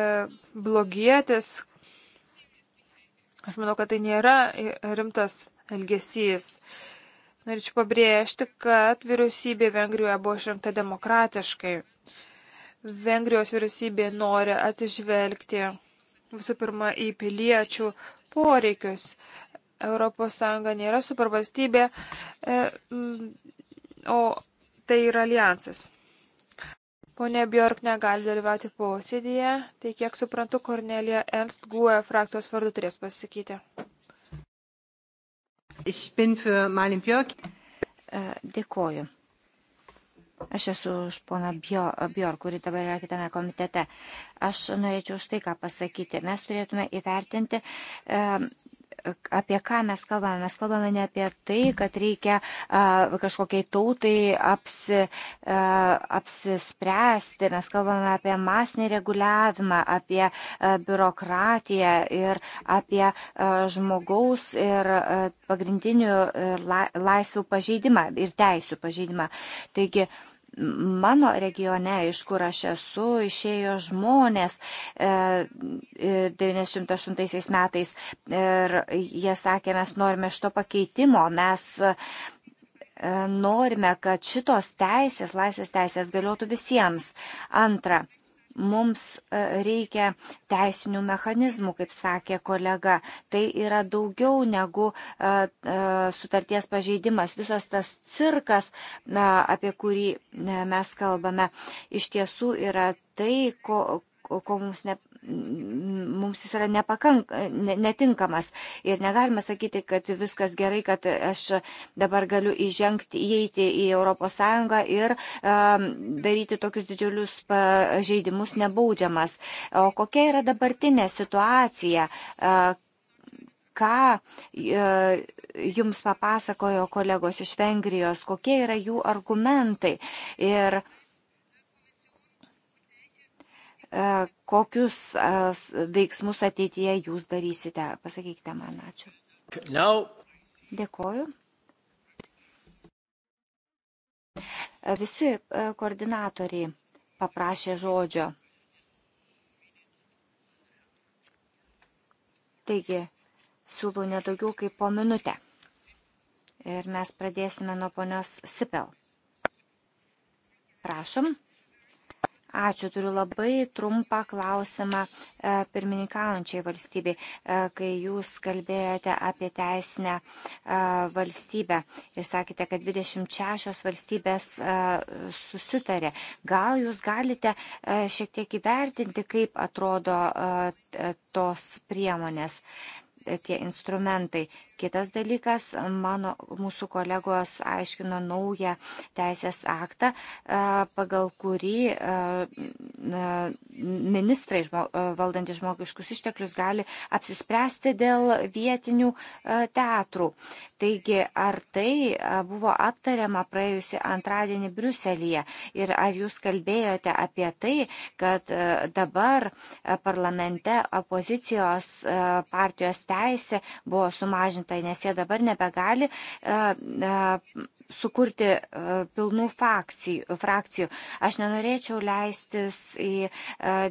blogietis. Aš manau, kad tai nėra rimtas elgesys. Norėčiau pabrėžti, kad vyriausybė Vengrijoje buvo išrinkta demokratiškai. Vengrijos vyriausybė nori atsižvelgti visų pirma į piliečių poreikius. ES nėra supervalstybė, e, mm, o tai yra alijansas. Pone Bjork negali dalyvauti posėdėje, tai kiek suprantu, Kornelija Ernst Guoja frakcijos vardu turės pasakyti. Äh, dėkoju. Aš esu už pona Bjor, kuri dabar yra kitame komitete. Aš norėčiau štai ką pasakyti. Mes turėtume įvertinti. E, apie ką mes kalbame. Mes kalbame ne apie tai, kad reikia uh, kažkokiai tautai apsi, uh, apsispręsti. Mes kalbame apie masinį reguliavimą, apie uh, biurokratiją ir apie uh, žmogaus ir uh, pagrindinių uh, laisvių pažeidimą ir teisų pažeidimą. Taigi, uh, mano regione, iš kur aš esu, išėjo žmonės 98 e, e, metais ir jie sakė, mes norime šito pakeitimo, mes e, norime, kad šitos teisės, laisvės teisės galiotų visiems. Antra, mums e, reikia teisinių mechanizmų, kaip sakė kolega. Tai yra daugiau negu e, e, sutarties pažeidimas. Visas tas cirkas, apie kurį mes kalbame, iš tiesų yra tai, ko, ko mums ne, mums jis yra nepakank, netinkamas. Ir negalime sakyti, kad viskas gerai, kad aš dabar galiu įžengti, įeiti į ES ir um, daryti tokius didžiulius pažeidimus nebaudžiamas. O kokia yra dabartinė situacija? Uh, ką e, jums papasakojo kolegos iš Vengrijos, kokie yra jų argumentai. Ir E, kokius e, veiksmus ateityje jūs darysite. Pasakykite man, ačiū. Now. Dėkoju. E, visi koordinatoriai paprašė žodžio. Taigi, siūlau nedaugiau kaip po minutę. Ir mes pradėsime nuo ponios Sipel. Prašom. Ačiū, turiu labai trumpą klausimą e, pirmininkaujančiai valstybei, e, kai jūs kalbėjote apie teisinę e, valstybę ir sakėte, kad 26 valstybės susitarė. Gal jūs galite šiek tiek įvertinti, kaip atrodo tos priemonės tie instrumentai. Kitas dalykas, mano, mūsų kolegos aiškino naują teisės aktą, e, pagal kurį e, ministrai e, valdantys žmogiškus išteklius gali apsispręsti dėl vietinių teatrų. Taigi, ar tai buvo aptariama praėjusi antradienį Briuselėje ir ar jūs kalbėjote apie tai, kad dabar parlamente opozicijos partijos teisė buvo sumažinta? sumažinta, nes jie dabar nebegali e, e, sukurti e, pilnų frakcijų. Aš nenorėčiau leistis į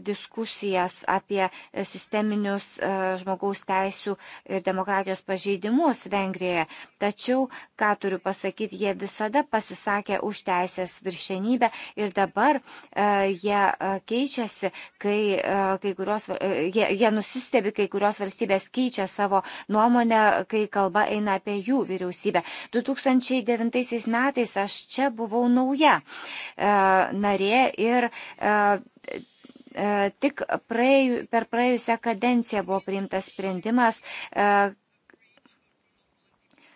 diskusijas apie sisteminius žmogaus teisų ir demokratijos pažeidimus Vengrijoje. Tačiau, ką turiu pasakyti, jie visada pasisakė už teisės viršenybę ir dabar jie keičiasi, kai, kai kurios, jie, jie nusistebi, kai kurios valstybės keičia savo nuomonę, kai kai kalba eina apie jų vyriausybę. 2009 metais aš čia buvau nauja e, narė ir e, e, tik praėjų, per praėjusią kadenciją buvo priimtas sprendimas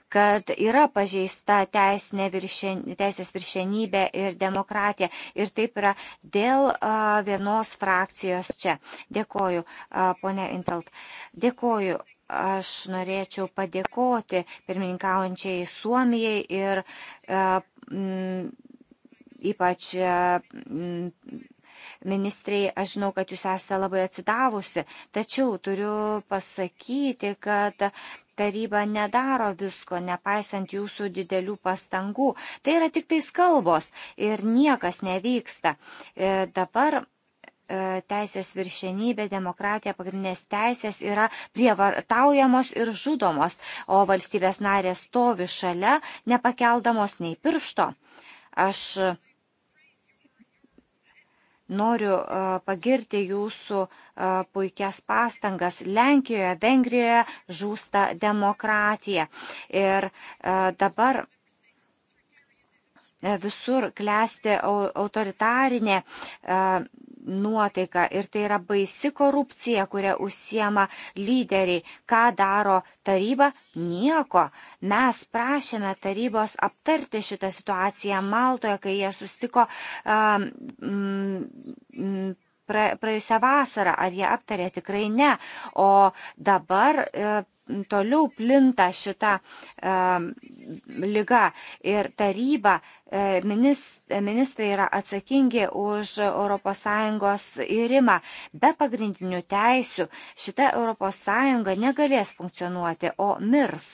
kad yra pažeista viršen, teisės viršenybė ir demokratija. Ir taip yra dėl a, vienos frakcijos čia. Dėkoju, a, ponia Intelt. Dėkoju. Aš norėčiau padėkoti pirmininkaujančiai Suomijai ir e, m, mm, ypač e, m, mm, ministrei, aš žinau, kad jūs esate labai atsidavusi, tačiau turiu pasakyti, kad taryba nedaro visko, nepaisant jūsų didelių pastangų. Tai yra tik tais kalbos ir niekas nevyksta. E, dabar E, teisės viršenybė, demokratija, pagrindinės teisės yra prievartaujamos ir žudomos, o valstybės narės stovi šalia, nepakeldamos nei piršto. Aš noriu e, pagirti jūsų e, puikias pastangas. Lenkijoje, Vengrijoje žūsta demokratija. Ir dabar visur klesti autoritarinė nuotaika. Ir tai yra baisi korupcija, kurią užsiema lyderiai. Ką daro taryba? Nieko. Mes prašėme tarybos aptarti šitą situaciją Maltoje, kai jie sustiko. Um, um, Praėjusią vasarą, ar jie aptarė, tikrai ne. O dabar e, toliau plinta šita e, lyga ir taryba, e, ministrai yra atsakingi už ES įrimą. Be pagrindinių teisių šita ES negalės funkcionuoti, o mirs.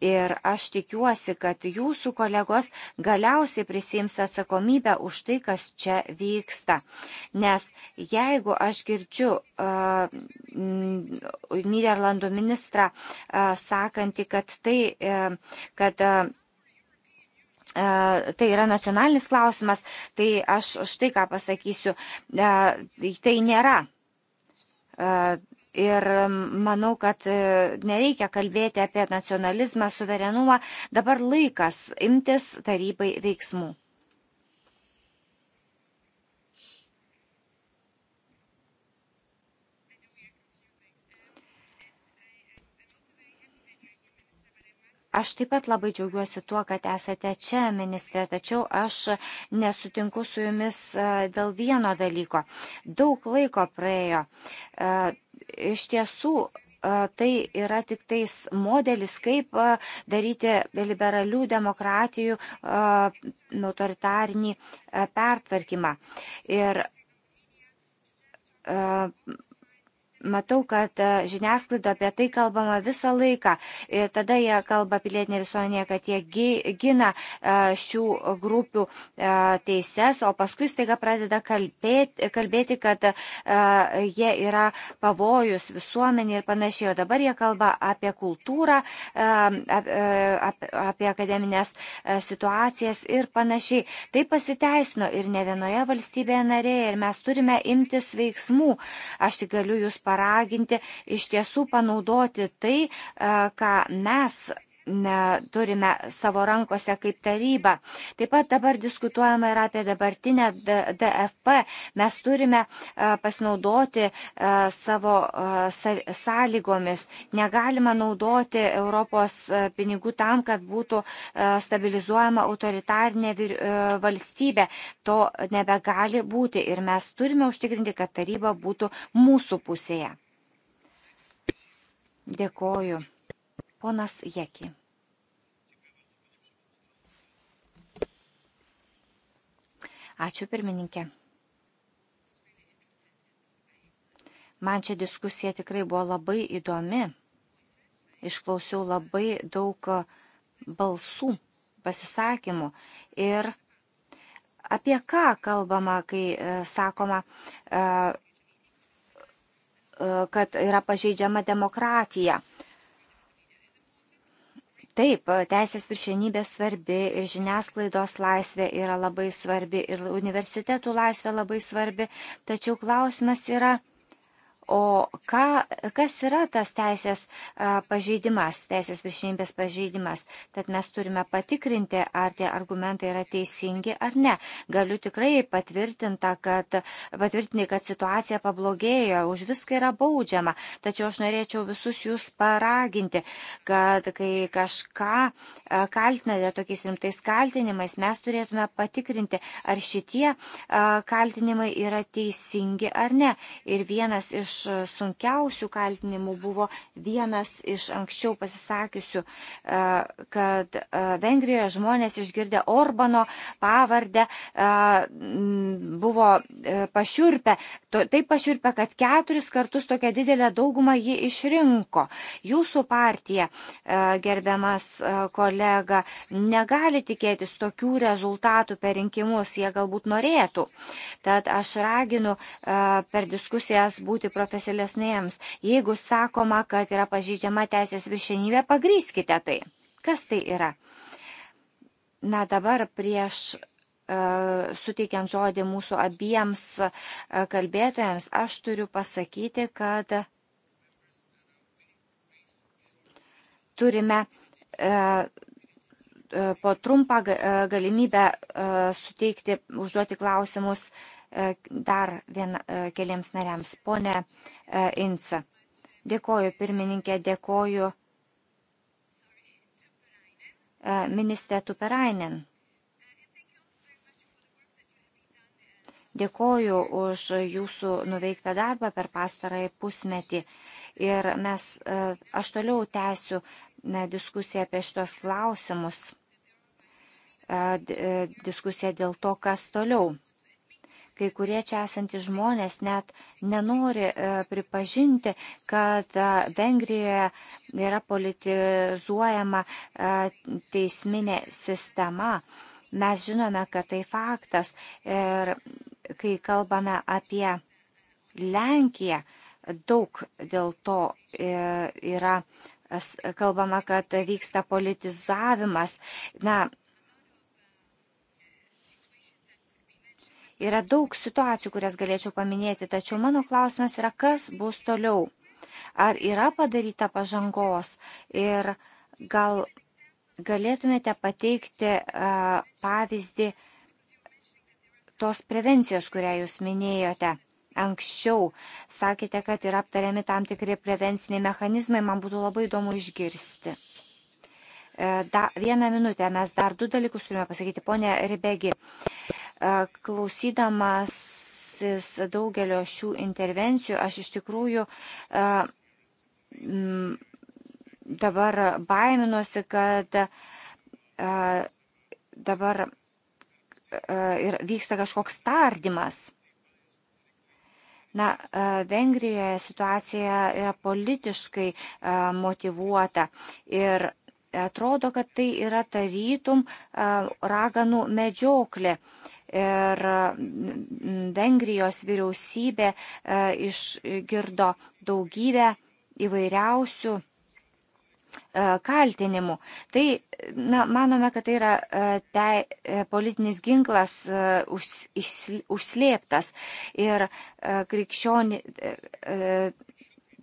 Ir aš tikiuosi, kad jūsų kolegos galiausiai prisims atsakomybę už tai, kas čia vyksta. Nes jeigu aš girdžiu uh, Niderlandų ministrą uh, sakantį, kad tai, uh, kad uh, tai yra nacionalinis klausimas, tai aš štai ką pasakysiu, e, tai nėra Ir manau, kad e, nereikia kalbėti apie nacionalizmą, suverenumą. Dabar laikas imtis tarybai veiksmų. Aš taip pat labai džiaugiuosi tuo, kad esate čia, ministrė, tačiau aš nesutinku su jumis e, dėl vieno dalyko. Daug laiko praėjo. E, iš tiesų e, tai yra tik tais modelis, kaip e, daryti liberalių demokratijų e, autoritarnį pertvarkymą. Ir matau, kad e, žiniasklaido apie tai kalbama visą laiką. Ir tada jie kalba pilietinė visuomenė, kad jie gina e, šių grupių e, teises, o paskui staiga pradeda kalbėti, kalbėti kad jie yra pavojus visuomenė ir panašiai. O dabar jie kalba apie kultūrą, apie akademinės situacijas ir panašiai. Tai pasiteisino ir ne vienoje valstybėje narėje ir mes turime imtis veiksmų. Aš tik galiu jūs pasakyti paraginti iš tiesų panaudoti tai, e, ką mes turime savo rankose kaip taryba. Taip pat dabar diskutuojama ir apie dabartinę DFP. Mes turime e, pasinaudoti e, savo e, sąlygomis. Negalima naudoti Europos pinigų tam, kad būtų stabilizuojama autoritarnė valstybė. To nebegali būti ir mes turime užtikrinti, kad taryba būtų mūsų pusėje. Dėkoju. Ponas Jeki. Ačiū pirmininkė. Man čia diskusija tikrai buvo labai įdomi. Išklausiau labai daug e, balsų, pasisakymų. Ir apie ką kalbama, kai e, sakoma, e, kad yra pažeidžiama demokratija. Taip, teisės viršienybė svarbi ir žiniasklaidos laisvė yra labai svarbi ir universitetų laisvė labai svarbi, tačiau klausimas yra, O ką, kas yra tas teisės pažeidimas, teisės viršinybės pažeidimas? Tad mes turime patikrinti, ar tie argumentai yra teisingi ar ne. Galiu tikrai patvirtinti, kad, patvirtinti, kad situacija pablogėjo, už viską yra baudžiama. Tačiau aš norėčiau visus jūs paraginti, kad kai kažką kaltinate tokiais rimtais kaltinimais, mes turėtume patikrinti, ar šitie kaltinimai yra teisingi ar ne. Ir vienas iš E, sunkiausių kaltinimų buvo vienas iš anksčiau pasisakiusių, e, kad e, Vengrijoje žmonės išgirdę Orbano pavardę buvo pašiurpę, taip pašiurpę, kad keturis kartus tokia didelė dauguma jį išrinko. Jūsų partija, gerbiamas kolega, negali tikėtis tokių rezultatų per rinkimus, jie galbūt norėtų. Tad aš raginu per diskusijas būti profesionaliai pesilesnėjams. Jeigu sakoma, kad yra pažydžiama teisės viršenybė, pagryskite tai. Kas tai yra? Na dabar prieš e, suteikiant žodį mūsų abiems e, kalbėtojams, aš turiu pasakyti, kad turime e, po trumpą galimybę suteikti, užduoti klausimus E, dar vien, e, keliams nariams. Pone e, Inca, dėkoju pirmininkė, dėkoju ministrė Tuperainen. Dėkoju už jūsų nuveiktą darbą per pastarąjį pusmetį. Ir mes, aš toliau tęsiu diskusiją apie šitos klausimus, diskusiją dėl to, kas toliau. Kai kurie čia esantys žmonės net nenori e, pripažinti, kad e, Vengrijoje yra politizuojama e, teisminė sistema. Mes žinome, kad tai faktas. Ir kai kalbame apie Lenkiją, daug dėl to yra kalbama, kad vyksta politizavimas. Na, Yra daug situacijų, kurias galėčiau paminėti, tačiau mano klausimas yra, kas bus toliau. Ar yra padaryta pažangos ir gal galėtumėte pateikti uh, pavyzdį tos prevencijos, kurią jūs minėjote. Anksčiau sakėte, kad yra aptariami tam tikri prevenciniai mechanizmai, man būtų labai įdomu išgirsti. E, da, vieną minutę mes dar du dalykus turime pasakyti. Pone Ribegi, uh, E, klausydamasis daugelio šių intervencijų, aš iš tikrųjų e, dabar baiminuosi, kad e, dabar vyksta kažkoks tardymas. Na, Vengrijoje situacija yra politiškai motivuota ir atrodo, kad tai yra tarytum raganų medžioklė. Ir mm, Vengrijos vyriausybė e, išgirdo daugybę įvairiausių e, kaltinimų. Tai, na, manome, kad tai yra e, te, politinis ginklas uh, užslėptas ir uh, krikščioni, uh,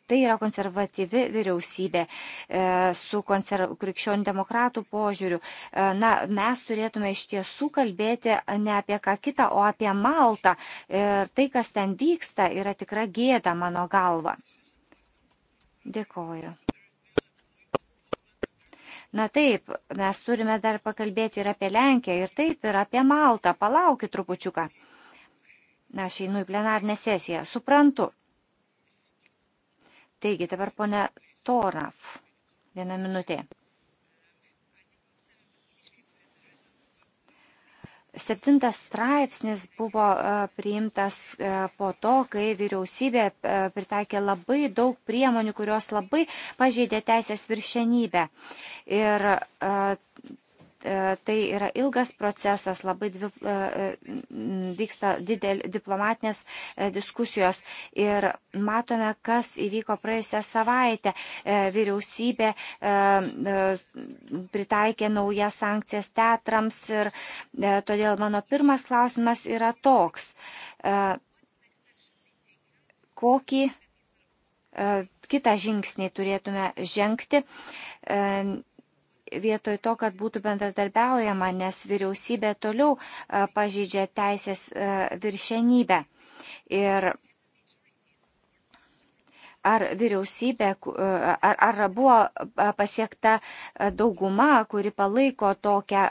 Tai yra konservatyvi vyriausybė e, su konserv... krikščionių demokratų požiūriu. E, na, mes turėtume iš tiesų kalbėti ne apie ką kitą, o apie Maltą. Ir tai, kas ten vyksta, yra tikra gėda mano galva. Dėkoju. Na taip, mes turime dar pakalbėti ir apie Lenkiją, ir taip, ir apie Maltą. Palaukit trupučiuką. Na, aš einu į plenarnę sesiją. Suprantu. Taigi, dabar ponė Toraf. Viena minutė. Septintas straipsnis buvo e, priimtas e, po to, kai vyriausybė e, pritaikė labai daug priemonių, kurios labai pažeidė teisės viršenybę. Ir E, tai yra ilgas procesas, labai dvi, e, e, vyksta didel, diplomatinės diskusijos ir matome, kas įvyko praėjusią savaitę. Vyriausybė pritaikė naujas sankcijas teatrams ir todėl mano pirmas klausimas yra toks. Kokį kitą žingsnį turėtume žengti, vietoj to, kad būtų bendradarbiaujama, nes vyriausybė toliau e, pažydžia teisės e, viršenybę. Ir ar vyriausybė, e, ar, ar buvo pasiekta dauguma, kuri palaiko tokią,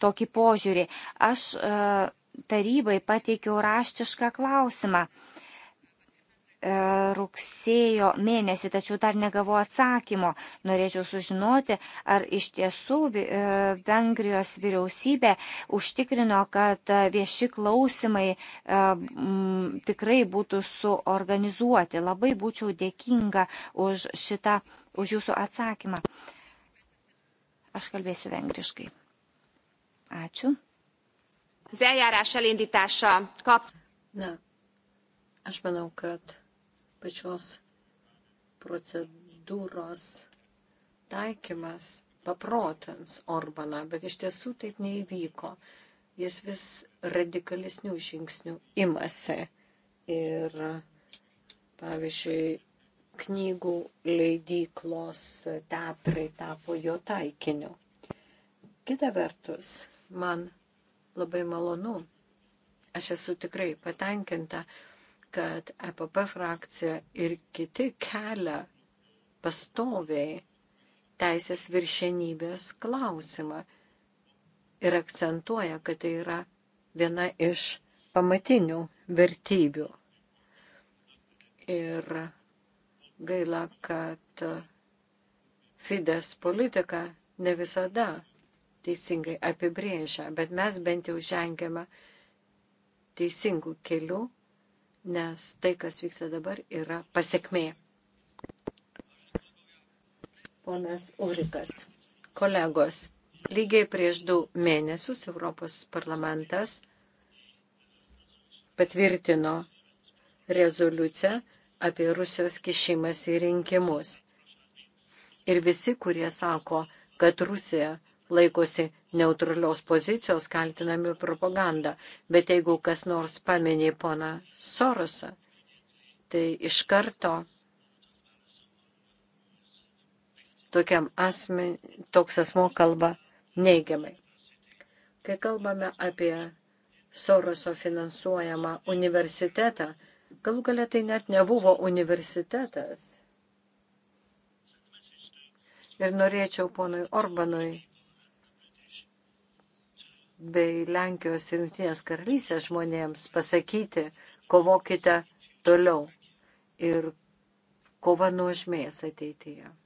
tokį požiūrį. Aš tarybai pateikiau raštišką klausimą. E, rugsėjo mėnesį, tačiau dar negavau atsakymo. Norėčiau sužinoti, ar iš tiesų e, Vengrijos vyriausybė užtikrino, kad vieši klausimai e, tikrai būtų suorganizuoti. Labai būčiau dėkinga už šitą, už jūsų atsakymą. Aš kalbėsiu vengriškai. Ačiū. Az eljárás elindítása kap. Na, aš manau, kad pačios procedūros taikymas paprotins Orbaną, bet iš tiesų taip neįvyko. Jis vis radikalesnių žingsnių imasi. Ir pavyzdžiui, knygų leidyklos teatrai tapo jo taikiniu. Kita vertus, man labai malonu, aš esu tikrai patenkinta, kad EPP frakcija ir kiti kelia pastoviai teisės viršenybės klausimą ir akcentuoja, kad tai yra viena iš pamatinių vertybių. Ir gaila, kad Fides politika ne visada teisingai apibrėžia, bet mes bent jau žengiame teisingų kelių nes tai, kas vyksta dabar, yra pasiekmė. Ponas Urikas, kolegos, lygiai prieš du mėnesius Europos parlamentas patvirtino rezoliuciją apie Rusijos kišimas į rinkimus. Ir visi, kurie sako, kad Rusija laikosi neutralios pozicijos, kaltinami propagandą. Bet jeigu kas nors paminė poną Sorosą, tai iš karto tokiam asmen, toks asmo kalba neigiamai. Kai kalbame apie Soroso finansuojamą universitetą, galų galia tai net nebuvo universitetas. Ir norėčiau ponui Orbanui bei Lenkijos ir Junktinės karalystės žmonėms pasakyti, kovokite toliau ir kova nuožmės ateityje.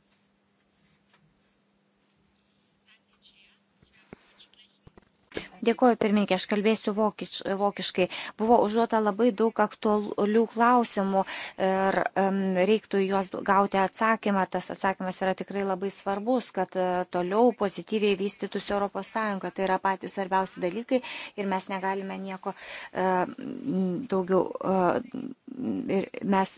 Dėkuoju, pirmininkė, aš kalbėsiu vokič, vokiškai. Buvo užduota labai daug aktualių klausimų ir um, reiktų juos gauti atsakymą. Tas atsakymas yra tikrai labai svarbus, kad uh, toliau pozityviai vystytųsi ES. Tai yra patys svarbiausi dalykai ir mes negalime nieko uh, daugiau. Uh, ir mes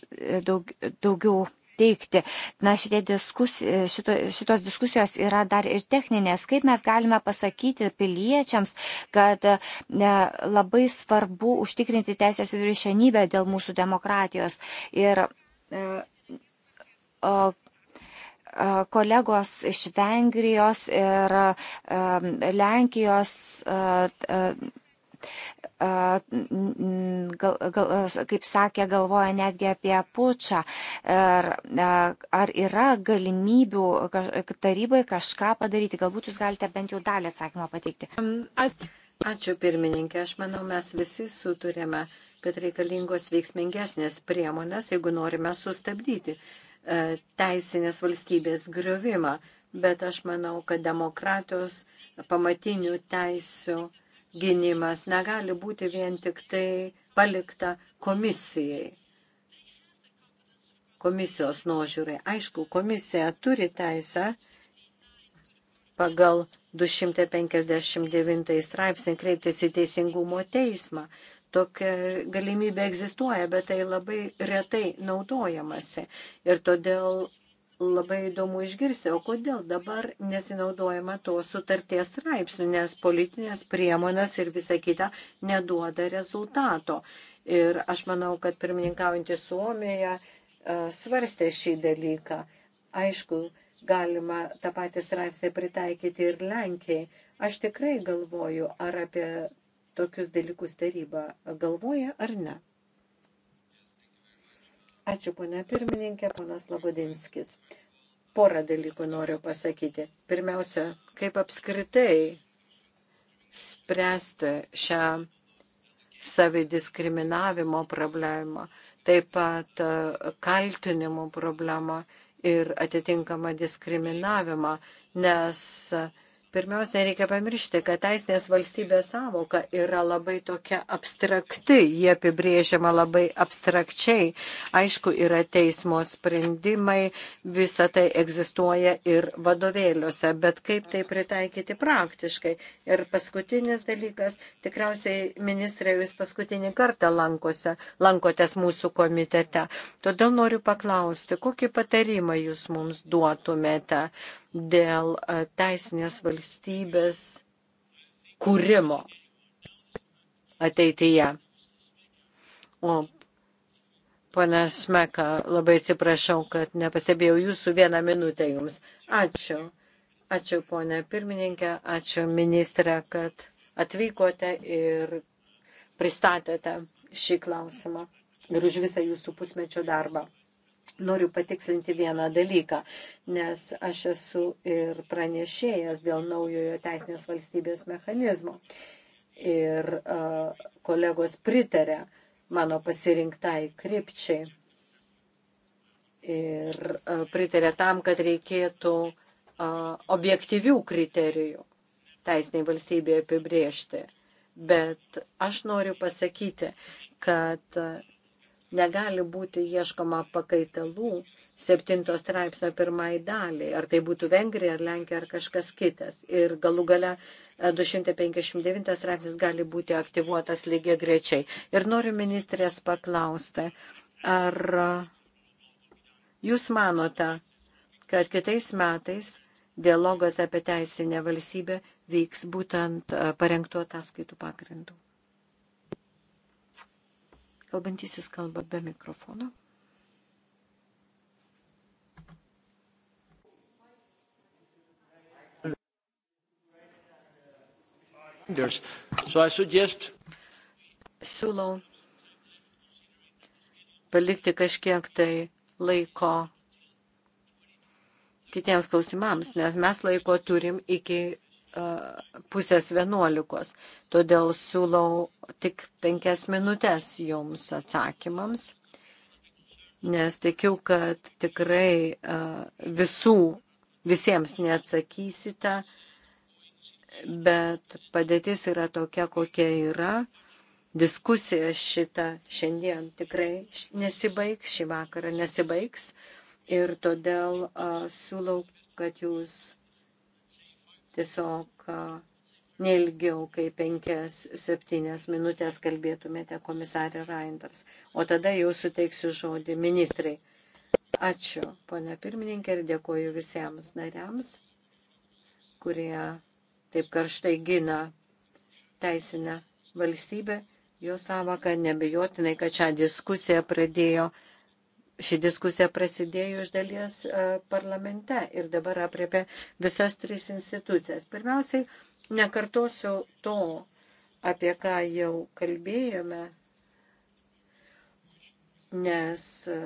daug, daugiau teikti. Na, diskus, šito, šitos diskusijos yra dar ir techninės. Kaip mes galime pasakyti piliečiams, kad ne, labai svarbu užtikrinti teisės viršenybę dėl mūsų demokratijos. Ir, e, o, e, kolegos iš Vengrijos ir e, Lenkijos e, gal, gal, kaip sakė, galvoja netgi apie pučą. Ar, ar yra galimybių tarybai kažką padaryti? Galbūt jūs galite bent jau dalį atsakymą pateikti. Ačiū pirmininkė, aš manau, mes visi suturėme, kad reikalingos veiksmingesnės priemonės, jeigu norime sustabdyti e, teisinės valstybės griovimą. Bet aš manau, kad demokratijos pamatinių teisių uh, gynimas negali būti vien tik tai palikta komisijai, komisijos nuožiūrai. Aišku, komisija turi teisę pagal 259 straipsnį kreiptis į teisingumo teismą. Tokia galimybė egzistuoja, bet tai labai retai naudojamasi. Ir todėl labai įdomu išgirsti, o kodėl dabar nesinaudojama to sutarties straipsnių, nes politinės priemonės ir visa kita neduoda rezultato. Ir aš manau, kad pirmininkaujantį Suomiją e, svarstė šį dalyką. Aišku, galima tą patį straipsnį pritaikyti ir Lenkijai. Aš tikrai galvoju, ar apie tokius dalykus taryba galvoja ar ne. Ačiū, ponia pirmininkė, ponas Labodinskis. Porą dalykų noriu pasakyti. Pirmiausia, kaip apskritai spręsti šią savidiskriminavimo problemą, taip pat e, kaltinimų problemą ir atitinkamą diskriminavimą, nes Pirmiausia, reikia pamiršti, kad teisinės valstybės savoka yra labai tokia abstrakti, jie apibrėžiama labai abstrakčiai. Aišku, yra teismo sprendimai, visa tai egzistuoja ir vadovėliuose, bet kaip tai pritaikyti praktiškai. Ir paskutinis dalykas, tikriausiai ministrė, jūs paskutinį kartą lankose, lankotės mūsų komitete. Todėl noriu paklausti, kokį patarimą jūs mums duotumėte dėl e, teisinės valstybės kūrimo ateityje. O Pana Smeka, labai atsiprašau, kad nepastebėjau jūsų vieną minutę jums. Ačiū. Ačiū, ponė pirmininkė, ačiū ministrė, kad atvykote ir pristatėte šį klausimą ir už visą jūsų pusmečio darbą noriu patikslinti vieną dalyką, nes aš esu ir pranešėjas dėl naujojo teisinės valstybės mechanizmo. Ir uh, kolegos pritarė mano pasirinktai krypčiai. Ir uh, pritarė tam, kad reikėtų uh, objektyvių kriterijų teisiniai valstybėje apibriežti. Bet aš noriu pasakyti, kad uh, negali būti ieškoma pakaitalų septinto straipsnio pirmai daliai, ar tai būtų Vengrija, ar Lenkija, ar kažkas kitas. Ir galų gale 259 e, straipsnis gali būti aktyvuotas lygiai grečiai. Ir noriu ministrės paklausti, ar e, jūs manote, kad kitais metais dialogas apie teisinę valstybę vyks būtent e, parengtų ataskaitų pagrindų? Kalbantysis kalba be mikrofono. So suggest... Siūlau palikti kažkiek tai laiko kitiems klausimams, nes mes laiko turim iki E, pusės vienuolikos. Todėl siūlau tik penkias minutės jums atsakymams, nes tikiu, kad tikrai e, visų, visiems neatsakysite, bet padėtis yra tokia, kokia yra. Diskusija šita šiandien tikrai nesibaigs, šį vakarą nesibaigs ir todėl a, e, siūlau, kad jūs tiesiog neilgiau kaip penkias, septynias minutės kalbėtumėte komisarė Reinders. O tada jau suteiksiu žodį ministrai. Ačiū, ponia pirmininkė, ir dėkoju visiems nariams, kurie taip karštai gina teisinę valstybę. Jo savoka nebejotinai, kad šią diskusiją pradėjo Ši diskusija prasidėjo iš dalies e, parlamente ir dabar apriepia visas tris institucijas. Pirmiausiai, nekartosiu to, apie ką jau kalbėjome, nes e,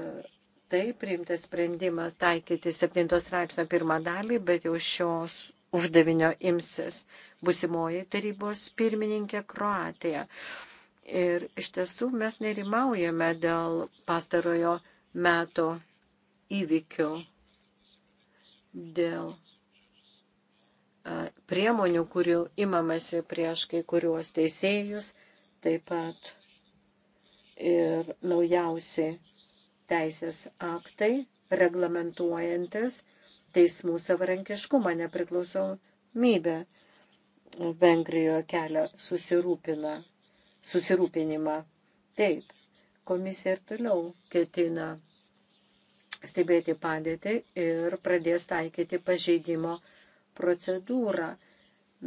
tai priimtas sprendimas taikyti 7 straipsnio pirmą dalį, bet jau šios uždavinio imsis busimoji tarybos pirmininkė Kroatija. Ir iš tiesų mes nerimaujame dėl pastarojo meto įvykio dėl priemonių, kurių imamasi prieš kai kuriuos teisėjus, taip pat ir naujausi teisės aktai reglamentuojantis teismų savarankiškumą, nepriklausomybę Vengrijoje kelia susirūpinimą. Taip, Komisija ir toliau ketina stebėti padėtį ir pradės taikyti pažeidimo procedūrą.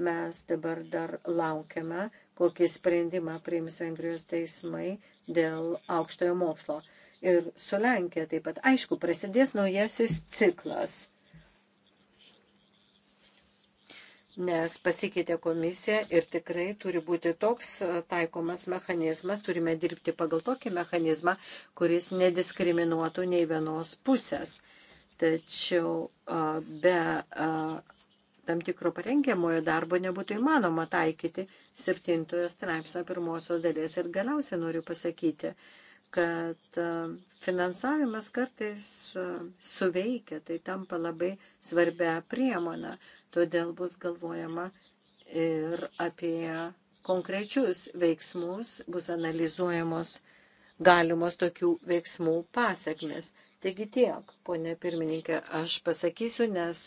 Mes dabar dar laukiame, kokį sprendimą priims Vengrijos teismai dėl aukštojo mokslo. Ir su Lenkija taip pat, aišku, prasidės naujasis ciklas nes pasikeitė komisija ir tikrai turi būti toks e, taikomas mechanizmas, turime dirbti pagal tokį mechanizmą, kuris nediskriminuotų nei vienos pusės. Tačiau e, be e, tam tikro parengiamojo darbo nebūtų įmanoma taikyti septintojo straipsnio pirmosios dalies. Ir galiausiai noriu pasakyti, kad finansavimas kartais suveikia, tai tampa labai svarbia priemona. Todėl bus galvojama ir apie konkrečius veiksmus, bus analizuojamos galimos tokių veiksmų pasiekmes. Taigi tiek, ponė pirmininkė, aš pasakysiu, nes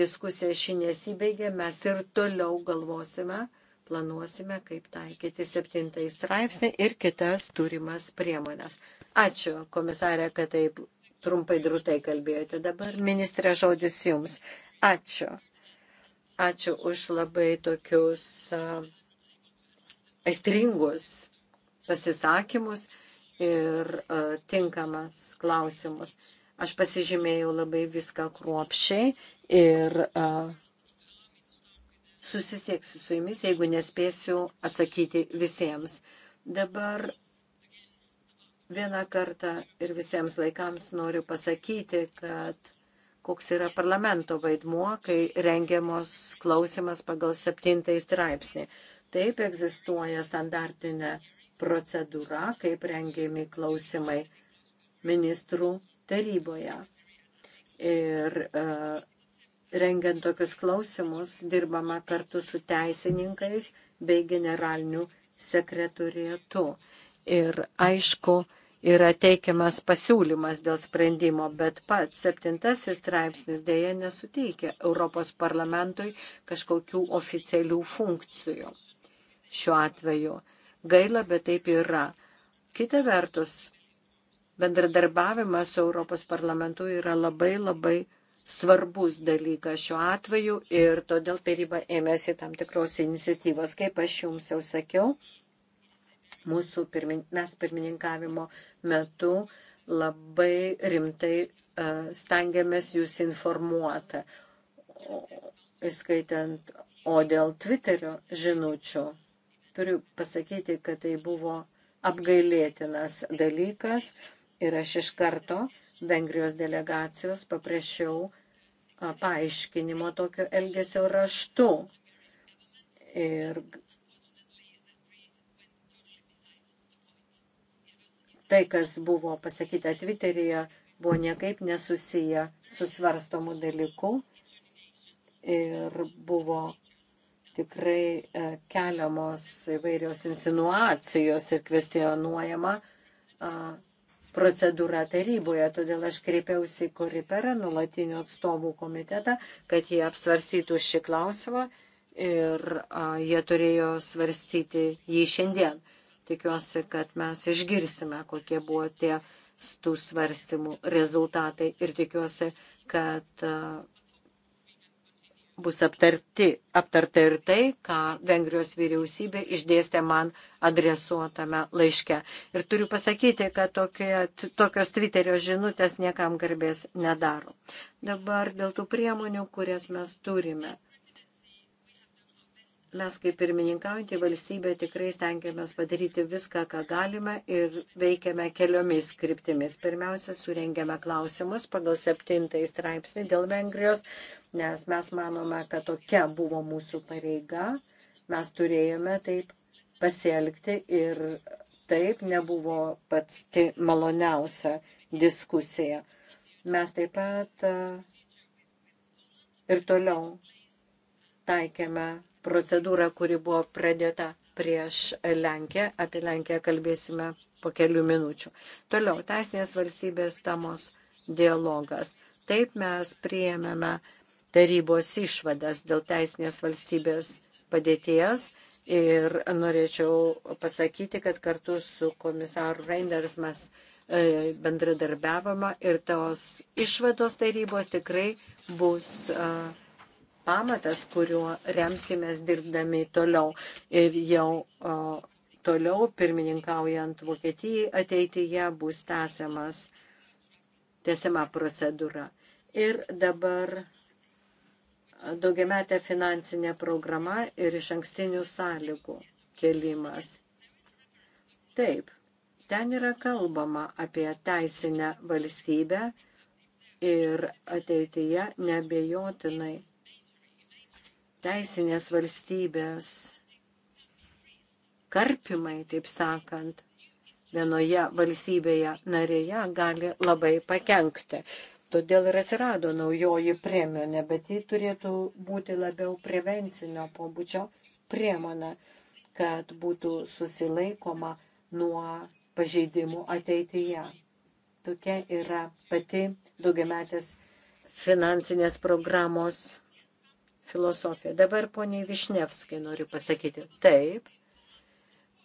diskusija ši nesibaigė, mes ir toliau galvosime, planuosime, kaip taikyti septintąjį straipsnį ir kitas turimas priemonės. Ačiū, komisarė, kad taip trumpai drūtai kalbėjote. Dabar ministrė žodis jums. Ačiū. Ačiū už labai tokius aistringus pasisakymus ir tinkamas klausimus. Aš pasižymėjau labai viską kruopšiai ir susisieksiu su jumis, jeigu nespėsiu atsakyti visiems. Dabar vieną kartą ir visiems laikams noriu pasakyti, kad koks yra parlamento vaidmuo, kai rengiamos klausimas pagal septintąjį straipsnį. Taip egzistuoja standartinė procedūra, kaip rengiami klausimai ministrų taryboje. Ir uh, rengiant tokius klausimus dirbama kartu su teisininkais bei generaliniu sekretorietu. Ir aišku, uh, yra teikiamas pasiūlymas dėl sprendimo, bet pats septintasis straipsnis dėja nesuteikia Europos parlamentui kažkokių oficialių funkcijų. Šiuo atveju gaila, bet taip yra. Kita vertus, bendradarbiavimas su Europos parlamentu yra labai labai svarbus dalykas šiuo atveju ir todėl taryba ėmėsi tam tikros iniciatyvos. Kaip aš jums jau sakiau, Mūsų pirmin, mes pirmininkavimo metu labai rimtai uh, stengiamės jūs informuoti, įskaitant, o dėl Twitterio žinučių. Turiu pasakyti, kad tai buvo apgailėtinas dalykas ir aš iš karto Vengrijos delegacijos paprašiau e, paaiškinimo tokio elgesio raštu. Ir tai, kas buvo pasakyta Twitteryje, buvo niekaip nesusiję su svarstomu dalyku ir buvo tikrai e, keliamos įvairios insinuacijos ir kvestionuojama procedūra taryboje. Todėl aš kreipiausi į Koriperą, nulatinių atstovų komitetą, kad jie apsvarstytų šį klausimą ir a, jie turėjo svarstyti jį šiandien. Tikiuosi, kad mes išgirsime, kokie buvo tie tų svarstymų rezultatai ir tikiuosi, kad e, bus aptarti, aptarta ir tai, ką Vengrijos vyriausybė išdėstė man adresuotame laiške. Ir turiu pasakyti, kad tokie, tokios Twitterio žinutės niekam garbės nedaro. Dabar dėl tų priemonių, kurias mes turime. Mes kaip pirmininkaujantį valstybę tikrai stengiamės padaryti viską, ką galime ir veikiame keliomis kryptimis. Pirmiausia, surengiame klausimus pagal septintąjį straipsnį dėl Vengrijos, nes mes manome, kad tokia buvo mūsų pareiga. Mes turėjome taip pasielgti ir taip nebuvo pats maloniausia diskusija. Mes taip pat e, ir toliau taikėme procedūrą, kuri buvo pradėta prieš Lenkiją. Apie Lenkiją kalbėsime po kelių minučių. Toliau, teisinės valstybės tamos dialogas. Taip mes priėmėme tarybos išvadas dėl teisinės valstybės padėties ir norėčiau pasakyti, kad kartu su komisaru Reinders mes e, bendradarbiavimą ir tos išvados tarybos tikrai bus e, pamatas, kuriuo remsimės dirbdami toliau. Ir jau o, toliau, pirmininkaujant Vokietijai, ateityje bus tęsiamas, tęsiama procedūra. Ir dabar daugiametė finansinė programa ir iš ankstinių sąlygų kelimas. Taip, ten yra kalbama apie teisinę valstybę ir ateityje nebejotinai teisinės valstybės karpimai, taip sakant, vienoje valstybėje narėje gali labai pakenkti. Todėl ir atsirado naujoji priemonė, bet ji turėtų būti labiau prevencinio pobūdžio priemonė, kad būtų susilaikoma nuo pažeidimų ateityje. Tokia yra pati daugiametės finansinės programos filosofija. Dabar poniai Višnevskai noriu pasakyti. Taip,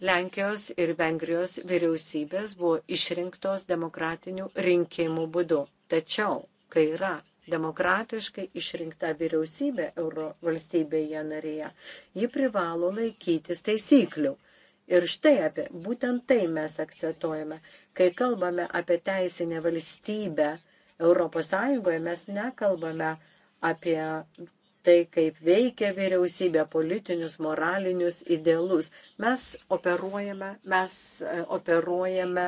Lenkijos ir Vengrijos vyriausybės buvo išrinktos demokratinių rinkimų būdu. Tačiau, kai yra demokratiškai išrinkta vyriausybė Euro valstybėje narėje, ji privalo laikytis taisyklių. Ir štai apie būtent tai mes akcentuojame. Kai kalbame apie teisinę valstybę Europos Sąjungoje, mes nekalbame apie tai, kaip veikia vyriausybė, politinius, moralinius idealus. Mes operuojame, mes e, operuojame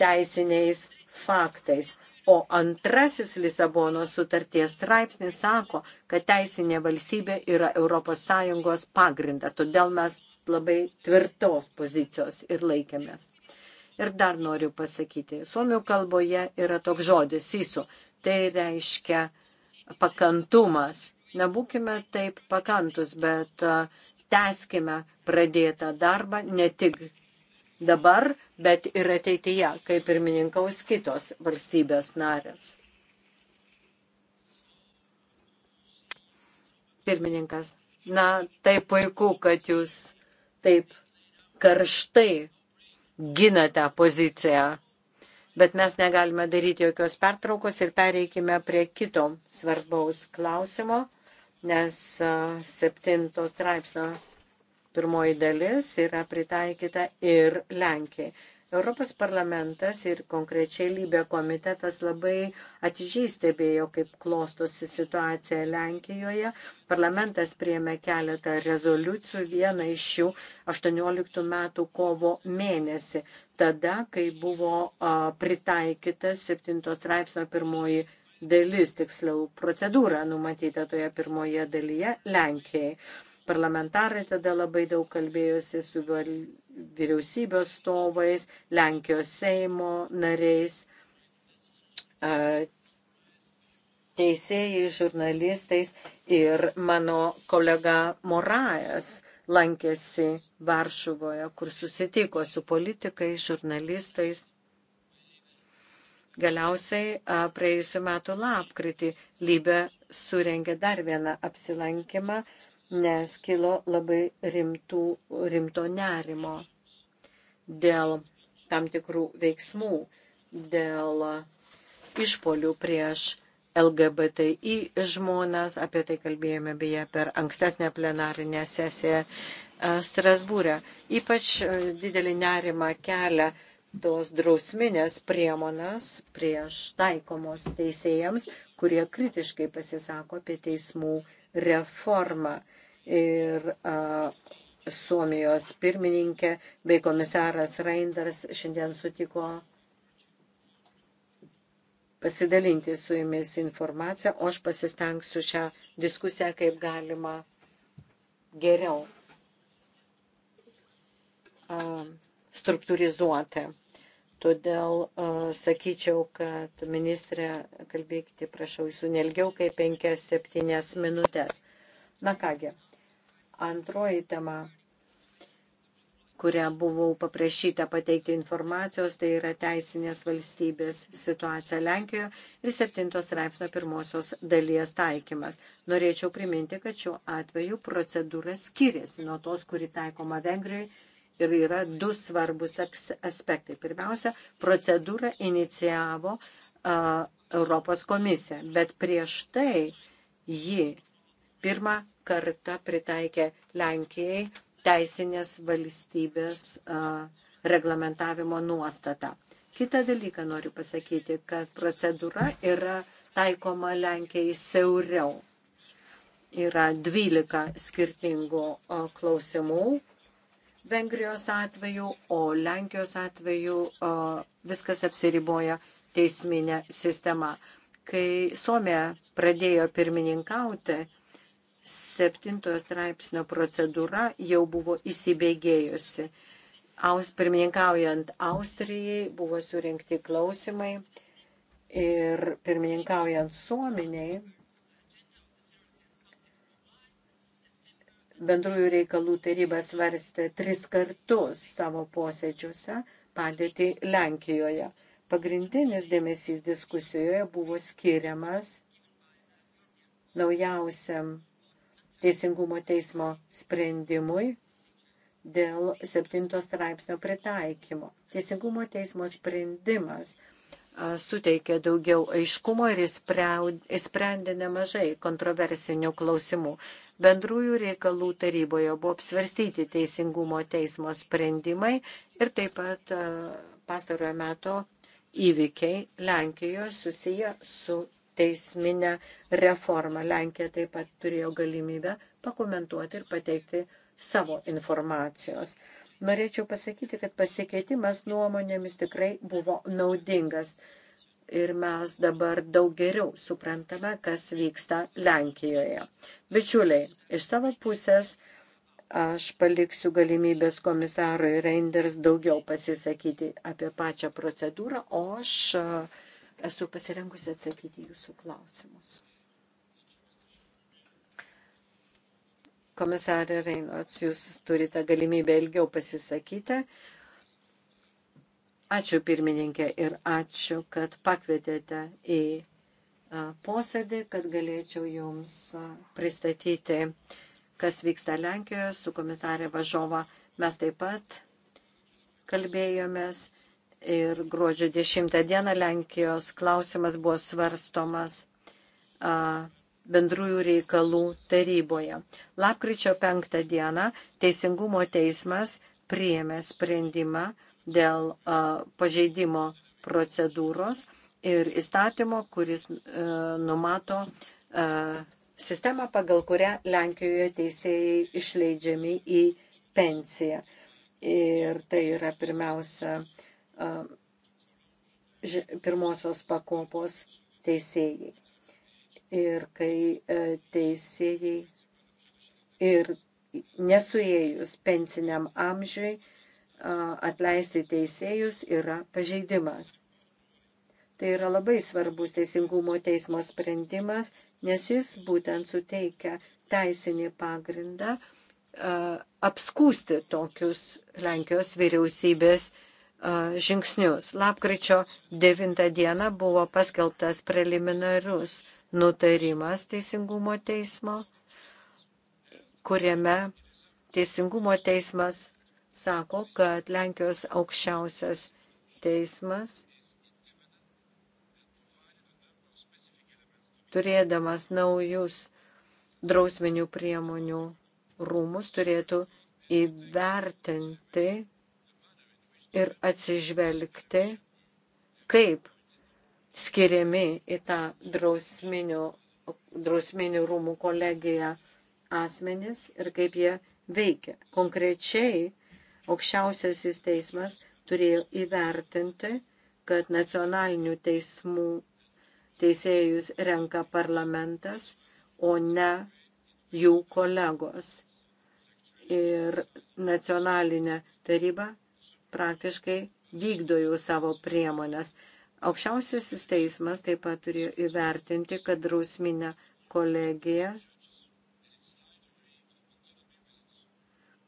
teisiniais faktais. O antrasis Lisabono sutarties straipsnis sako, kad teisinė valstybė yra ES pagrindas. Todėl mes labai tvirtos pozicijos ir laikėmės. Ir dar noriu pasakyti, suomių kalboje yra toks žodis sisu, tai reiškia pakantumas. Nebūkime taip pakantus, bet teskime pradėtą darbą ne tik dabar, bet ir ateityje, kaip pirmininkaus kitos valstybės narės. Pirmininkas, na, tai puiku, kad jūs taip karštai ginate poziciją, bet mes negalime daryti jokios pertraukos ir pereikime prie kito svarbaus klausimo nes septinto straipsnio pirmoji dalis yra pritaikyta ir Lenkijai. Europos parlamentas ir konkrečiai Lybė komitetas labai atidžiai stebėjo, kaip klostosi situacija Lenkijoje. Parlamentas priėmė keletą rezoliucijų, vieną iš jų 18 metų kovo mėnesį, tada, kai buvo pritaikyta 7 straipsnio pirmoji dalis, tiksliau procedūra numatyta toje pirmoje dalyje Lenkijai. Parlamentarai tada labai daug kalbėjosi su vyriausybės stovais, Lenkijos Seimo nariais, teisėjai, žurnalistais ir mano kolega Morajas lankėsi Varšuvoje, kur susitiko su politikais, žurnalistais Galiausiai praėjusiu metu lapkritį Libė surengė dar vieną apsilankimą, nes kilo labai rimtų, rimto nerimo dėl tam tikrų veiksmų, dėl išpolių prieš LGBTI žmonas, apie tai kalbėjome beje per ankstesnę plenarinę sesiją Strasbūrę. Ypač didelį nerimą kelia tos drausminės priemonės prieš taikomos teisėjams, kurie kritiškai pasisako apie teismų reformą. Ir a, Suomijos pirmininkė bei komisaras Reinders šiandien sutiko pasidalinti su jumis informaciją, o aš pasistengsiu šią diskusiją kaip galima geriau struktūrizuoti. Todėl sakyčiau, kad ministrė, kalbėkite, prašau, jūsų nelgiau kaip 5-7 minutės. Na kągi, antroji tema, kurią buvau paprašyta pateikti informacijos, tai yra teisinės valstybės situacija Lenkijoje ir 7 straipsnio pirmosios dalies taikymas. Norėčiau priminti, kad šiuo atveju procedūra skiriasi nuo tos, kuri taikoma Vengrijoje ir yra du svarbus aspektai. Pirmiausia, procedūrą inicijavo uh, Europos komisija, bet prieš tai ji pirmą kartą pritaikė Lenkijai teisinės valstybės uh, reglamentavimo nuostatą. Kita dalyką noriu pasakyti, kad procedūra yra taikoma Lenkijai siauriau. Yra 12 skirtingų klausimų, Vengrijos atveju, o Lenkijos atveju o, viskas apsiribojo teisminė sistema. Kai Suomija pradėjo pirmininkauti, septintojo straipsnio procedūra jau buvo įsibėgėjusi. Aus, pirmininkaujant Austrijai buvo surinkti klausimai ir pirmininkaujant Suominiai bendrųjų reikalų taryba svarstė tris kartus savo posėdžiuose padėtį Lenkijoje. Pagrindinis dėmesys diskusijoje buvo skiriamas naujausiam Teisingumo teismo sprendimui dėl septinto straipsnio pritaikymo. Teisingumo teismo sprendimas suteikė daugiau aiškumo ir įsprendė nemažai kontroversinių klausimų. Bendrųjų reikalų taryboje buvo apsvarstyti teisingumo teismo sprendimai ir taip pat e, pastarojo meto įvykiai Lenkijoje susiję su teisminė reforma. Lenkija taip pat turėjo galimybę pakomentuoti ir pateikti savo informacijos. Norėčiau pasakyti, kad pasikeitimas nuomonėmis tikrai buvo naudingas ir mes dabar daug geriau suprantame, kas vyksta Lenkijoje. Bičiuliai, iš savo pusės aš paliksiu galimybės komisarui Reinders daugiau pasisakyti apie pačią procedūrą, o aš e, esu pasirengusi atsakyti jūsų klausimus. Komisarė Reinots, jūs turite galimybę ilgiau pasisakyti, Ačiū pirmininkė ir ačiū, kad pakvietėte į posėdį, kad galėčiau Jums pristatyti, kas vyksta Lenkijoje su komisarė Važova. Mes taip pat kalbėjomės ir gruodžio 10 dieną Lenkijos klausimas buvo svarstomas bendrųjų reikalų taryboje. Lapkričio 5 dieną Teisingumo teismas priėmė sprendimą dėl pažeidimo procedūros ir įstatymo, kuris e, numato e, sistemą, pagal kurią Lenkijoje teisėjai išleidžiami į pensiją. Ir tai yra pirmiausia pirmosios pakopos teisėjai. Ir kai e, teisėjai ir nesuėjus pensiniam amžiui atleisti teisėjus yra pažeidimas. Tai yra labai svarbus teisingumo teismo sprendimas, nes jis būtent suteikia teisinį pagrindą apskūsti tokius Lenkijos vyriausybės žingsnius. Lapkričio 9 dieną buvo paskelbtas preliminarius nutarimas Teisingumo teismo, kuriame Teisingumo teismas sako, kad Lenkijos aukščiausias teismas, turėdamas naujus drausminių priemonių rūmus, turėtų įvertinti ir atsižvelgti, kaip skiriami į tą drausminių, drausminių rūmų kolegiją asmenis ir kaip jie veikia. Konkrečiai aukščiausiasis teismas turėjo įvertinti, kad nacionalinių teismų teisėjus renka parlamentas, o ne jų kolegos. Ir nacionalinė taryba praktiškai vykdo jau savo priemonės. Aukščiausiasis teismas taip pat turėjo įvertinti, kad drausminė kolegija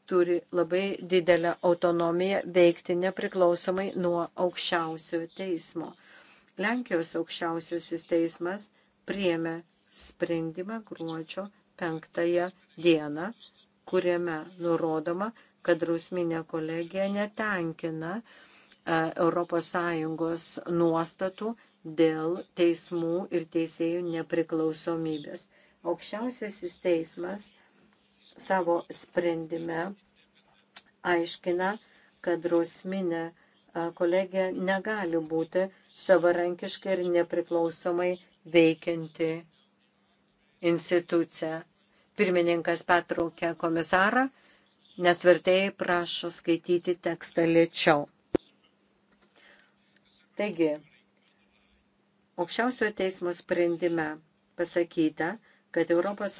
turi labai didelę autonomiją veikti nepriklausomai nuo aukščiausiojo teismo. Lenkijos aukščiausiasis teismas priėmė sprendimą gruodžio penktąją dieną, kuriame nurodoma, kad rusminė kolegija netenkina ES nuostatų dėl teismų ir teisėjų nepriklausomybės. Aukščiausiasis teismas savo sprendime aiškina, kad drausminė kolegija negali būti savarankiškai ir nepriklausomai veikianti institucija. Pirmininkas patraukė komisarą, nes vertėjai prašo skaityti tekstą lėčiau. Taigi, aukščiausiojo teismo sprendime pasakyta, kad ES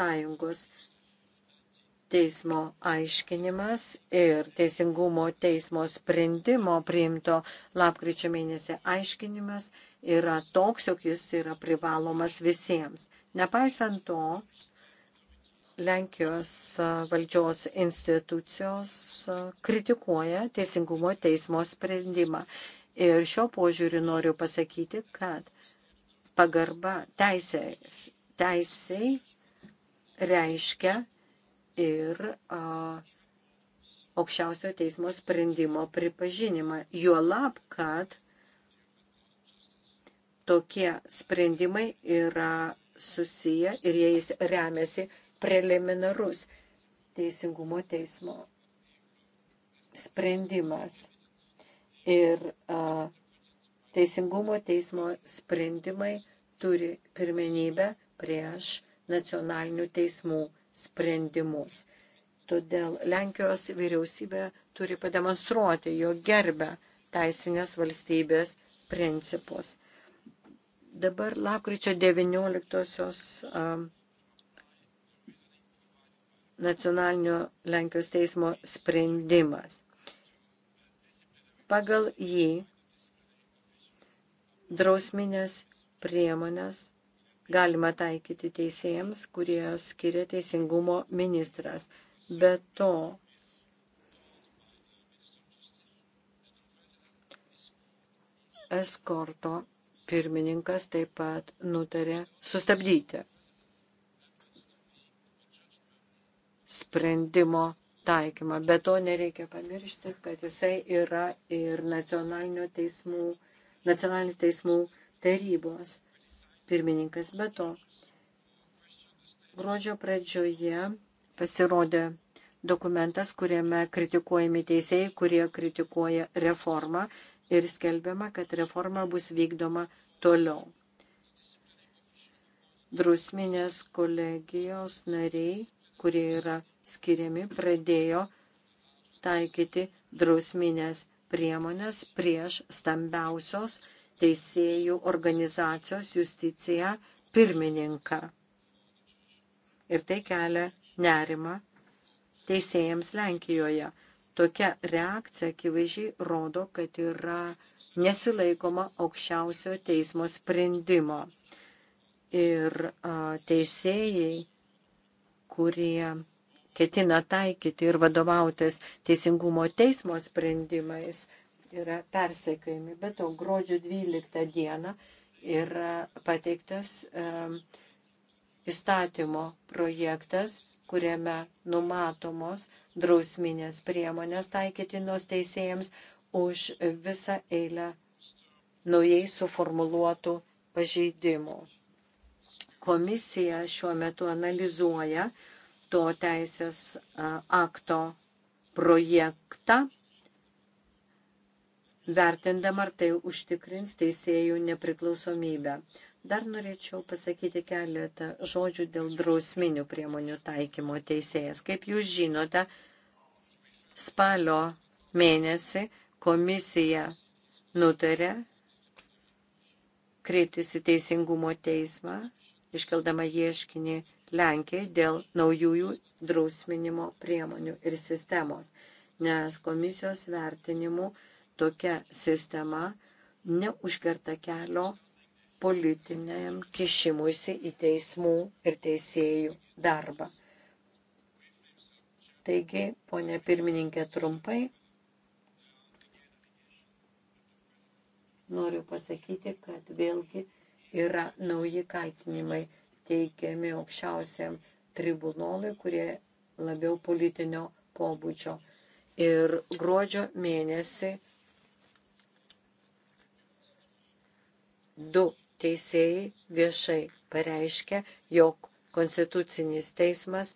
teismo aiškinimas ir teisingumo teismo sprendimo priimto lapkričio mėnesį aiškinimas yra toks, jog jis yra privalomas visiems. Nepaisant to, Lenkijos valdžios institucijos kritikuoja teisingumo teismo sprendimą. Ir šio požiūriu noriu pasakyti, kad pagarba teisės, teisėjai reiškia ir a, aukščiausio teismo sprendimo pripažinimą. Juolab, kad tokie sprendimai yra susiję ir jais remiasi preliminarus teisingumo teismo sprendimas. Ir a, teisingumo teismo sprendimai turi pirmenybę prieš nacionalinių teismų sprendimus. Todėl Lenkijos vyriausybė turi pademonstruoti, jo gerbę teisinės valstybės principus. Dabar lapkričio 19 um, nacionalinio Lenkijos teismo sprendimas. Pagal jį drausminės priemonės galima taikyti teisėjams, kurie skiria teisingumo ministras. Be to, eskorto pirmininkas taip pat nutarė sustabdyti sprendimo taikymą. Bet to nereikia pamiršti, kad jisai yra ir nacionalinio teismų, nacionalinis teismų tarybos pirmininkas. Be to, gruodžio pradžioje pasirodė dokumentas, kuriame kritikuojami teisėjai, kurie kritikuoja reformą ir skelbiama, kad reforma bus vykdoma toliau. Drusminės kolegijos nariai, kurie yra skiriami, pradėjo taikyti drusminės priemonės prieš stambiausios teisėjų organizacijos justicija pirmininką. Ir tai kelia nerima teisėjams Lenkijoje. Tokia reakcija akivaizdžiai rodo, kad yra nesilaikoma aukščiausio teismo sprendimo. Ir a, teisėjai, kurie ketina taikyti ir vadovautis teisingumo teismo sprendimais, yra persekiojami. Bet to gruodžio 12 dieną yra pateiktas um, įstatymo projektas, kuriame numatomos drausminės priemonės taikytinos teisėjams už visą eilę naujai suformuluotų pažeidimų. Komisija šiuo metu analizuoja to teisės akto projektą vertindama, ar tai užtikrins teisėjų nepriklausomybę. Dar norėčiau pasakyti keletą žodžių dėl drausminių priemonių taikymo teisėjas. Kaip jūs žinote, spalio mėnesį komisija nutarė kreiptis į Teisingumo teismą, iškeldama ieškinį Lenkijai dėl naujųjų drausminimo priemonių ir sistemos, nes komisijos vertinimų uh, tokia sistema neužkerta kelio politiniam kišimuisi į teismų ir teisėjų darbą. Taigi, ponė pirmininkė, trumpai noriu pasakyti, kad vėlgi yra nauji kaltinimai teikiami aukščiausiam tribunolui, kurie labiau politinio pobūdžio. Ir gruodžio mėnesį du teisėjai viešai pareiškė, jog Konstitucinis teismas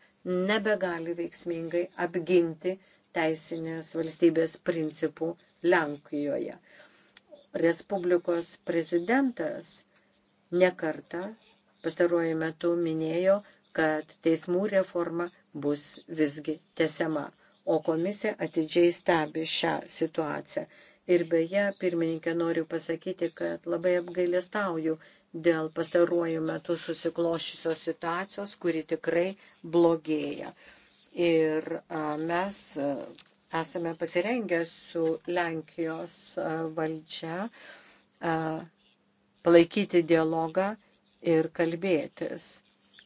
nebegali veiksmingai apginti teisinės valstybės principų Lenkijoje. Respublikos prezidentas nekarta pastaruoju metu minėjo, kad teismų reforma bus visgi tesiama, o komisija atidžiai stebi šią situaciją. Ir beje, pirmininkė, noriu pasakyti, kad labai apgailestauju dėl pastaruoju metu susiklošysios situacijos, kuri tikrai blogėja. Ir mes esame pasirengę su Lenkijos valdžia palaikyti dialogą ir kalbėtis,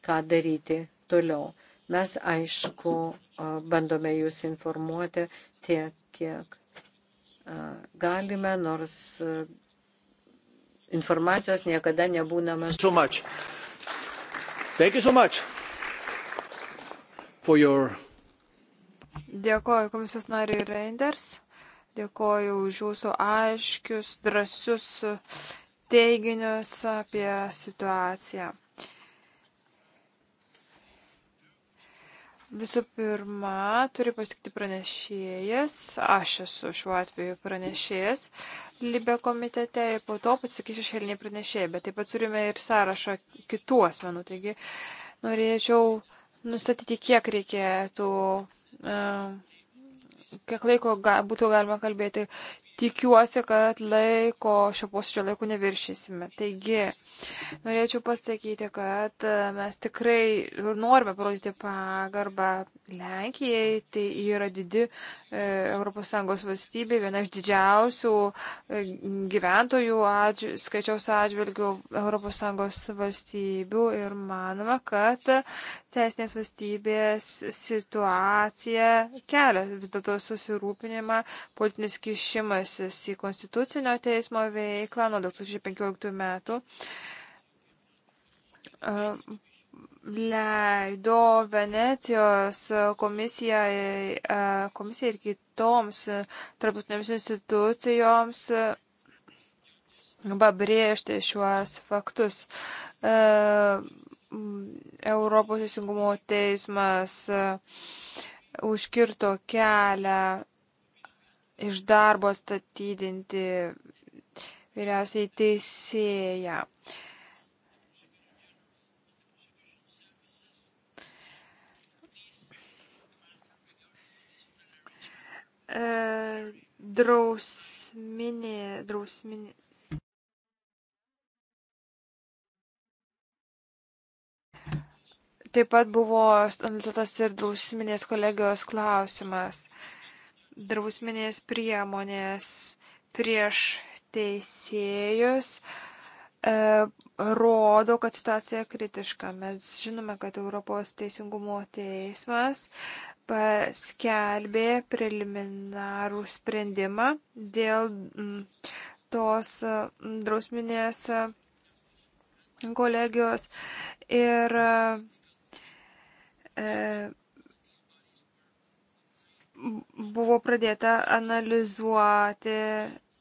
ką daryti toliau. Mes, aišku, bandome jūs informuoti tiek, kiek galime, nors informacijos niekada nebūna mažai. So much. Thank you so much for your. Dėkoju komisijos nariui Reinders, dėkoju už jūsų aiškius, drąsius teiginius apie situaciją. Visų pirma, turi pasakyti pranešėjas, aš esu šiuo atveju pranešėjas Libe komitete ir po to pasakysiu šelniai pranešėjai, bet taip pat turime ir sąrašą kitų asmenų, taigi norėčiau nustatyti, kiek reikėtų, e, kiek laiko būtų galima kalbėti. Tikiuosi, kad laiko, šio posėdžio laiko neviršysime. Taigi, Norėčiau pasakyti, kad e, mes tikrai norime parodyti pagarbą Lenkijai, tai yra didi E, ES valstybė, viena iš didžiausių e, gyventojų atž... skaičiaus atžvilgių ES valstybių ir manoma, kad teisinės valstybės situacija kelia vis dėlto susirūpinimą politinis kišimasis į konstitucinio teismo veiklą nuo 2015 metų e, leido Venecijos komisijai, e, komisijai ir kitoms tarptautinėms institucijoms e, pabrėžti šiuos faktus. E, Europos teisingumo teismas užkirto kelią iš darbo atstatydinti vyriausiai teisėją. E, drausminė, drausminė. Taip pat buvo analizuotas ir drausminės kolegijos klausimas, drausminės priemonės prieš teisėjus. Uh, E, rodo, kad situacija kritiška. Mes žinome, kad Europos teisingumo teismas paskelbė preliminarų sprendimą dėl tos drausminės kolegijos ir e, buvo pradėta analizuoti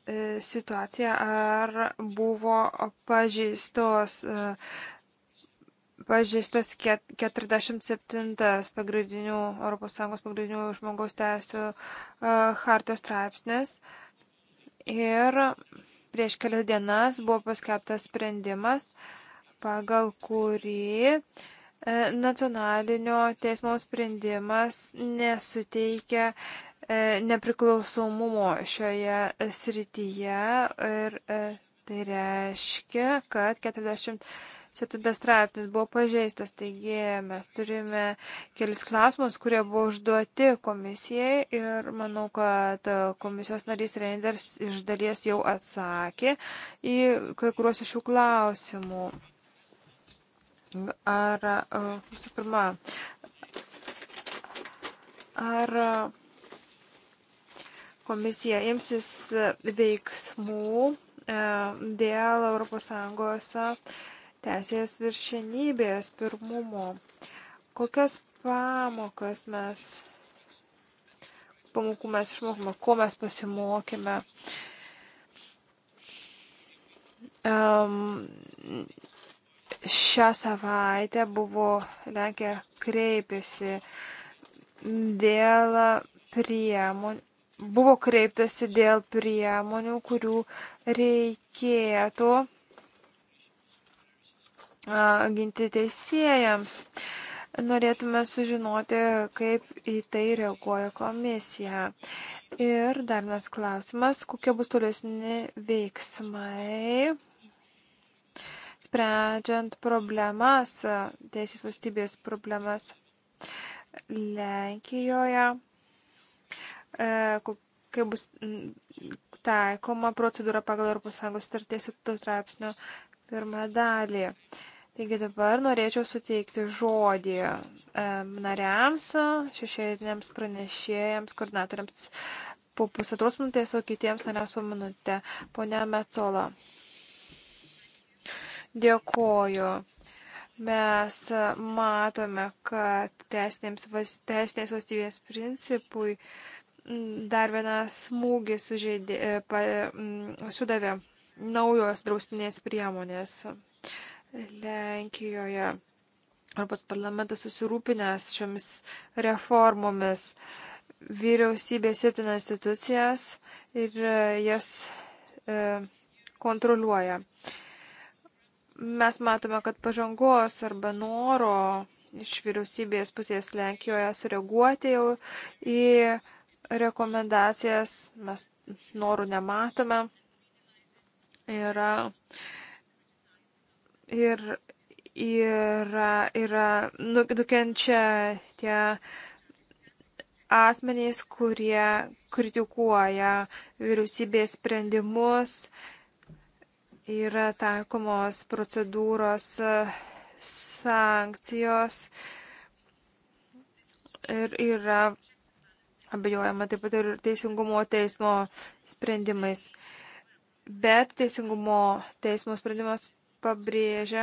E, situaciją, ar buvo pažeistos, e, pažeistas 47 pagrindinių ES pagrindinių žmogaus teisų e, hartijos straipsnis. Ir prieš kelias dienas buvo paskelbtas sprendimas, pagal kurį nacionalinio teismo sprendimas nesuteikia E, nepriklausomumo šioje srityje ir e, tai reiškia, kad 47 straipsnis buvo pažeistas. Taigi mes turime kelis klausimus, kurie buvo užduoti komisijai ir manau, kad komisijos narys Reinders iš dalies jau atsakė į kai kuriuos iš šių klausimų. Ar e, visų pirma, ar komisija imsis e, veiksmų e, dėl ES e, teisės viršenybės pirmumo. Kokias pamokas mes, pamokų mes išmokome, ko mes pasimokėme. Um, šią savaitę buvo Lenkija kreipėsi dėl priemonių buvo kreiptasi dėl priemonių, kurių reikėtų ginti teisėjams. Norėtume sužinoti, kaip į tai reaguoja komisija. Ir dar vienas klausimas, kokie bus tolesni veiksmai sprendžiant problemas, teisės valstybės problemas Lenkijoje E, kai bus taikoma procedūra pagal ES starties 2 straipsnio pirmą dalį. Taigi dabar norėčiau suteikti žodį e, nariams, šešėliniams pranešėjams, koordinatoriams po pusantros minutės, o kitiems nariams po minutę. Pone Metzola. Dėkoju. Mes matome, kad teisinės valstybės principui uh, dar vienas smūgis sužeidė, e, pa, mm, sudavė naujos drausminės priemonės Lenkijoje. Europos parlamentas susirūpinęs šiomis reformomis vyriausybės septyna institucijas ir e, jas e, kontroliuoja. Mes matome, kad pažangos arba noro iš vyriausybės pusės Lenkijoje sureaguoti jau į e, rekomendacijas, mes norų nematome. Yra, ir, yra, yra nu, nukenčia tie asmenys, kurie kritikuoja vyriausybės sprendimus, yra taikomos procedūros sankcijos ir yra abejojama taip pat ir teisingumo teismo sprendimais. Bet teisingumo teismo sprendimas pabrėžia,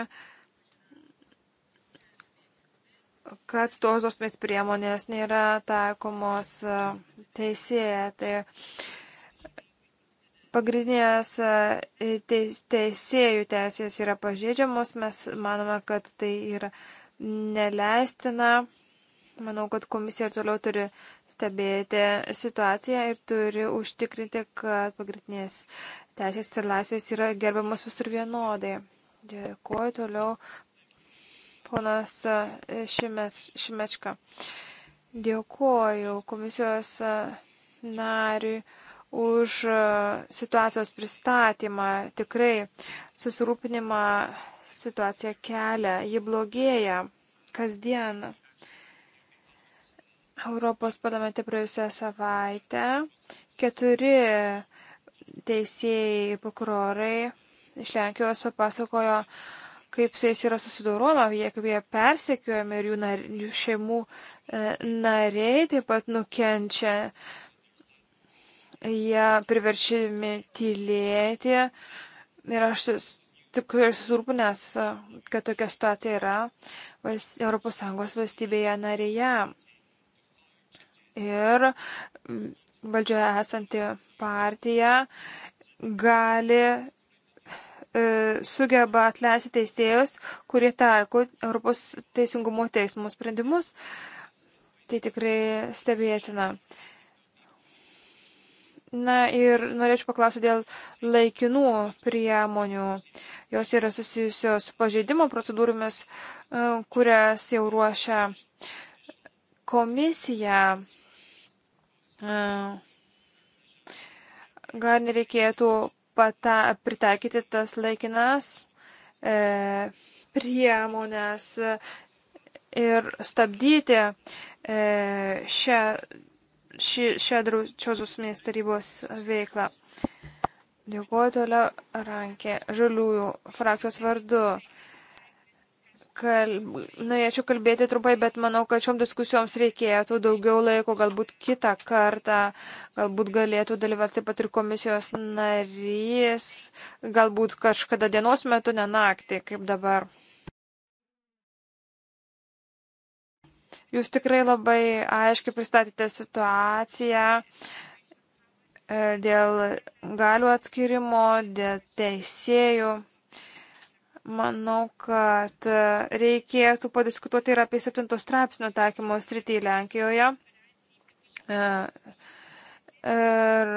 kad tos dosmės priemonės nėra taikomos e, teisėje. Tai pagrindinės e, teis, teisėjų teisės yra pažeidžiamos, mes manome, kad tai yra neleistina. Manau, kad komisija ir toliau turi stebėti situaciją ir turi užtikrinti, kad pagrindinės teisės ir laisvės yra gerbiamas visur vienodai. Dėkuoju toliau ponas e, Šimeč, Šimečka. Dėkuoju komisijos e, nariui už e, situacijos pristatymą. Tikrai susirūpinimą situacija kelia, ji blogėja kasdien. Europos parlamente praėjusią savaitę keturi teisėjai ir prokurorai iš Lenkijos papasakojo, kaip su jais yra susidoroma, jie kaip jie persekiojami ir jų, nar, jų šeimų e, nariai taip pat nukenčia. Jie priverčiami tylėti ir aš tikrai susirūpinęs, e, kad tokia situacija yra ES valstybėje narėje ir valdžioje esanti partija gali e, sugeba atleisti teisėjus, kurie taiko Europos teisingumo teismo sprendimus. Tai tikrai stebėtina. Na ir norėčiau paklausyti dėl laikinų priemonių. Jos yra susijusios su pažeidimo procedūromis, e, kurias jau ruošia komisija. Gal nereikėtų pata, pritaikyti tas laikinas e, priemonės ir stabdyti e, šią, ši, šią draudžiosios tarybos veiklą. Dėkuoju toliau Rankė, žaliųjų frakcijos vardu kal... norėčiau kalbėti trumpai, bet manau, kad šiom diskusijoms reikėtų daugiau laiko, galbūt kitą kartą, galbūt galėtų dalyvauti taip pat ir komisijos narys, galbūt kažkada dienos metu, ne naktį, kaip dabar. Jūs tikrai labai aiškiai pristatėte situaciją e, dėl galių atskirimo, dėl teisėjų. Manau, kad e, reikėtų padiskutuoti ir apie 7 straipsnio taikymo sritį Lenkijoje. E, ir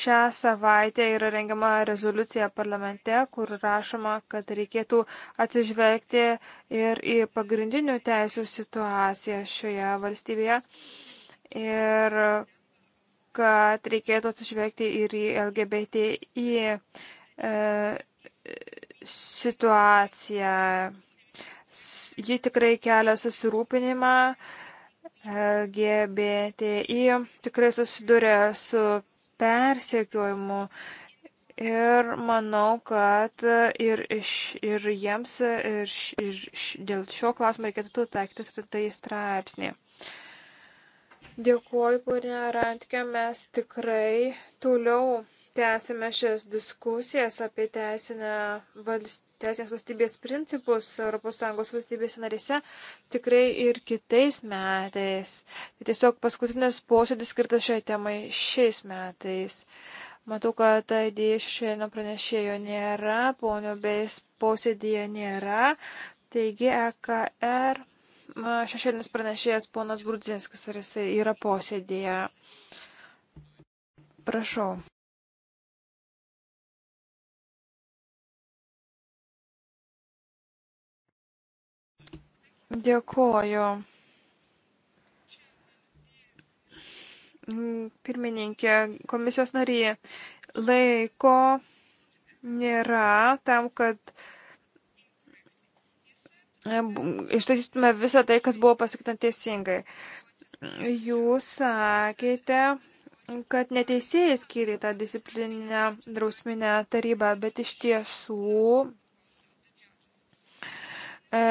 šią savaitę yra rengiama rezoliucija parlamente, kur rašoma, kad reikėtų atsižvelgti ir į pagrindinių teisų situaciją šioje valstybėje. Ir kad reikėtų atsižvelgti ir į LGBTI e, situacija. Ji tikrai kelia susirūpinimą. LGBTI e, tikrai susiduria su persiekiojimu ir manau, kad ir, iš, ir jiems ir, ir dėl šio klausimo reikėtų taikytis apie tai straipsnį. Dėkuoju, ponia Rantkė, mes tikrai toliau tęsime šias diskusijas apie teisinę valstybę. Teisinės valstybės principus ES valstybės narėse tikrai ir kitais metais. Tai tiesiog paskutinis posėdis skirtas šiai temai šiais metais. Matau, kad idėja šešėlio pranešėjo nėra, ponio beis posėdėje nėra. Taigi EKR šešėlinis pranešėjas ponas Brudzinskis, ar jisai yra posėdėje. Prašau. Dėkuoju. Mm, pirmininkė, komisijos narė, laiko nėra tam, kad ištaisytume visą tai, kas buvo pasakyta teisingai. Jūs sakėte, kad neteisėjai skiria tą disciplininę drausminę tarybą, bet iš tiesų e,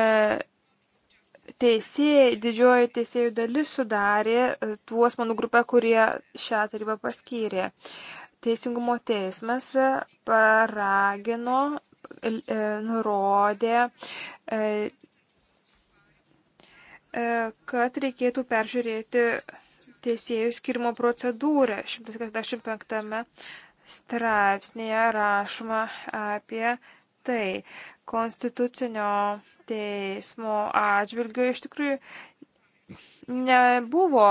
teisėjai, didžioji teisėjų dalis sudarė e, tų asmenų grupę, kurie šią tarybą paskyrė. Teisingumo teismas e, paragino, e, nurodė, kad reikėtų peržiūrėti teisėjų skirimo procedūrą. 145 straipsnėje rašoma apie tai konstitucinio teismo atžvilgiu iš tikrųjų nebuvo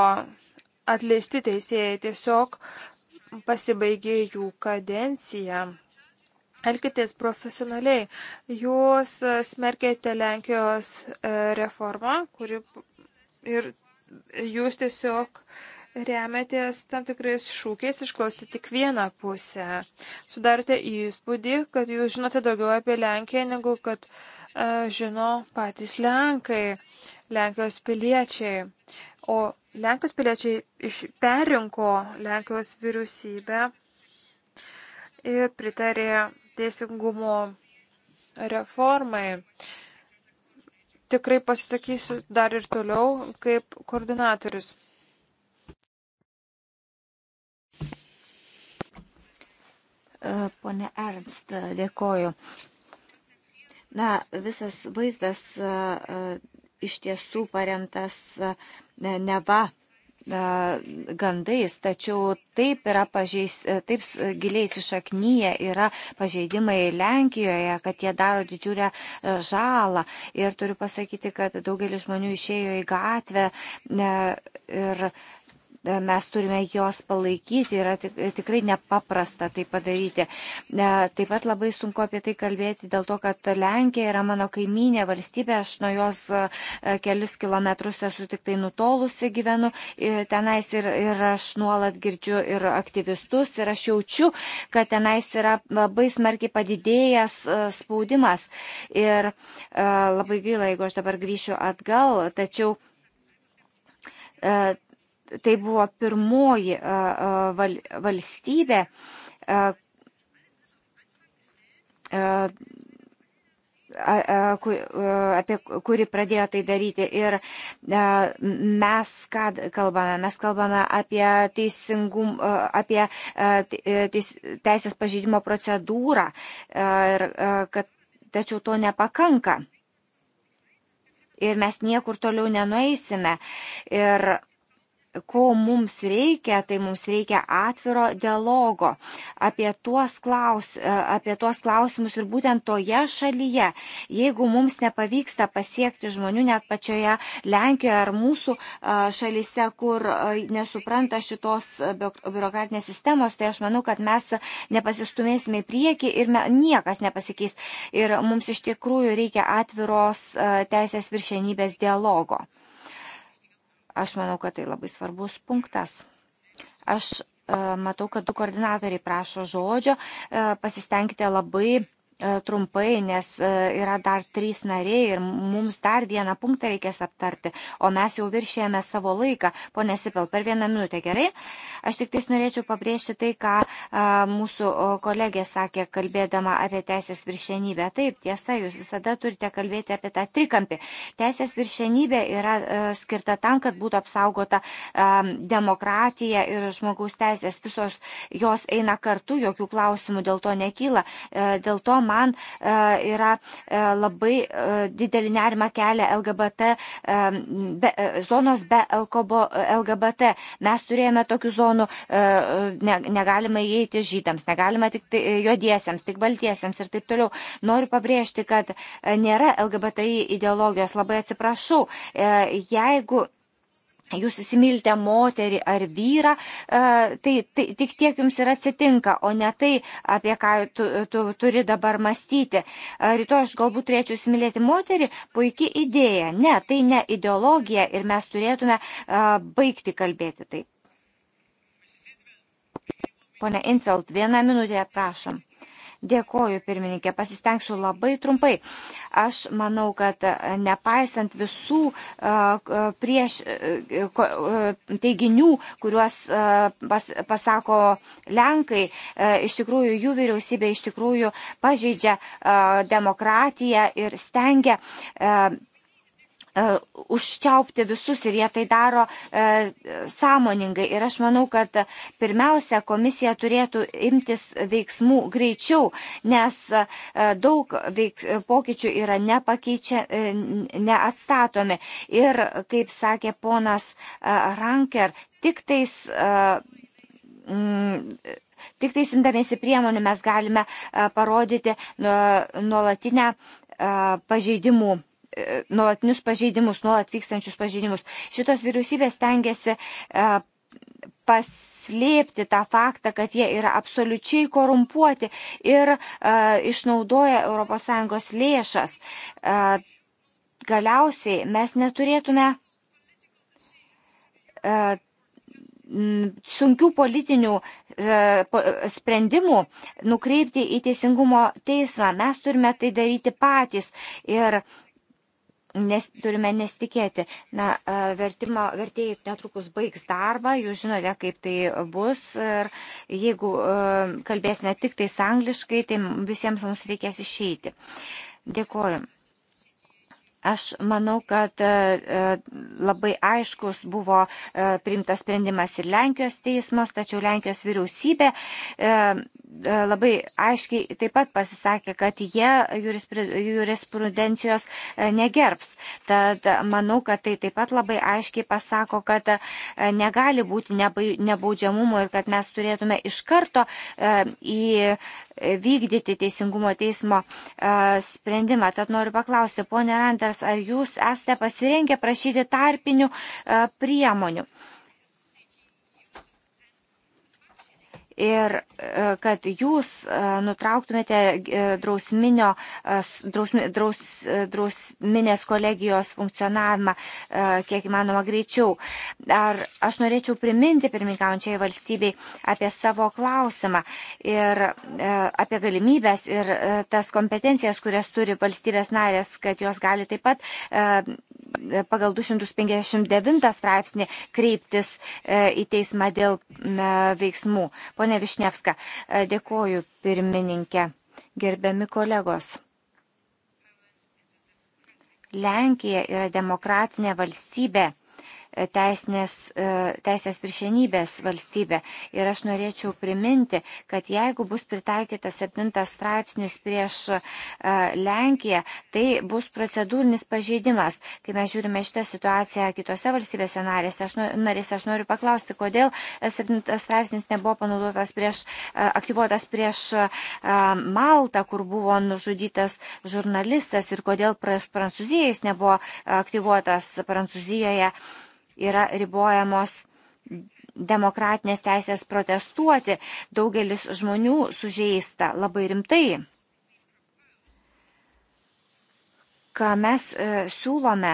atleisti teisėjai, tiesiog pasibaigė jų kadencija. Elkitės profesionaliai. Jūs smerkėte Lenkijos e, reformą, kuri ir jūs tiesiog uh, remiatės tam tikrais šūkiais išklausyti tik vieną pusę. Sudarėte įspūdį, kad jūs žinote daugiau apie Lenkiją, negu kad uh, žino patys Lenkai, Lenkijos piliečiai. O Lenkijos piliečiai iš, perinko Lenkijos vyriausybę ir pritarė teisingumo reformai. Tikrai pasisakysiu dar ir toliau kaip koordinatorius. E, pone Ernst, dėkoju. Na, visas vaizdas e, e, iš tiesų paremtas neva gandais, tačiau taip, pažeis, taip giliai išaknyje yra pažeidimai Lenkijoje, kad jie daro didžiulę žalą. Ir turiu pasakyti, kad daugelis žmonių išėjo į gatvę ne, ir E, mes turime jos palaikyti, yra e, tikrai nepaprasta tai padaryti. E, taip pat labai sunku apie tai kalbėti dėl to, kad Lenkija yra mano kaiminė valstybė, aš nuo jos kelis kilometrus esu tik tai nutolusi gyvenu tenais ir, ir aš nuolat girdžiu ir aktyvistus ir aš jaučiu, kad tenais yra labai smarkiai padidėjęs spaudimas. Ir labai gaila, jeigu aš dabar grįšiu atgal, tačiau tai buvo pirmoji val, valstybė, apie kuri pradėjo tai daryti. Ir mes ką kalbame? Mes kalbame apie, teisingum, apie teis, teisės pažydimo procedūrą, ir, kad, tačiau to nepakanka. Ir mes niekur toliau nenueisime. Ir ko mums reikia, tai mums reikia atviro dialogo apie tuos, klaus, e, apie tuos klausimus ir būtent toje šalyje. Jeigu mums nepavyksta pasiekti žmonių net pačioje Lenkijoje ar mūsų e, šalyse, kur e, nesupranta šitos biurokratinės sistemos, tai aš manau, kad mes nepasistumėsime į priekį ir me, niekas nepasikeis. Ir mums iš tikrųjų reikia atviros teisės viršenybės dialogo. Aš manau, kad tai labai svarbus punktas. Aš e, matau, kad du koordinatoriai prašo žodžio. E, Pasistengkite labai E, trumpai, nes e, yra dar trys nariai ir mums dar vieną punktą reikės aptarti, o mes jau viršėjame savo laiką. Pone Sipel, per vieną minutę gerai. Aš tik tais norėčiau pabrėžti tai, ką e, mūsų kolegė sakė, kalbėdama apie teisės viršenybę. Taip, tiesa, jūs visada turite kalbėti apie tą trikampį. Teisės viršenybė yra skirta tam, kad būtų apsaugota demokratija ir žmogaus teisės. Visos jos eina kartu, jokių klausimų dėl to nekyla. Dėl to man e, yra e, labai e, didelį nerimą kelia LGBT be, zonos be LGBT. Mes turėjome tokių zonų, ne, negalima įeiti žydams, negalima tik juodiesiems, tik baltiesiems ir taip toliau. Noriu pabrėžti, kad nėra LGBTI ideologijos, labai atsiprašau. Jeigu jūs įsimylite moterį ar vyrą, e, tai, tai tik tiek jums ir atsitinka, o ne tai, apie ką tu, tu turi dabar mąstyti. E, rytoj aš galbūt turėčiau įsimylėti moterį, puikiai idėja. Ne, tai ne ideologija ir mes turėtume e, baigti kalbėti taip. Pone Infeld, vieną minutę prašom. Dėkoju, pirmininkė, pasistengsiu labai trumpai. Aš manau, kad e, nepaisant visų e, e, prieš teiginių, kuriuos pasako Lenkai, iš tikrųjų jų vyriausybė iš tikrųjų pažeidžia demokratiją ir stengia E, užčiaupti visus ir jie tai daro e, sąmoningai. Ir aš manau, kad pirmiausia, komisija turėtų imtis veiksmų greičiau, nes e, daug veiks, pokyčių yra nepakeičia, e, neatstatomi. Ir, kaip sakė ponas e, Ranker, tik tais. E, mm, Tik tai simdamėsi priemonių mes galime e, parodyti e, nuolatinę pažeidimų nuolatinius pažeidimus, nuolat vykstančius pažeidimus. Šitos vyriausybės tengiasi e, paslėpti tą faktą, kad jie yra absoliučiai korumpuoti ir uh, išnaudoja ES lėšas. Uh, galiausiai mes neturėtume uh, sunkių politinių sprendimų nukreipti į teisingumo teismą. Mes turime tai daryti patys. Ir nes, turime nesitikėti. Na, e, vertimo, vertėjai netrukus baigs darbą, jūs žinote, kaip tai bus. Ir jeigu e, kalbėsime tik tais angliškai, tai visiems mums reikės išeiti. Dėkuoju. Aš manau, kad e, e, labai aiškus buvo e, priimtas sprendimas ir Lenkijos teismas, tačiau Lenkijos vyriausybė labai aiškiai taip pat pasisakė, kad jie jurisprudencijos negerbs. Tad manau, kad tai taip pat labai aiškiai pasako, kad negali būti nebaudžiamumo ir kad mes turėtume iš karto į E, vykdyti Teisingumo teismo e, sprendimą. Tad noriu paklausti, ponė Randers, ar jūs esate pasirengę prašyti tarpinių e, priemonių? ir e, kad jūs e, nutrauktumėte e, drausminio, drausmi, draus, drausminės kolegijos funkcionavimą kiek įmanoma greičiau. Ar aš norėčiau priminti pirmininkaujančiai valstybei apie savo klausimą ir apie galimybės ir tas kompetencijas, kurias turi valstybės narės, kad jos gali taip pat E, pagal 259 straipsnį kreiptis e, į teismą dėl e, veiksmų. Pone Višnevska, dėkoju pirmininkė, gerbiami kolegos. Lenkija yra demokratinė valstybė E, teisinės, e, teisės viršenybės valstybė. Ir aš norėčiau priminti, kad jeigu bus pritaikytas septintas straipsnis prieš e, Lenkiją, tai bus procedūrinis pažeidimas. Kai mes žiūrime šitą situaciją kitose valstybėse narėse, aš, narėse, aš noriu paklausti, kodėl septintas straipsnis nebuvo panaudotas prieš, aktyvuotas prieš Maltą, kur buvo nužudytas žurnalistas ir kodėl prieš Prancūziją jis nebuvo aktyvuotas Prancūzijoje yra ribojamos demokratinės teisės protestuoti, daugelis žmonių sužeista labai rimtai. Ką mes e, siūlome?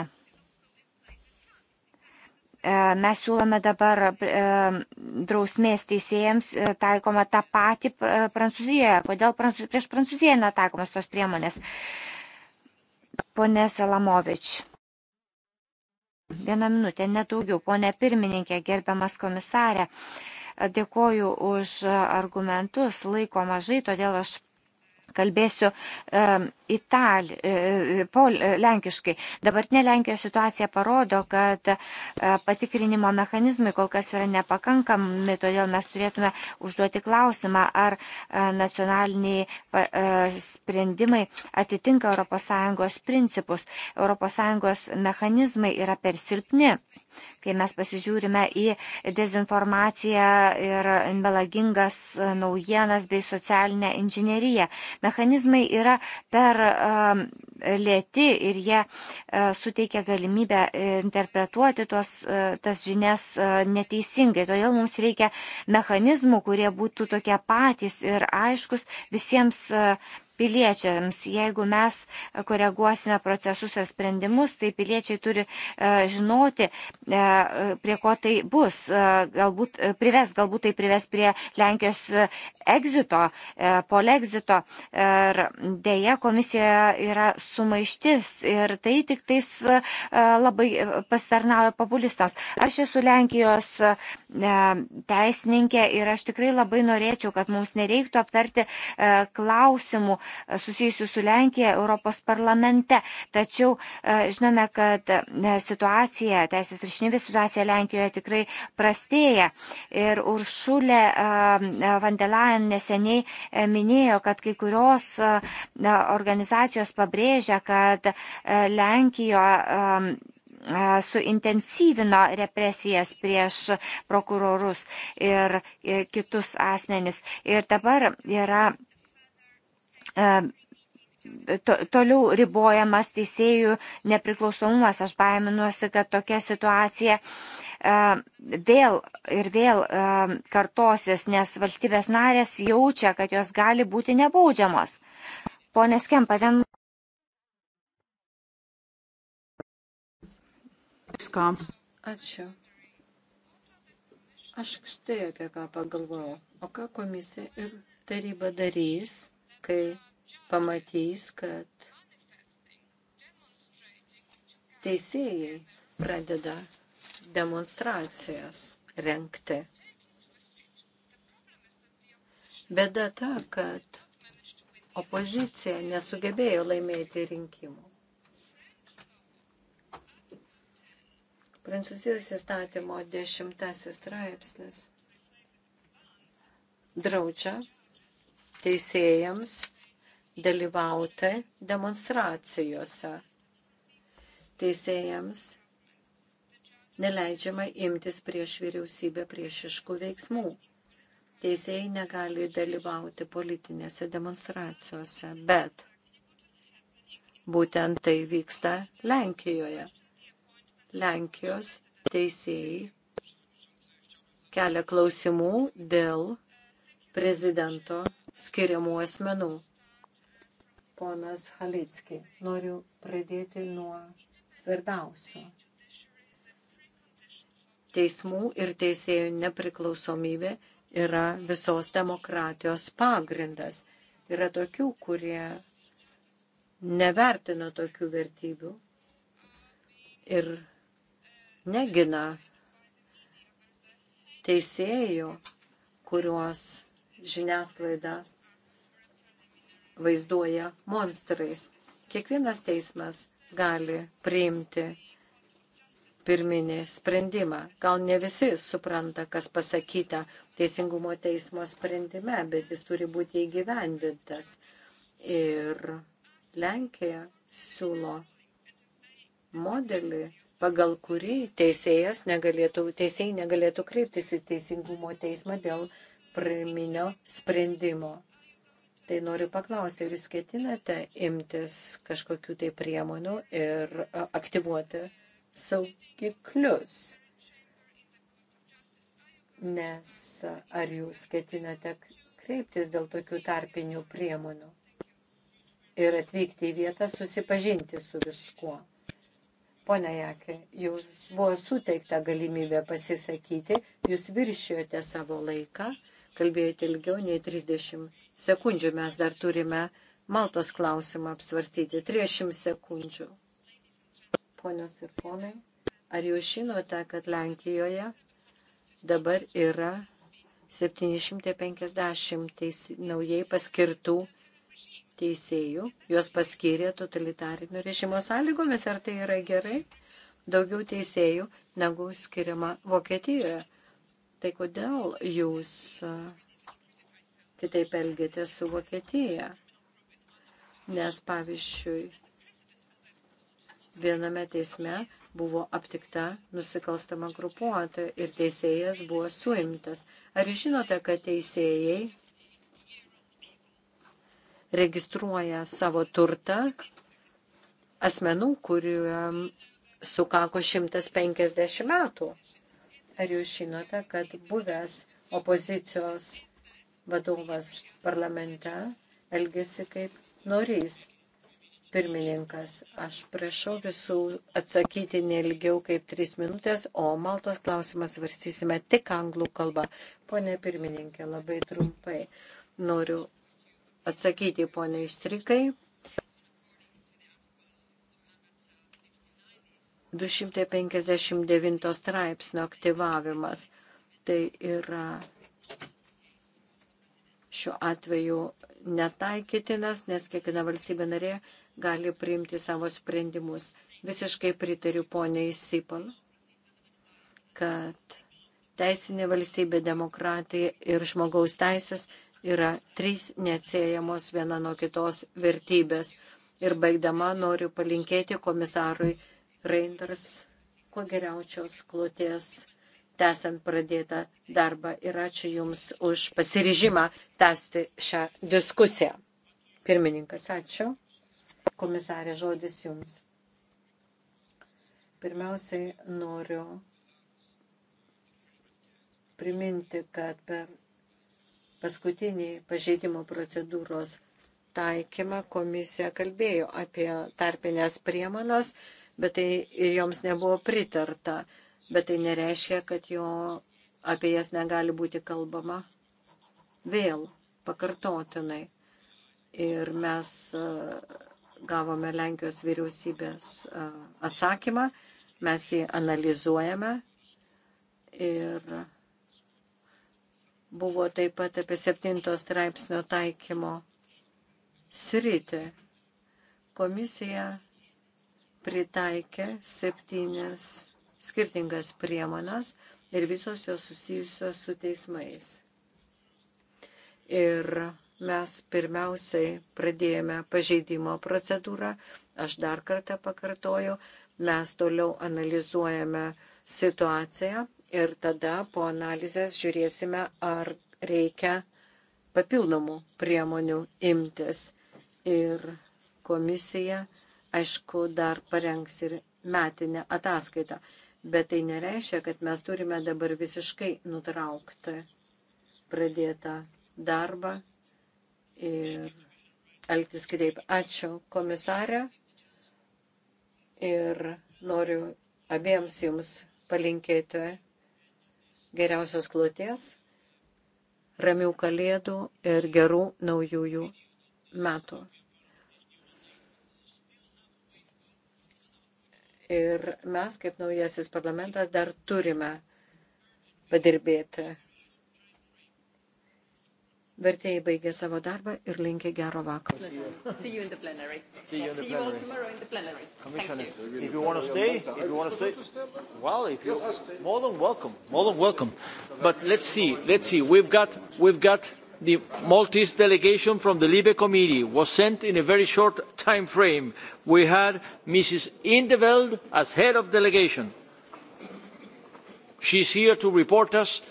E, mes siūlome dabar e, drausmės teisėjams e, taikoma tą patį e, Prancūzijoje. Kodėl prancūz, prieš Prancūziją netaikomos tos priemonės? Pone Salamovič. Vieną minutę, nedaugiau. Pone pirmininkė, gerbiamas komisarė, dėkoju už argumentus, laiko mažai, todėl aš kalbėsiu um, itali, e, e, pol, e, lenkiškai. Dabartinė Lenkijos situacija parodo, kad patikrinimo mechanizmai kol kas yra nepakankami, todėl mes turėtume užduoti klausimą, ar nacionaliniai sprendimai atitinka ES principus. ES mechanizmai yra per silpni. Kai mes pasižiūrime į dezinformaciją ir melagingas e, naujienas bei socialinę inžineriją, mechanizmai yra per lėti ir jie e, suteikia galimybę e, interpretuoti tuos, tas žinias neteisingai. Todėl mums reikia mechanizmų, kurie būtų tokie patys ir aiškus visiems piliečiams. Jeigu mes koreguosime procesus ar sprendimus, tai piliečiai turi e, žinoti, e, prie ko tai bus. E, galbūt prives, galbūt tai prives prie Lenkijos egzito, polegzito. Ir dėja, komisijoje yra sumaištis ir tai tik tais labai pastarnauja populistams. Aš esu Lenkijos teisininkė ir aš tikrai labai norėčiau, kad mums nereiktų aptarti klausimų, E, susijusių su Lenkija Europos parlamente. Tačiau e, žinome, kad e, situacija, teisės viršinybės situacija Lenkijoje tikrai prastėja. Ir Uršulė Vandelajan neseniai minėjo, kad kai kurios organizacijos pabrėžia, kad Lenkijoje suintensyvino represijas prieš prokurorus ir kitus asmenis. Ir dabar yra to, toliau ribojamas teisėjų nepriklausomumas. Aš baiminuosi, kad tokia situacija vėl ir vėl kartosis, nes valstybės narės jaučia, kad jos gali būti nebaudžiamos. Pone Skempa, ten. Viskam. Ačiū. Aš štai apie ką pagalvojau. O ką komisija ir taryba darys? kai pamatys, kad teisėjai pradeda demonstracijas renkti. Bėda ta, kad opozicija nesugebėjo laimėti rinkimų. Prancūzijos įstatymo dešimtasis straipsnis draudžia teisėjams dalyvauti demonstracijose. Teisėjams neleidžiama imtis prieš vyriausybę priešiškų veiksmų. Teisėjai negali dalyvauti politinėse demonstracijose, bet būtent tai vyksta Lenkijoje. Lenkijos teisėjai kelia klausimų dėl prezidento skiriamų asmenų. Ponas Halitski, noriu pradėti nuo svarbiausio. Teismų ir teisėjų nepriklausomybė yra visos demokratijos pagrindas. Yra tokių, kurie nevertina tokių vertybių ir negina teisėjų, kuriuos žiniasklaida vaizduoja monstrais. Kiekvienas teismas gali priimti pirminį sprendimą. Gal ne visi supranta, kas pasakyta teisingumo teismo sprendime, bet jis turi būti įgyvendintas. Ir Lenkija siūlo modelį, pagal kurį teisėjas negalėtų, teisėjai negalėtų kreiptis į teisingumo teismą dėl pirminio sprendimo. Tai noriu paklausti, ar jūs ketinate imtis kažkokių tai priemonių ir aktyvuoti saugiklius? Nes ar jūs ketinate kreiptis dėl tokių tarpinių priemonių ir atvykti į vietą, susipažinti su viskuo? Pone Jakė, jūs buvo suteikta galimybė pasisakyti, jūs viršijote savo laiką kalbėjote ilgiau nei 30 sekundžių. Mes dar turime Maltos klausimą apsvarstyti. 30 sekundžių. Ponios ir ponai, ar jūs žinote, kad Lenkijoje dabar yra 750 teis, naujai paskirtų teisėjų? Jos paskyrė totalitarinio režimo sąlygomis. Ar tai yra gerai? Daugiau teisėjų negu skiriama Vokietijoje Tai kodėl jūs kitaip elgėte su Vokietija? Nes, pavyzdžiui, viename teisme buvo aptikta nusikalstama grupuotė ir teisėjas buvo suimtas. Ar jūs žinote, kad teisėjai registruoja savo turtą asmenų, kuriuo sukako 150 metų? ar jūs žinote, kad buvęs opozicijos vadovas parlamente elgesi kaip norys pirmininkas. Aš prašau visų atsakyti nelgiau kaip tris minutės, o Maltos klausimą svarstysime tik anglų kalbą. Pone pirmininkė, labai trumpai noriu atsakyti, pone Ištrikai, 259 straipsnio aktyvavimas. Tai yra šiuo atveju netaikytinas, nes kiekviena valstybė narė gali priimti savo sprendimus. Visiškai pritariu poniai Sipal, kad teisinė valstybė, demokratija ir žmogaus teisės yra trys neatsiejamos viena nuo kitos vertybės. Ir baigdama noriu palinkėti komisarui Reinders kuo geriausios kloties tęsiant pradėtą darbą ir ačiū Jums už pasirižimą tęsti šią diskusiją. Pirmininkas, ačiū. Komisarė, žodis Jums. Pirmiausiai noriu priminti, kad per paskutinį pažeidimo procedūros taikymą komisija kalbėjo apie tarpinės priemonas, bet tai ir joms nebuvo pritarta, bet tai nereiškia, kad jo apie jas negali būti kalbama vėl pakartotinai. Ir mes e, gavome Lenkijos vyriausybės e, atsakymą, mes jį analizuojame ir buvo taip pat apie 7 straipsnio taikymo sritį. Komisija pritaikė septynias skirtingas priemonas ir visos jos susijusios su teismais. Ir mes pirmiausiai pradėjome pažeidimo procedūrą, aš dar kartą pakartoju, mes toliau analizuojame situaciją ir tada po analizės žiūrėsime, ar reikia papildomų priemonių imtis. Ir komisija aišku, dar parengs ir metinę ataskaitą. Bet tai nereiškia, kad mes turime dabar visiškai nutraukti pradėtą darbą ir elgtis kitaip. Ačiū komisarė ir noriu abiems jums palinkėti geriausios kloties, ramių kalėdų ir gerų naujųjų metų. ir mes, kaip naujasis parlamentas, dar turime padirbėti. Vertėjai baigė savo darbą ir linkė gero vakaro. See you in the plenary. See you, in the plenary. See you all tomorrow in the plenary. Commissioner, you. if you want to stay, if you want to stay, well, if you more than welcome, more than welcome. But let's see, let's see. We've got, we've got the Maltese delegation from the Libe Committee was sent in a very short time frame. We had Mrs. Indeveld as head of delegation. She's here to report us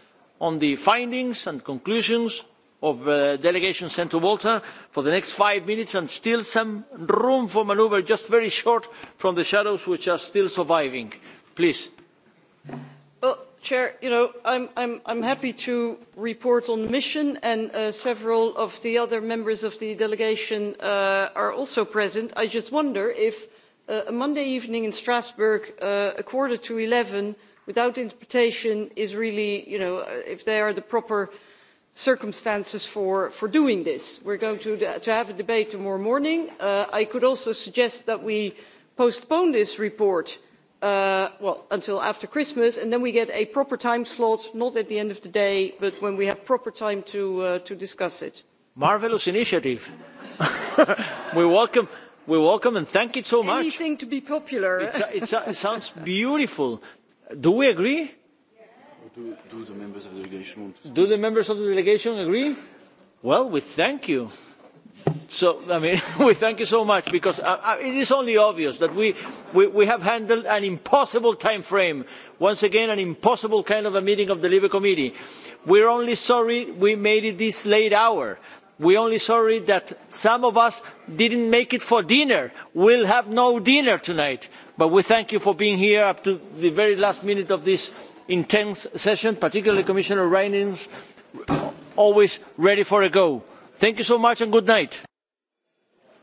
on the findings and conclusions of uh, delegation sent to Malta for the next five minutes and still some room for manoeuvre, just very short from the shadows which are still surviving. Please. Chair, you know, I'm, I'm, I'm happy to report on the mission and uh, several of the other members of the delegation uh, are also present. I just wonder if uh, a Monday evening in Strasbourg, uh, a quarter to 11, without interpretation is really, you know, uh, if they are the proper circumstances for, for doing this. We're going to, uh, to have a debate tomorrow morning. Uh, I could also suggest that we postpone this report uh, uh, well, until after Christmas, and then we get a proper time slot, not at the end of the day, but when we have proper time to, uh, to discuss it. Marvelous initiative. we welcome we welcome and thank you so much. Anything to be popular. it's a, it's a, it sounds beautiful. Do we agree? Do, do the members of the delegation want to speak? Do the members of the delegation agree? Well, we thank you. So, I mean, we thank you so much because uh, uh, it is only obvious that we, we, we have handled an impossible time frame. Once again, an impossible kind of a meeting of the Labour Committee. We're only sorry we made it this late hour. We're only sorry that some of us didn't make it for dinner. We'll have no dinner tonight. But we thank you for being here up to the very last minute of this intense session, particularly Commissioner Reinings, always ready for a go thank you so much and good night.